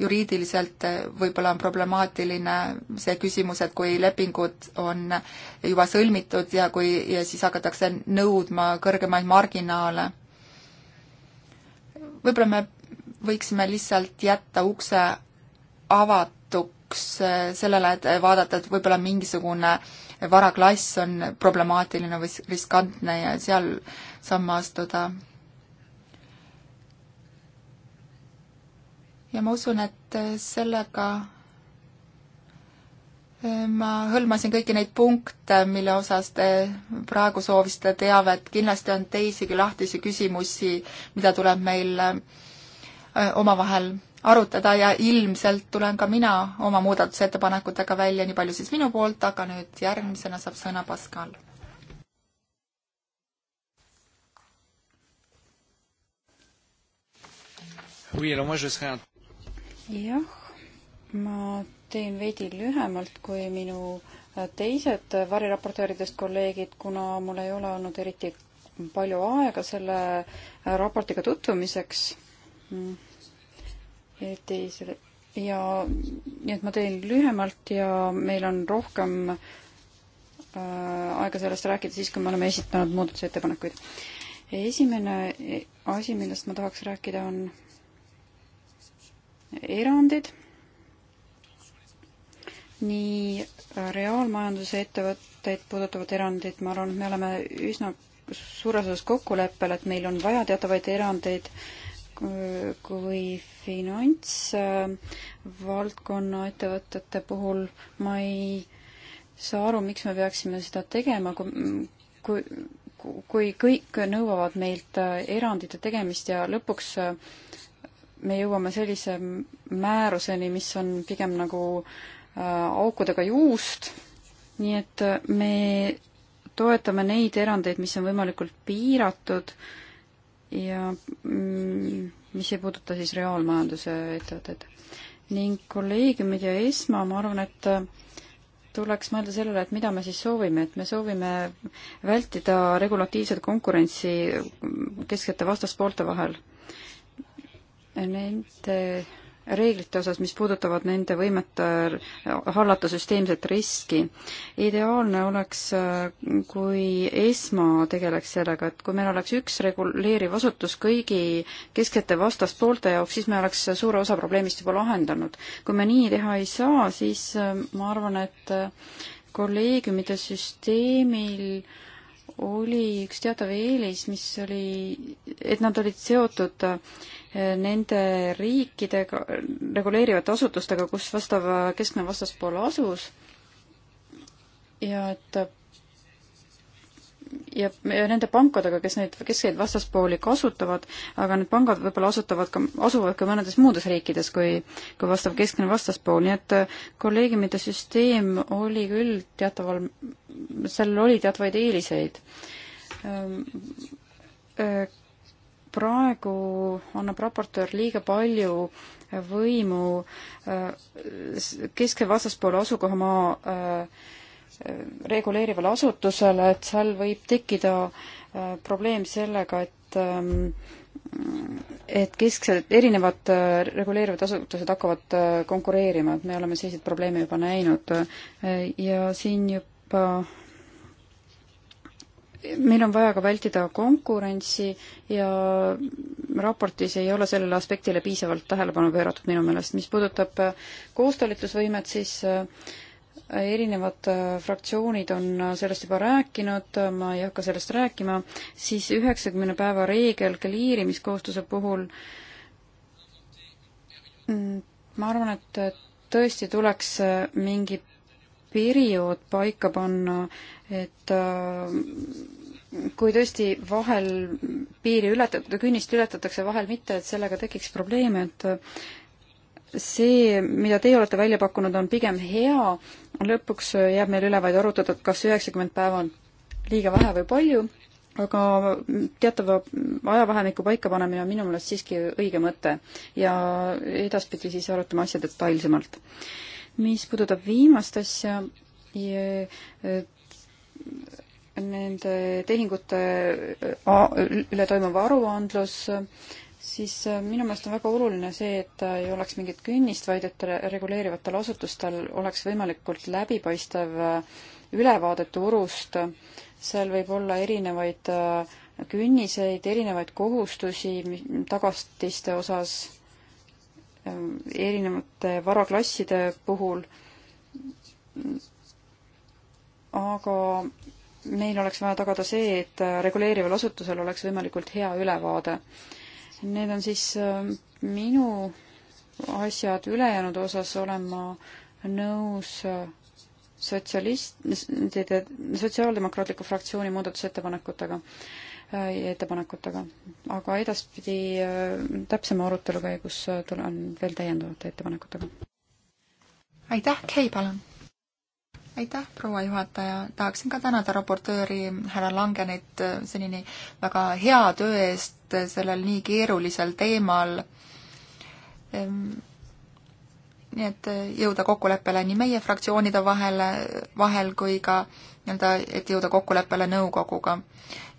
juriidiliselt eh, võib-olla on problemaatiline see küsimus, et kui lepingud on juba sõlmitud ja kui, ja siis hakatakse nõudma kõrgemaid marginaale. võib-olla me võiksime lihtsalt jätta ukse avatuks eh, sellele, et vaadata, et võib-olla mingisugune varaklass on problemaatiline või riskantne ja seal samme astuda ja ma usun, et äh, sellega äh, ma hõlmasin kõiki neid punkte, mille osas te praegu soovisite teavet, kindlasti on teisigi lahtisi küsimusi, mida tuleb meil äh, omavahel arutada ja ilmselt tulen ka mina oma muudatusettepanekutega välja, nii palju siis minu poolt, aga nüüd järgmisena saab sõna Pascal. Oui, alors moi je serais un jah, ma teen veidi lühemalt kui minu äh, teised variraportööridest kolleegid, kuna mul ei ole olnud eriti palju aega selle äh, raportiga tutvumiseks. et mm. ei, selle ja nii et ma teen lühemalt ja meil on rohkem äh, aega sellest rääkida siis, kui me oleme esitanud muudatusettepanekuid. esimene asi, millest ma tahaks rääkida, on erandid nii reaalmajanduse ettevõtteid puudutavad erandid, ma arvan, et me oleme üsna suures osas kokkuleppel, et meil on vaja teatavaid erandeid kui finantsvaldkonna ettevõtete puhul ma ei saa aru, miks me peaksime seda tegema, kui, kui, kui kõik nõuavad meilt erandite tegemist ja lõpuks äh, me jõuame sellise määruseni, mis on pigem nagu äh, aukudega juust, nii et äh, me toetame neid erandeid, mis on võimalikult piiratud ja mm, mis ei puuduta siis reaalmajanduse ettevõtteid. ning kolleegiumid ja ESMA, ma arvan, et äh, tuleks mõelda sellele, et mida me siis soovime, et me soovime vältida regulatiivset konkurentsi keskete vastaspoolte vahel nende reeglite osas, mis puudutavad nende võimet hallata süsteemset riski. ideaalne oleks, äh, kui ESMA tegeleks sellega, et kui meil oleks üks reguleeriv asutus kõigi keskete vastaspoolte jaoks, siis me oleks suure osa probleemist juba lahendanud. kui me nii teha ei saa, siis äh, ma arvan, et äh, kolleegiumide süsteemil äh, oli üks teatav eelis, mis oli, et nad olid seotud eh, nende riikidega, reguleerivate asutustega, kus vastav keskne vastaspool asus ja et ja nende pankadega, kes neid keskseid vastaspooli kasutavad, aga need pangad võib-olla asutavad ka, asuvad ka mõnedes muudes riikides kui, kui vastav keskne vastaspool, nii et äh, kolleegiumide süsteem oli küll teataval, sellel oli teatavaid eeliseid. Ähm, äh, praegu annab raportöör liiga palju võimu äh, keskse vastaspoole asukohamaa reguleerivale asutusele, et seal võib tekkida äh, probleem sellega, et ähm, et kesksed, erinevad äh, reguleerivad asutused hakkavad äh, konkureerima, et me oleme selliseid probleeme juba näinud ja siin juba meil on vaja ka vältida konkurentsi ja raportis ei ole sellele aspektile piisavalt tähelepanu pööratud minu meelest. mis puudutab koostalitusvõimet, siis erinevad äh, fraktsioonid on äh, sellest juba rääkinud, äh, ma ei hakka sellest rääkima, siis üheksakümne päeva reegel kliirimiskohustuse puhul mm, ma arvan, et tõesti tuleks mingi periood paika panna, et kui tõesti vahel piiri ületatud, künnist ületatakse, vahel mitte, et sellega tekiks probleeme, et see, mida teie olete välja pakkunud, on pigem hea, lõpuks jääb meil üle vaid arutada, et kas üheksakümmend päeva on liiga vähe või palju, aga teatava ajavahemiku paikapanemine on minu meelest siiski õige mõte ja edaspidi siis arutame asja detailsemalt. mis puudutab viimast asja, e, nende tehingute e, üle toimuv aruandlus, siis äh, minu meelest on väga oluline see, et äh, ei oleks mingit künnist, vaid et reguleerivatel asutustel oleks võimalikult läbipaistev äh, ülevaade turust, seal võib olla erinevaid künniseid, erinevaid kohustusi tagastiste osas, erinevate varaklasside puhul, aga meil oleks vaja tagada see, et reguleerival asutusel oleks võimalikult hea ülevaade Need on siis ähm, minu asjad, ülejäänud osas olen ma nõus äh, sotsialistide, Sotsiaaldemokraatliku fraktsiooni muudatusettepanekutega äh, ja ettepanekutega. aga edaspidi äh, täpsema arutelu käigus tulen veel täiendavate ettepanekutega. aitäh, Kei, palun! aitäh, proua juhataja, tahaksin ka tänada raportööri härra Langenit senini väga hea töö eest et sellel nii keerulisel teemal ehm, nii et jõuda kokkuleppele nii meie fraktsioonide vahele, vahel kui ka nii-öelda, et jõuda kokkuleppele nõukoguga.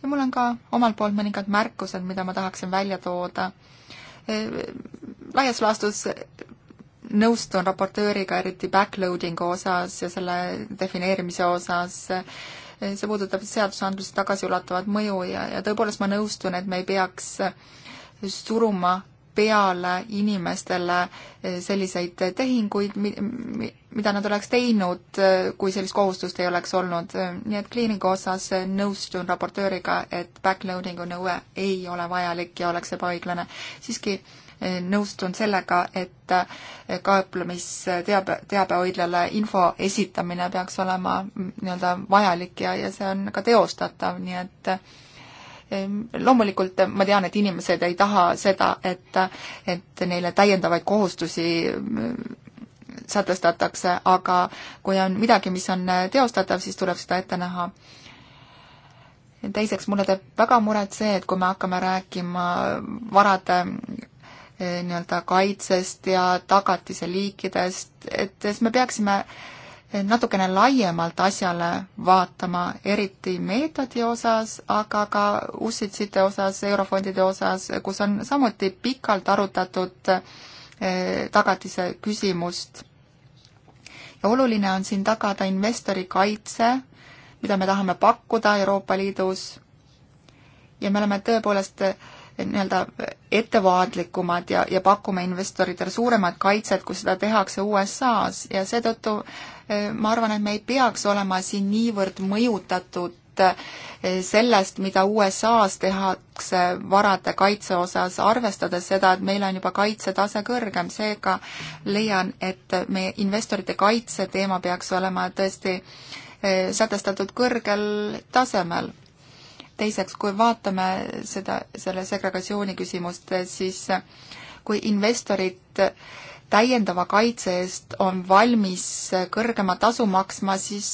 ja mul on ka omalt poolt mõningad märkused, mida ma tahaksin välja tooda. Ehm, laias laastus nõustun raportööriga, eriti backloading'u osas ja selle defineerimise osas see puudutab seadusandluse tagasiulatuvat mõju ja, ja tõepoolest ma nõustun, et me ei peaks suruma peale inimestele selliseid tehinguid, mida nad oleks teinud, kui sellist kohustust ei oleks olnud. nii et kliiniku osas nõustun raportööriga, et backloading'u nõue ei ole vajalik ja oleks ebaõiglane. siiski nõustun sellega, et eh, kaeplemisteabe, teabehoidlale info esitamine peaks olema mm, nii-öelda vajalik ja, ja see on ka teostatav, nii et loomulikult ma tean, et inimesed ei taha seda, et, et neile täiendavaid kohustusi mm, sätestatakse, aga kui on midagi, mis on teostatav, siis tuleb seda ette näha. teiseks, mulle teeb väga muret see, et kui me hakkame rääkima varade Eh, nii-öelda kaitsest ja tagatise liikidest, et siis me peaksime eh, natukene laiemalt asjale vaatama, eriti meetodi osas, aga ka UCITS-ide osas, eurofondide osas, kus on samuti pikalt arutatud eh, tagatise küsimust. ja oluline on siin tagada investori kaitse, mida me tahame pakkuda Euroopa Liidus ja me oleme tõepoolest nii-öelda ettevaatlikumad ja, ja pakume investoritele suuremat kaitset, kui seda tehakse USA-s ja seetõttu eh, ma arvan, et me ei peaks olema siin niivõrd mõjutatud eh, sellest, mida USA-s tehakse varade kaitse osas, arvestades seda, et meil on juba kaitsetase kõrgem, seega leian, et meie investorite kaitse teema peaks olema tõesti eh, sätestatud kõrgel tasemel teiseks, kui vaatame seda, selle segregatsiooni küsimust, siis kui investorid täiendava kaitse eest on valmis kõrgema tasu maksma, siis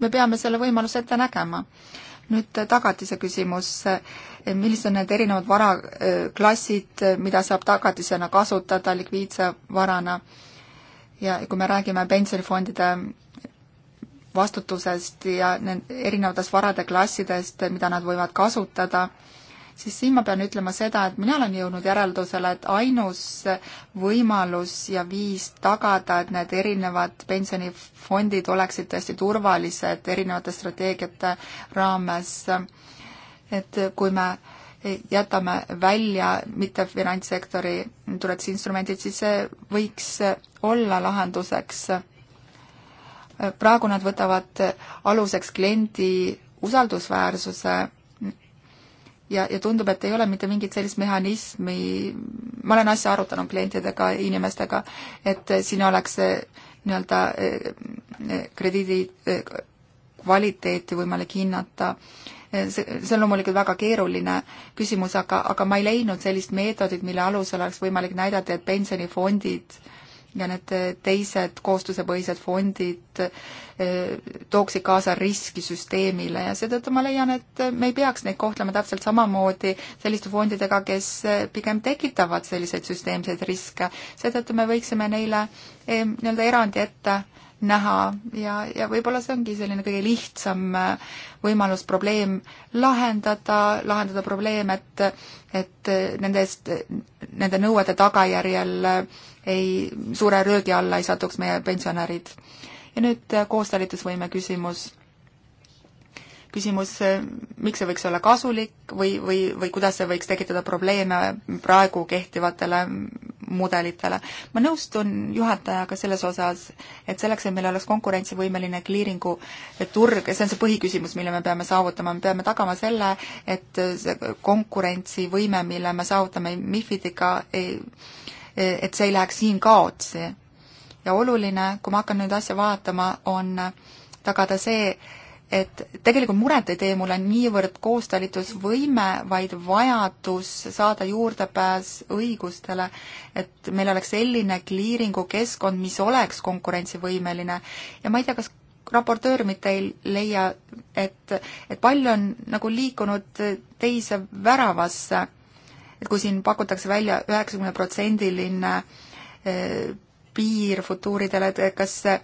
me peame selle võimaluse ette nägema. nüüd tagatise küsimus, millised on need erinevad varaklassid, mida saab tagatisena kasutada likviidse varana? ja kui me räägime pensionifondide vastutusest ja erinevatest varade klassidest, mida nad võivad kasutada, siis siin ma pean ütlema seda, et mina olen jõudnud järeldusele, et ainus võimalus ja viis tagada, et need erinevad pensionifondid oleksid tõesti turvalised erinevate strateegiate raames, et kui me jätame välja mittefinantssektori tuletisinstrumendid, siis see võiks olla lahenduseks praegu nad võtavad aluseks kliendi usaldusväärsuse ja, ja tundub, et ei ole mitte mingit sellist mehhanismi, ma olen asja arutanud klientidega, inimestega, et siin oleks nii-öelda eh, eh, krediidi eh, kvaliteeti võimalik hinnata. see, see on loomulikult väga keeruline küsimus, aga, aga ma ei leidnud sellist meetodit, mille alusel oleks võimalik näidata, et pensionifondid äh, ja need teised koostusepõhised fondid eh, tooksid kaasa riski süsteemile ja seetõttu ma leian, et me ei peaks neid kohtlema täpselt samamoodi selliste fondidega, kes eh, pigem tekitavad selliseid süsteemseid riske. seetõttu me võiksime neile eh, nii-öelda erandi ette näha ja, ja võib-olla see ongi selline kõige lihtsam äh, võimalus probleem lahendada, lahendada probleem, et, et äh, nende eest, nende nõuete tagajärjel äh, ei, suure röögi alla ei satuks meie pensionärid. ja nüüd koostalitusvõime küsimus. küsimus, miks see võiks olla kasulik või, või, või kuidas see võiks tekitada probleeme praegu kehtivatele mudelitele. ma nõustun juhatajaga selles osas, et selleks, et meil oleks konkurentsivõimeline clearing'u turg, see on see põhiküsimus, mille me peame saavutama, me peame tagama selle, et see konkurentsivõime, mille me saavutame MIFIDiga, et see ei läheks siin kaotsi. ja oluline, kui ma hakkan nüüd asja vaatama, on tagada see, et tegelikult muret ei tee mulle niivõrd koostalitusvõime, vaid vajadus saada juurdepääs õigustele, et meil oleks selline kliiringu keskkond, mis oleks konkurentsivõimeline ja ma ei tea, kas raportöör mitte ei leia, et, et palju on nagu liikunud teise väravasse, et kui siin pakutakse välja üheksakümneprotsendiline eh, piir futuuridele, et kas see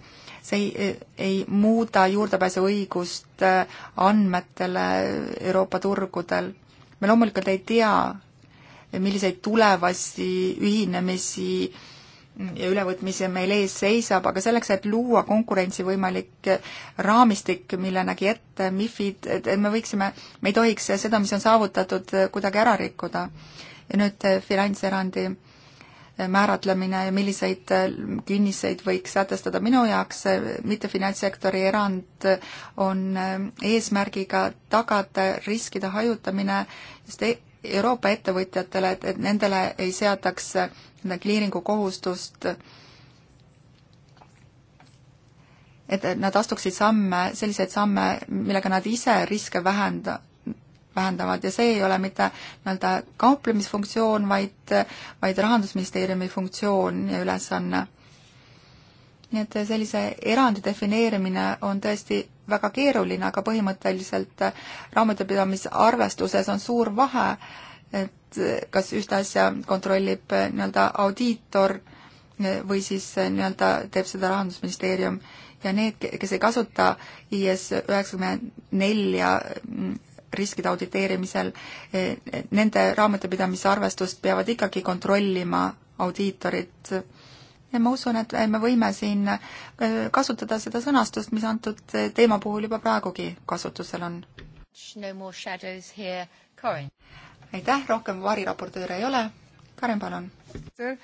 see ei, ei muuda juurdepääsuõigust äh, andmetele Euroopa turgudel. me loomulikult ei tea, milliseid tulevasi ühinemisi ja ülevõtmisi meil ees seisab, aga selleks, et luua konkurentsi võimalik äh, raamistik, mille nägi ette MIFID, et me võiksime, me ei tohiks seda, mis on saavutatud, äh, kuidagi ära rikkuda. ja nüüd finantserandi määratlemine ja milliseid äh, künniseid võiks sätestada. minu jaoks äh, mittefinantssektori erand äh, on eesmärgiga tagada riskide hajutamine just e-, Euroopa ettevõtjatele, et, et nendele ei seataks nende kliiringu kohustust, et nad astuksid samme, selliseid samme, millega nad ise riske vähenda-, vähendavad ja see ei ole mitte nii-öelda kauplemisfunktsioon, vaid, vaid Rahandusministeeriumi funktsioon ja ülesanne. nii et sellise erandi defineerimine on tõesti väga keeruline, aga põhimõtteliselt raamatupidamisarvestuses on suur vahe, et kas ühte asja kontrollib nii-öelda audiitor või siis nii-öelda teeb seda Rahandusministeerium ja need, kes ei kasuta IS üheksakümmend nelja mm, riskide auditeerimisel, e, e, nende raamatupidamise arvestust peavad ikkagi kontrollima audiitorid. ja ma usun, et me võime siin e, kasutada seda sõnastust, mis antud teema puhul juba praegugi kasutusel on. aitäh, rohkem variraportööre ei ole. Karen, palun. Eh,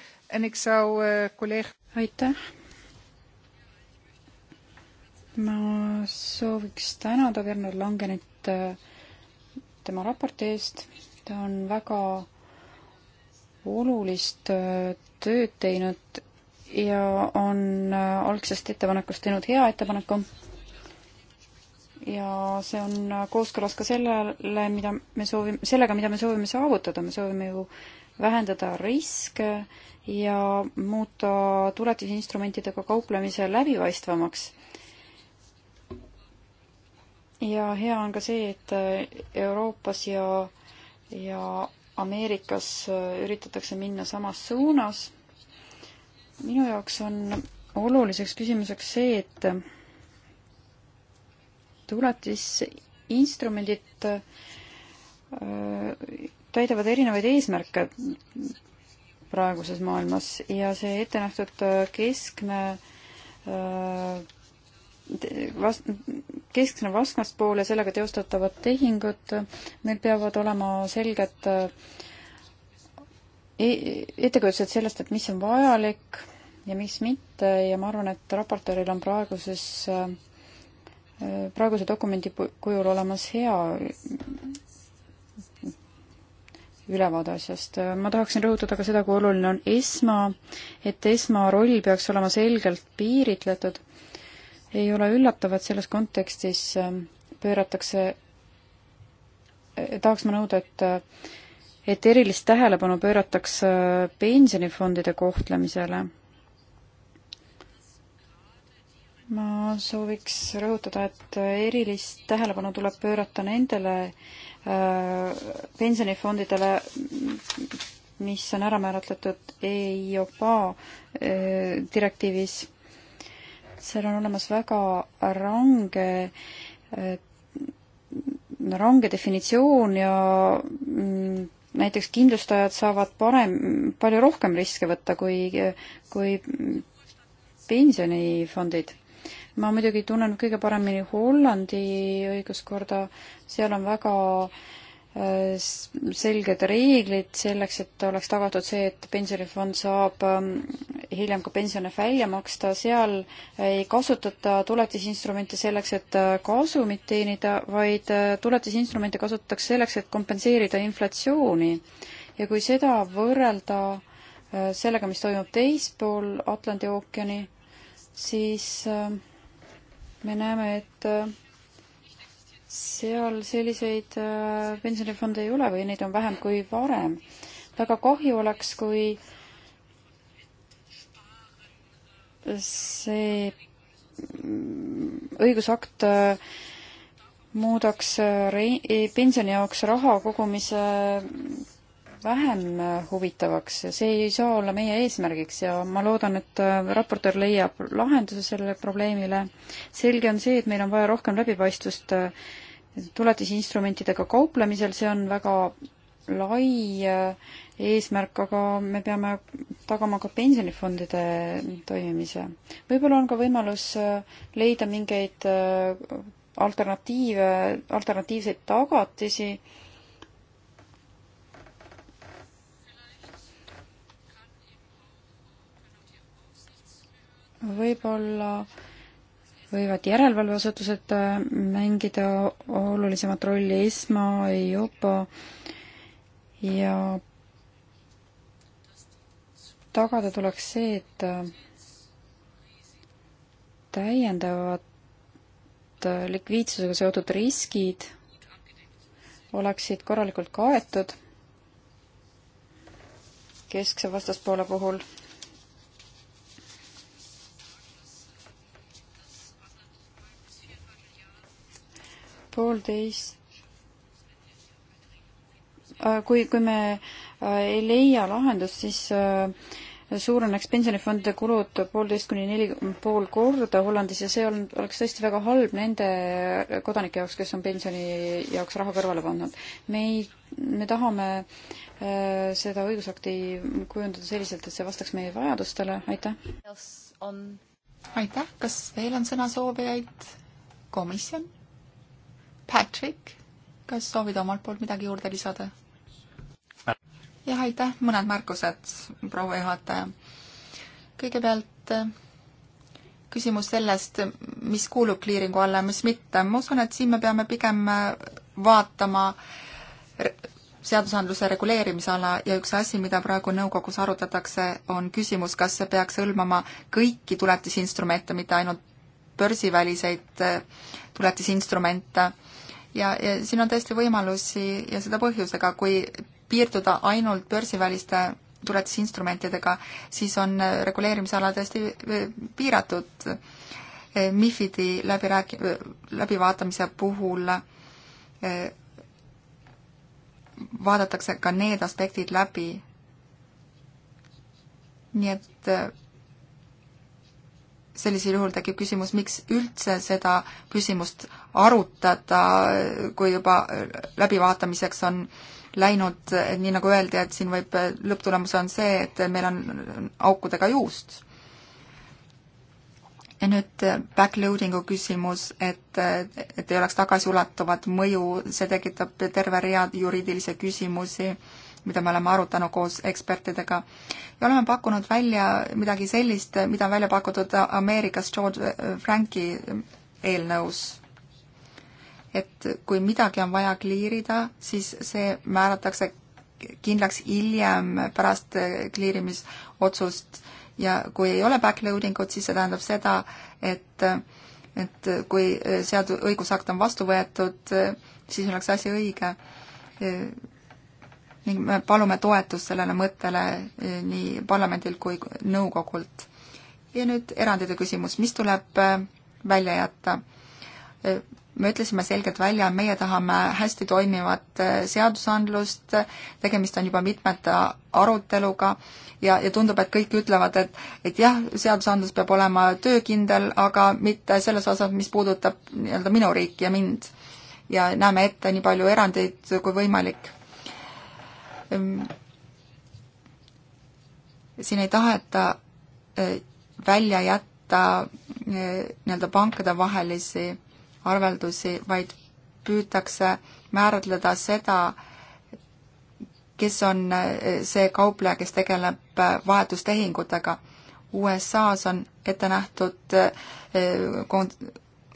aitäh ma sooviks tänada Werner Langenit eh, tema raporti eest. ta on väga olulist äh, tööd teinud ja on äh, algsest ettepanekust teinud hea ettepaneku. ja see on äh, kooskõlas ka sellele, mida me soovime, sellega, mida me soovime saavutada, me soovime ju vähendada riske ja muuta tuletisinstrumentidega kauplemise läbipaistvamaks ja hea on ka see, et äh, Euroopas ja, ja Ameerikas äh, üritatakse minna samas suunas. minu jaoks on oluliseks küsimuseks see, et äh, tuletisinstrumendid täidavad erinevaid eesmärke praeguses maailmas ja see ettenähtud keskne vast-, keskne vastaspool ja sellega teostatavad tehingud, neil peavad olema selged e-, ettekujutused sellest, et mis on vajalik ja mis mitte ja ma arvan, et raportööril on praeguses, praeguse dokumendi kujul olemas hea ülevaade asjast. ma tahaksin rõhutada ka seda, kui oluline on ESMA, et ESMA roll peaks olema selgelt piiritletud ei ole üllatav, et selles kontekstis ähm, pööratakse, äh, tahaks ma nõuda, et äh, et erilist tähelepanu pööratakse äh, pensionifondide kohtlemisele. ma sooviks rõhutada, et erilist tähelepanu tuleb pöörata nendele pensionifondidele, mis on ära määratletud EIOPA direktiivis seal on olemas väga range äh, range definitsioon ja mm, näiteks kindlustajad saavad parem, palju rohkem riske võtta kui, kui pensionifondid. ma muidugi tunnen kõige paremini Hollandi õiguskorda, seal on väga äh, Äh, selged reeglid selleks, et oleks tagatud see, et pensionifond saab ähm, hiljem ka pensione välja maksta, seal ei kasutata tuletisinstrumente selleks, et äh, kasumit teenida, vaid äh, tuletisinstrumente kasutatakse selleks, et kompenseerida inflatsiooni. ja kui seda võrrelda sellega, mis toimub teispool Atlandi ookeani, siis me näeme, et seal selliseid äh, pensionifonde ei ole või neid on vähem kui varem. väga kahju oleks, kui see mm, õigusakt äh, muudaks äh, rei-, e, pensioni jaoks raha kogumise mm, vähem huvitavaks ja see ei saa olla meie eesmärgiks ja ma loodan, et raportöör leiab lahenduse sellele probleemile. selge on see, et meil on vaja rohkem läbipaistvust tuletisinstrumentidega kauplemisel, see on väga lai äh, eesmärk, aga me peame tagama ka pensionifondide toimimise. võib-olla on ka võimalus äh, leida mingeid äh, alternatiive, alternatiivseid tagatisi. võib-olla äh, võivad järelevalveasutused äh, mängida olulisemat rolli, ESMA, EIOPA ja tagada tuleks see, et äh, täiendavad äh, likviidsusega seotud riskid oleksid korralikult kaetud keskse vastaspoole puhul poolteist äh, kui, kui me äh, ei leia lahendust, siis äh, suureneks pensionifondide kulud poolteist kuni neli pool korda Hollandis ja see on, oleks tõesti väga halb nende kodanike jaoks, kes on pensioni jaoks raha kõrvale pannud. me ei, me tahame seda õigusakti kujundada selliselt, et see vastaks meie vajadustele, aitäh. aitäh, kas veel on sõnasoovijaid? komisjon Patrick, kas soovid omalt poolt midagi juurde lisada? jah, aitäh, mõned märkused, proua juhataja. kõigepealt äh, küsimus sellest, mis kuulub kliiringu alla ja mis mitte. ma usun, et siin me peame pigem äh, vaatama seadusandluse reguleerimisala ja üks asi, mida praegu nõukogus arutatakse, on küsimus, kas see peaks hõlmama kõiki tuletisinstrumente, mitte ainult börsiväliseid äh, tuletisinstrumente ja, ja siin on tõesti võimalusi ja seda põhjusega, kui piirduda ainult börsiväliste tuletisinstrumentidega, siis on äh, reguleerimisala tõesti äh, piiratud. Äh, MIFID-i läbirääki-, läbivaatamise puhul vaadatakse ka need aspektid läbi. nii et sellisel juhul tekib küsimus, miks üldse seda küsimust arutada, kui juba läbivaatamiseks on läinud, nii nagu öeldi, et siin võib, lõpptulemus on see, et meil on aukudega juust. ja nüüd backloading'u küsimus, et, et ei oleks tagasiulatuvat mõju, see tekitab terve rea juriidilisi küsimusi mida me oleme arutanud koos ekspertidega. ja oleme pakkunud välja midagi sellist, mida on välja pakutud Ameerikas George äh, Franki eelnõus. et kui midagi on vaja kliirida, siis see määratakse kindlaks hiljem pärast äh, kliirimisotsust ja kui ei ole backloading ut, siis see tähendab seda, et et kui äh, seadu-, õigusakt on vastu võetud, siis oleks asi õige ning me palume toetust sellele mõttele eh, nii parlamendilt kui nõukogult. ja nüüd erandide küsimus, mis tuleb eh, välja jätta? Eh, me ütlesime selgelt välja, meie tahame hästi toimivat seadusandlust, tegemist on juba mitmete aruteluga ja, ja tundub, et kõik ütlevad, et, et jah, seadusandlus peab olema töökindel, aga mitte selles osas, mis puudutab nii-öelda minu riiki ja mind. ja näeme ette nii palju erandeid kui võimalik siin ei taheta e, välja jätta e, nii-öelda pankadevahelisi arveldusi, vaid püütakse määratleda seda, kes on e, see kaupleja, kes tegeleb vahetustehingutega. USA-s on ette nähtud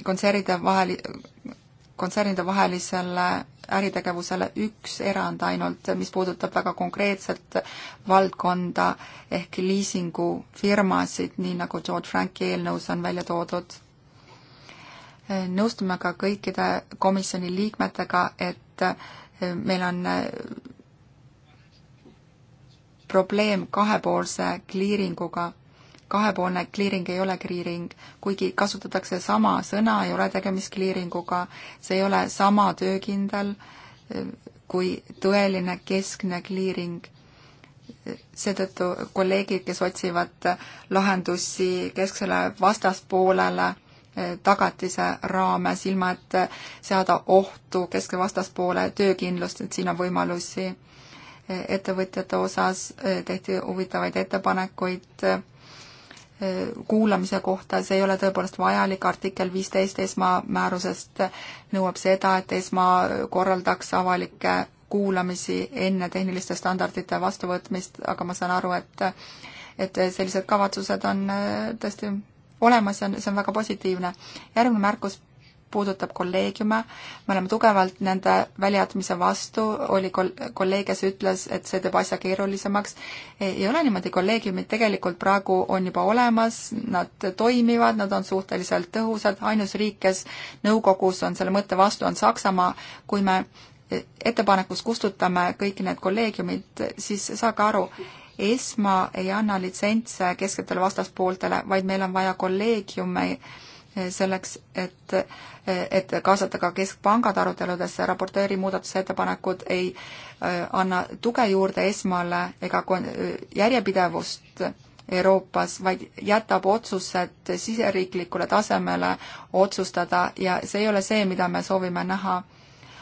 kontsernide vahel kontsernide vahelisele äritegevusele üks erand ainult, mis puudutab väga konkreetset valdkonda ehk liisingufirmasid, nii nagu George Franki eelnõus on välja toodud. nõustume ka kõikide komisjoni liikmetega, et meil on probleem kahepoolse kliiringuga kahepoolne clearing ei ole clearing, kuigi kasutatakse sama sõna, ei ole tegemist clearinguga, see ei ole sama töökindel eh, kui tõeline keskne clearing. seetõttu kolleegid, kes otsivad lahendusi kesksele vastaspoolele, eh, tagatise raames, ilma et seada ohtu keskse vastaspoole töökindlust, et siin on võimalusi eh, ettevõtjate osas tehti huvitavaid ettepanekuid kuulamise kohta, see ei ole tõepoolest vajalik, artikkel viisteist ESMA määrusest nõuab seda, et ESMA korraldaks avalikke kuulamisi enne tehniliste standardite vastuvõtmist, aga ma saan aru, et et sellised kavatsused on äh, tõesti olemas ja see on väga positiivne. järgmine märkus puudutab kolleegiume, me oleme tugevalt nende väljajätmise vastu, oli kol-, kolleeg, kes ütles, et see teeb asja keerulisemaks. E-, ei ole niimoodi, kolleegiumid tegelikult praegu on juba olemas, nad toimivad, nad on suhteliselt tõhusad, ainus riik, kes nõukogus on selle mõtte vastu, on Saksamaa, kui me e-, ettepanekus kustutame kõik need kolleegiumid, siis saage aru, ESMA ei anna litsentse kesksetele vastaspooltele, vaid meil on vaja kolleegiume selleks, et, et kaasata ka keskpangad aruteludesse, raportööri muudatusettepanekud ei äh, anna tuge juurde esmale ega järjepidevust Euroopas, vaid jätab otsused siseriiklikule tasemele otsustada ja see ei ole see, mida me soovime näha.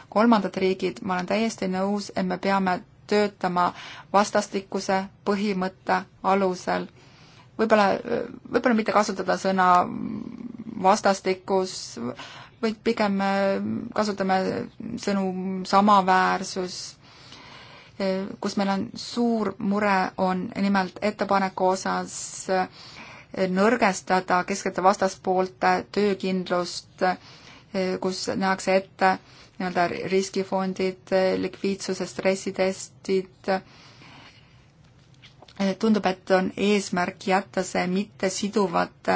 kolmandad riigid, ma olen täiesti nõus, et me peame töötama vastastikuse põhimõtte alusel võib-olla, võib-olla mitte kasutada sõna vastastikus, vaid pigem äh, kasutame sõnu samaväärsus, äh, kus meil on suur mure, on nimelt ettepaneku osas äh, nõrgestada keskete vastaspoolte töökindlust, kus nähakse ette nii-öelda riskifondid, likviidsuse stressitestid, Eh, tundub, et on eesmärk jätta see mittesiduvate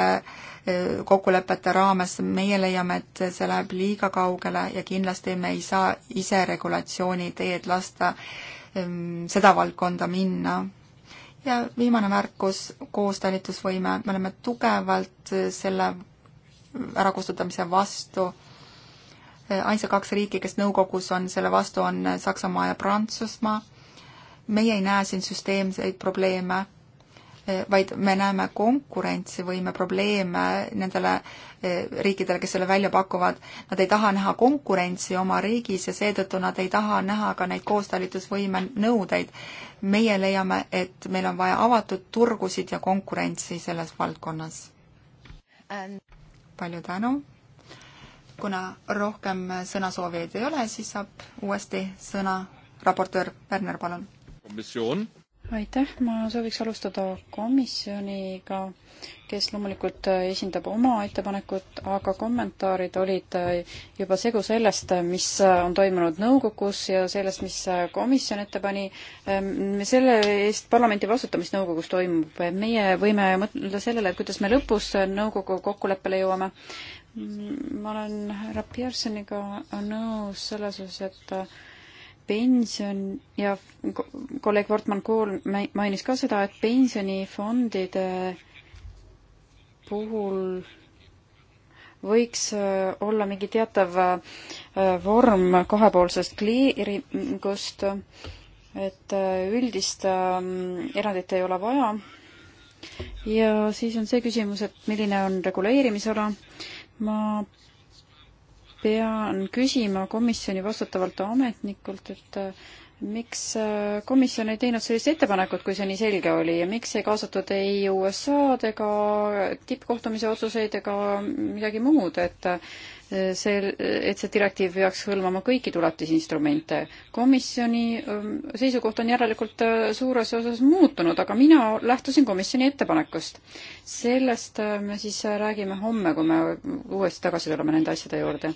eh, kokkulepete raames, meie leiame, et see läheb liiga kaugele ja kindlasti me ei saa ise regulatsiooni teed lasta ehm, seda valdkonda minna. ja viimane märkus, koostalitusvõime, me oleme tugevalt eh, selle ärakustutamise vastu. ainsa kaks riiki, kes nõukogus on selle vastu, on Saksamaa ja Prantsusmaa meie ei näe siin süsteemseid probleeme, eh, vaid me näeme konkurentsivõime probleeme nendele eh, riikidele, kes selle välja pakuvad. Nad ei taha näha konkurentsi oma riigis ja seetõttu nad ei taha näha ka neid koostalitusvõime nõudeid. meie leiame, et meil on vaja avatud turgusid ja konkurentsi selles valdkonnas. palju tänu! kuna rohkem sõnasoovijaid ei ole, siis saab uuesti sõna raportöör Werner, palun aitäh, ma sooviks alustada komisjoniga, kes loomulikult esindab oma ettepanekut, aga kommentaarid olid juba segu sellest, mis on toimunud nõukogus ja sellest, mis komisjon ette pani. Ehm, selle eest parlamenti vastuta, mis nõukogus toimub. meie võime mõtelda sellele, et kuidas me lõpus nõukogu kokkuleppele jõuame. ma olen härra Pearsoniga nõus selles osas, et pension ja kolleeg Wortmann Kool mainis ka seda, et pensionifondide puhul võiks äh, olla mingi teatav äh, vorm kahepoolsest kliirikust, et äh, üldist ähm, erandit ei ole vaja. ja siis on see küsimus, et milline on reguleerimisala. ma pean küsima komisjoni vastutavalt ametnikult, et äh, miks äh, komisjon ei teinud sellist ettepanekut, kui see nii selge oli ja miks ei kaasatud ei USA-d ega tippkohtumise otsuseid ega midagi muud, et äh, see, et see direktiiv peaks hõlmama kõiki tuletisinstrumente. komisjoni ähm, seisukoht on järelikult äh, suures osas muutunud, aga mina lähtusin komisjoni ettepanekust. sellest äh, me siis äh, räägime homme, kui me uuesti tagasi tuleme nende asjade juurde.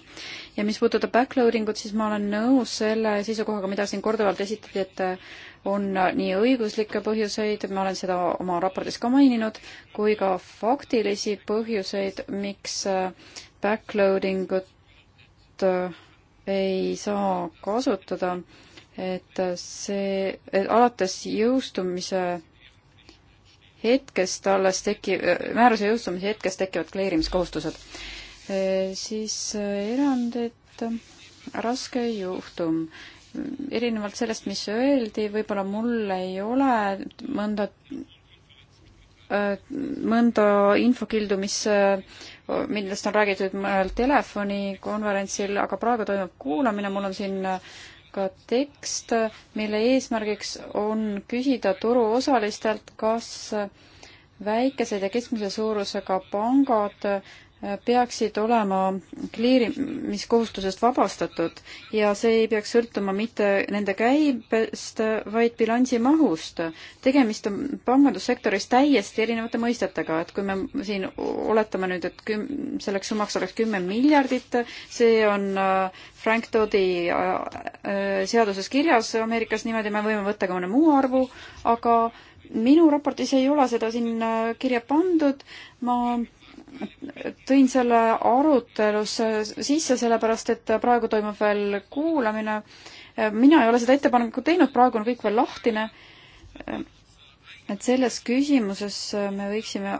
ja mis puudutab backloading ut, siis ma olen nõus selle seisukohaga, mida siin korduvalt esitati, et on nii õiguslikke põhjuseid, ma olen seda oma raportis ka maininud, kui ka faktilisi põhjuseid, miks backloading ut äh, ei saa kasutada, et see, et alates jõustumise hetkest alles teki-, määruse jõustumise hetkest tekivad kleerimiskohustused. Äh, siis äh, erandid, raske juhtum. erinevalt sellest, mis öeldi, võib-olla mul ei ole mõnda Äh, mõnda infokildu, mis, äh, millest on räägitud mõnel telefonikonverentsil, aga praegu toimub kuulamine, mul on siin äh, ka tekst, mille eesmärgiks on küsida turuosalistelt, kas väikesed ja keskmise suurusega pangad peaksid olema kliirimiskohustusest vabastatud ja see ei peaks sõltuma mitte nende käibest, vaid bilansi mahust. tegemist on pangandussektoris täiesti erinevate mõistetega, et kui me siin oletame nüüd, et küm-, selleks summaks oleks kümme miljardit, see on äh, Frank Toddi äh, äh, seaduses kirjas Ameerikas, niimoodi me võime võtta ka mõne muu arvu, aga minu raportis ei ole seda siin kirja pandud, ma tõin selle arutelusse sisse, sellepärast et praegu toimub veel kuulamine. mina ei ole seda ettepanekut teinud, praegu on kõik veel lahtine. et selles küsimuses me võiksime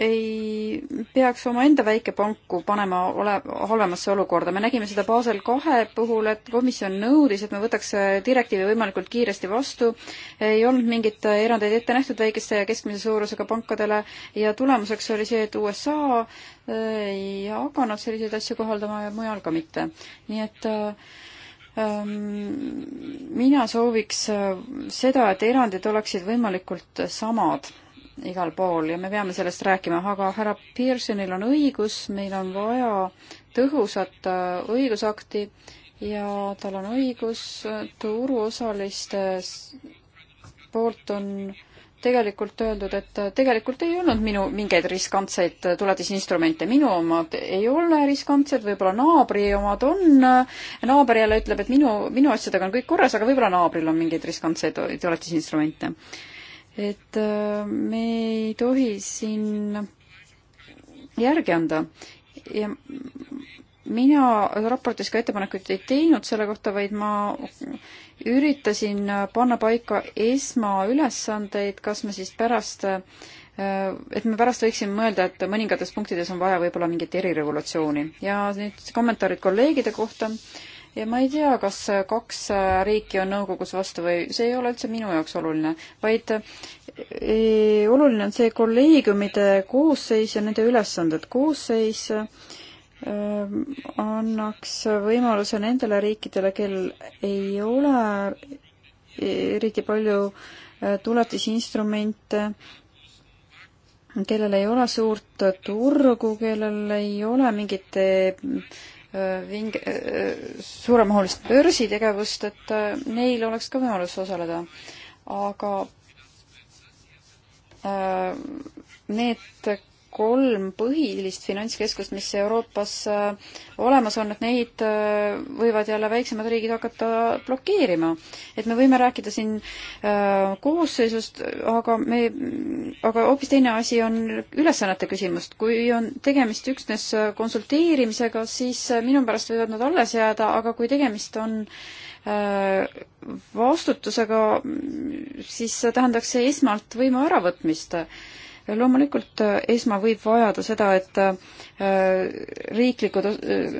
ei peaks omaenda väikepanku panema ole-, halvemasse olukorda. me nägime seda Basel kahe puhul, et komisjon nõudis, et me võtaks direktiivi võimalikult kiiresti vastu, ei olnud mingeid erandeid ette nähtud väikeste ja keskmise suurusega pankadele ja tulemuseks oli see, et USA ei äh, hakanud selliseid asju kohaldama ja mujal ka mitte. nii et äh, ähm, mina sooviks äh, seda, et erandid oleksid võimalikult samad igal pool ja me peame sellest rääkima, aga härra Pearsonil on õigus, meil on vaja tõhusat äh, õigusakti ja tal on õigus, äh, turuosaliste poolt on tegelikult öeldud, et äh, tegelikult ei olnud minu mingeid riskantseid tuletisinstrumente, minu omad ei ole riskantsed, võib-olla naabri omad on, naaber jälle ütleb, et minu, minu asjadega on kõik korras, aga võib-olla naabril on mingeid riskantseid tuletisinstrumente et äh, me ei tohi siin järgi anda ja mina raportis ka ettepanekuid ei teinud selle kohta, vaid ma üritasin panna paika esmaülesandeid, kas me siis pärast, äh, et me pärast võiksime mõelda, et mõningates punktides on vaja võib-olla mingit eriregulatsiooni. ja nüüd kommentaarid kolleegide kohta ja ma ei tea, kas kaks äh, riiki on nõukogus vastu või see ei ole üldse minu jaoks oluline, vaid äh, oluline on see kolleegiumide koosseis ja nende ülesanded. koosseis äh, annaks võimaluse nendele riikidele, kel ei ole eriti palju tuletisinstrumente, kellel ei ole suurt turgu, kellel ei ole mingit ving-, äh, suuremahulist börsitegevust, et äh, neil oleks ka võimalus osaleda. aga äh, need kolm põhilist finantskeskust, mis Euroopas äh, olemas on, et neid äh, võivad jälle väiksemad riigid hakata blokeerima. et me võime rääkida siin äh, koosseisust, aga me, aga hoopis teine asi on ülesannete küsimust. kui on tegemist üksnes konsulteerimisega, siis minu pärast võivad nad alles jääda, aga kui tegemist on vastutusega, siis tähendaks see esmalt võimu äravõtmist loomulikult äh, ESMA võib vajada seda, et äh, riiklikud äh,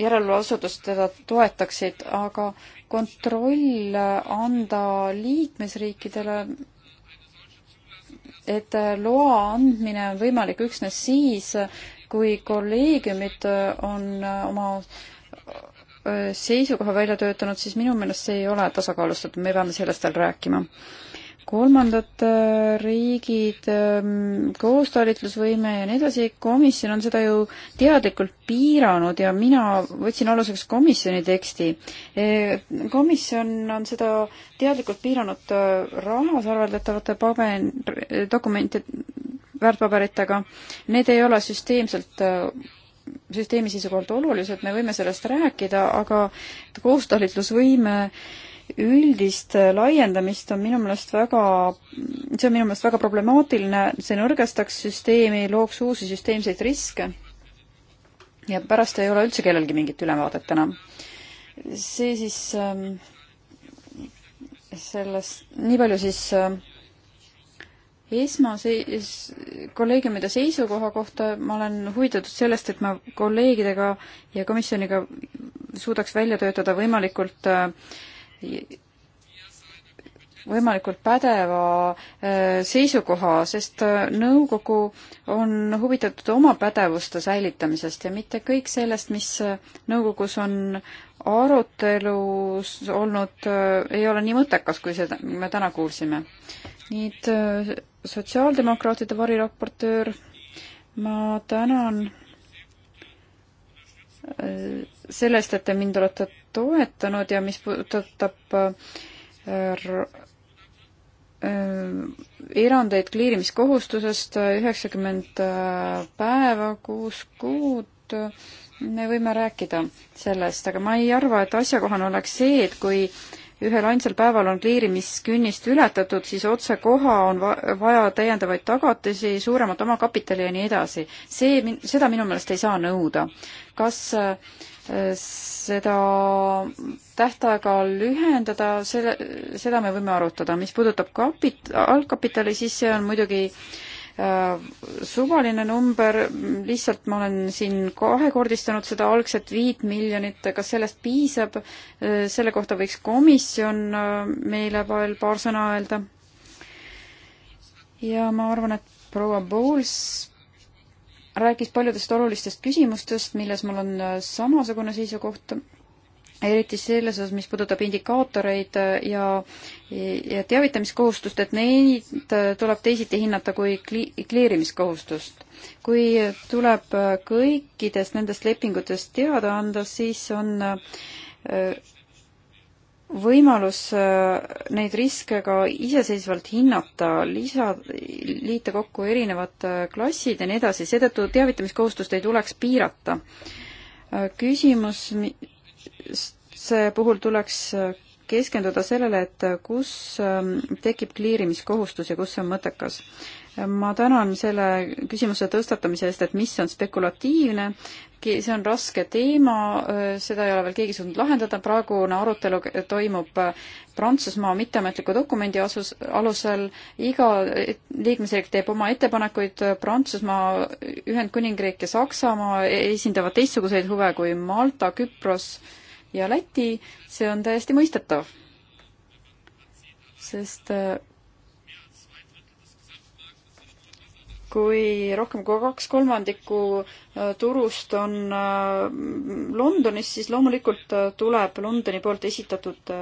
järelevalveasutused teda toetaksid, aga kontroll anda liikmesriikidele et loa andmine on võimalik üksnes siis, kui kolleegiumid on oma seisukoha välja töötanud, siis minu meelest see ei ole tasakaalustatud, me peame sellest veel rääkima kolmandad äh, riigid, ähm, koostalitlusvõime ja nii edasi, komisjon on seda ju teadlikult piiranud ja mina võtsin aluseks komisjoni teksti. Äh, komisjon on seda teadlikult piiranud äh, rahas arveldatavate paben-, dokumente, väärtpaberitega, need ei ole süsteemselt süsteemi seisukohalt olulised, me võime sellest rääkida, aga koostalitlusvõime äh, üldist äh, laiendamist on minu meelest väga, see on minu meelest väga problemaatiline, see nõrgestaks süsteemi, looks uusi süsteemseid riske ja pärast ei ole üldse kellelgi mingit ülevaadet enam. see siis ähm, sellest, nii palju siis äh, esmase kolleegiumide seisukoha kohta ma olen huvitatud sellest, et ma kolleegidega ja komisjoniga suudaks välja töötada võimalikult äh, võimalikult pädeva äh, seisukoha, sest äh, nõukogu on huvitatud oma pädevuste säilitamisest ja mitte kõik sellest, mis äh, nõukogus on arutelus olnud, ei ole nii mõttekas, kui seda me täna kuulsime. nii et sotsiaaldemokraatide variraportöör, ma tänan selle eest, et te mind olete toetanud ja mis puudutab äh, äh, erandeid kliirimiskohustusest äh, üheksakümmend päeva, kuus kuud, me võime rääkida sellest, aga ma ei arva, et asjakohane oleks see, et kui ühel ainsal päeval on kliirimiskünnist ületatud, siis otsekoha on va vaja täiendavaid tagatisi, suuremat omakapitali ja nii edasi. see, seda minu meelest ei saa nõuda. kas äh, seda tähtaega lühendada, selle, seda me võime arutada. mis puudutab kapit-, algkapitali, siis see on muidugi äh, suvaline number, lihtsalt ma olen siin kahekordistanud seda algset viit miljonit, kas sellest piisab, äh, selle kohta võiks komisjon äh, meile veel paar sõna öelda. ja ma arvan, et proua Bowles rääkis paljudest olulistest küsimustest, milles mul on äh, samasugune seisukoht, eriti selles osas, mis puudutab indikaatoreid äh, ja, ja teavitamiskohustust, et neid äh, tuleb teisiti hinnata kui kli-, kleerimiskohustust. kui tuleb kõikidest nendest lepingutest teada anda, siis on äh, võimalus äh, neid riske ka iseseisvalt hinnata, lisa, liita kokku erinevad äh, klassid ja nii edasi, seetõttu teavitamiskohustust ei tuleks piirata. Äh, küsimus see puhul tuleks keskenduda sellele, et kus ähm, tekib kliirimiskohustus ja kus see on mõttekas ma tänan selle küsimuse tõstatamise eest, et mis on spekulatiivne. see on raske teema, seda ei ole veel keegi suutnud lahendada, praegune arutelu toimub Prantsusmaa mitteametliku dokumendi asus, alusel, iga liikmesriik teeb oma ettepanekuid, Prantsusmaa, Ühendkuningriik ja Saksamaa esindavad teistsuguseid huve kui Malta, Küpros ja Läti, see on täiesti mõistetav. sest kui rohkem kui kaks kolmandikku äh, turust on äh, Londonis, siis loomulikult äh, tuleb Londoni poolt esitatud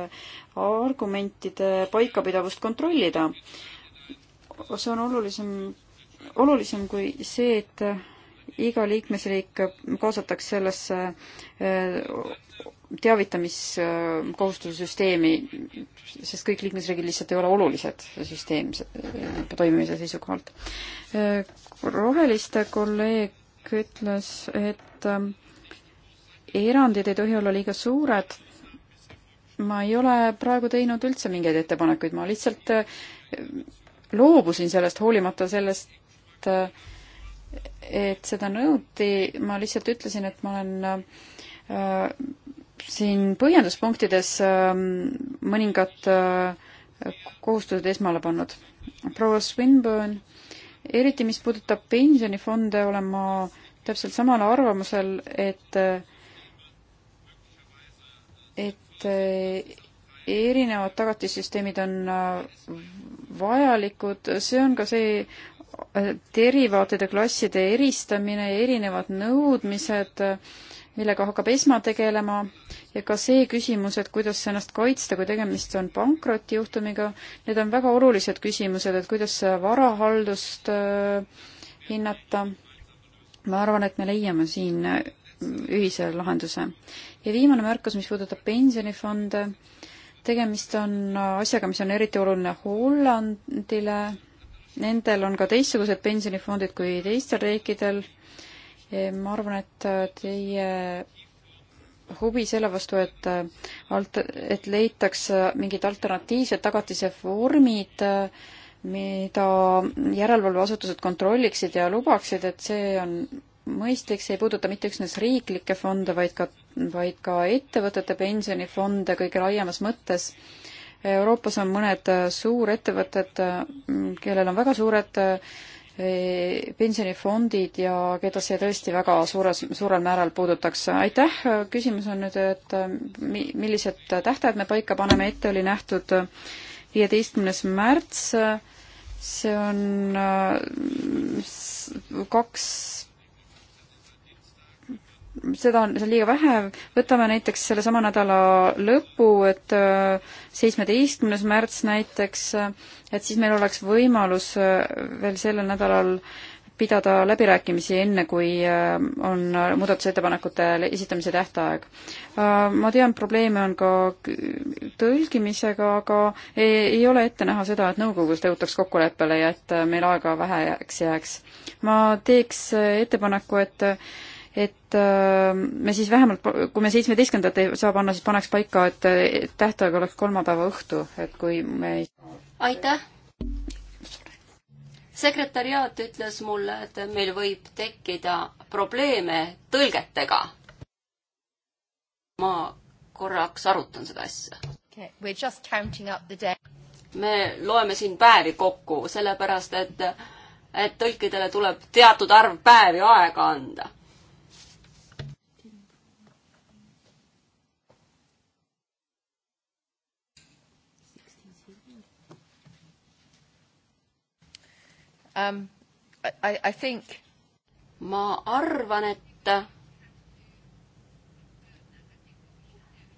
argumentide paikapidavust kontrollida. see on olulisem, olulisem kui see, et iga liikmesriik kaasatakse sellesse teavitamiskohustuse süsteemi, sest kõik liikmesriigid lihtsalt ei ole olulised süsteemse toimimise seisukohalt. roheliste kolleeg ütles, et ähm, erandid ei tohi olla liiga suured. ma ei ole praegu teinud üldse mingeid ettepanekuid, ma lihtsalt äh, loobusin sellest, hoolimata sellest, äh, et seda nõuti, ma lihtsalt ütlesin, et ma olen äh, siin põhjenduspunktides ähm, mõningad äh, kohustused esmale pannud. proua Swinburne, eriti mis puudutab pensionifonde, olen ma täpselt samal arvamusel, et, äh, et äh, erinevad tagatissüsteemid on vajalikud, see on ka see derivaatide klasside eristamine ja erinevad nõudmised äh, millega hakkab ESMA tegelema ja ka see küsimus, et kuidas ennast kaitsta, kui tegemist on pankrotijuhtumiga, need on väga olulised küsimused, et kuidas varahaldust äh, hinnata. ma arvan, et me leiame siin äh, ühise lahenduse. ja viimane märkus, mis puudutab pensionifonde, tegemist on äh, asjaga, mis on eriti oluline Hollandile, nendel on ka teistsugused pensionifondid kui teistel riikidel ma arvan, et äh, teie huvi selle vastu, et äh, alt-, et leitakse äh, mingid alternatiivsed tagatise vormid, mida järelevalveasutused kontrolliksid ja lubaksid, et see on mõistlik, see ei puuduta mitte üksnes riiklikke fonde, vaid ka, vaid ka ettevõtete pensionifonde kõige laiemas mõttes. Euroopas on mõned suurettevõtted, kellel on väga suured äh, Eh, pensionifondid ja keda see tõesti väga suures, suurel määral puudutaks. aitäh, küsimus on nüüd, et eh, mi-, millised tähtajad me paika paneme, ette oli nähtud viieteistkümnes märts, see on eh, kaks seda on seal liiga vähe, võtame näiteks selle sama nädala lõpu, et äh, seitsmeteistkümnes märts näiteks, äh, et siis meil oleks võimalus äh, veel sellel nädalal pidada läbirääkimisi enne, kui on muudatusettepanekute esitamise tähtaeg. Ma tean, probleeme on ka tõlgimisega, aga ei, ei ole ette näha seda, et nõukogus tõutaks kokkuleppele ja et meil aega väheks jääks. ma teeks ettepaneku, et et äh, me siis vähemalt, kui me seitsmeteistkümnendat ei saa panna, siis paneks paika, et tähtaeg oleks kolmapäeva õhtu, et kui me ei aitäh! sekretäriaat ütles mulle, et meil võib tekkida probleeme tõlgetega. ma korraks arutan seda asja okay.. me loeme siin päevi kokku, sellepärast et, et tõlkidele tuleb teatud arv päevi aega anda um,. I, I think. ma arvan, et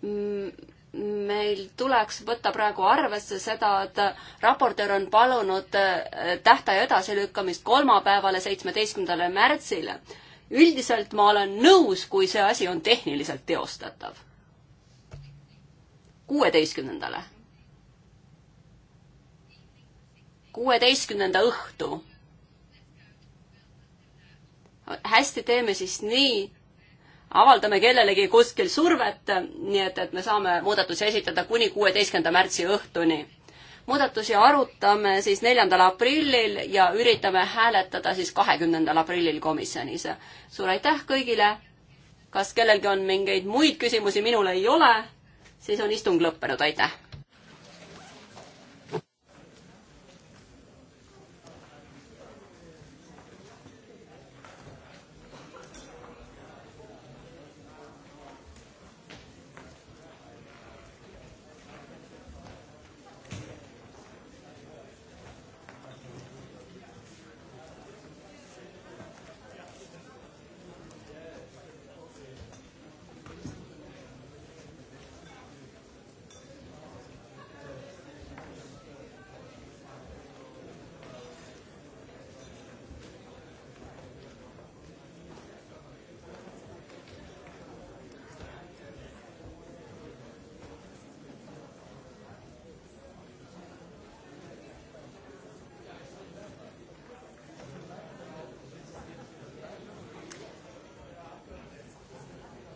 mm, meil tuleks võtta praegu arvesse seda, et raportöör on palunud äh, tähtaja edasilükkamist kolmapäevale, seitsmeteistkümnendale märtsile. üldiselt ma olen nõus, kui see asi on tehniliselt teostatav. kuueteistkümnendale. kuueteistkümnenda õhtu hästi, teeme siis nii, avaldame kellelegi kuskil survet, nii et, et me saame muudatusi esitada kuni kuueteistkümnenda märtsi õhtuni. muudatusi arutame siis neljandal aprillil ja üritame hääletada siis kahekümnendal aprillil komisjonis. suur aitäh kõigile. kas kellelgi on mingeid muid küsimusi, minul ei ole, siis on istung lõppenud, aitäh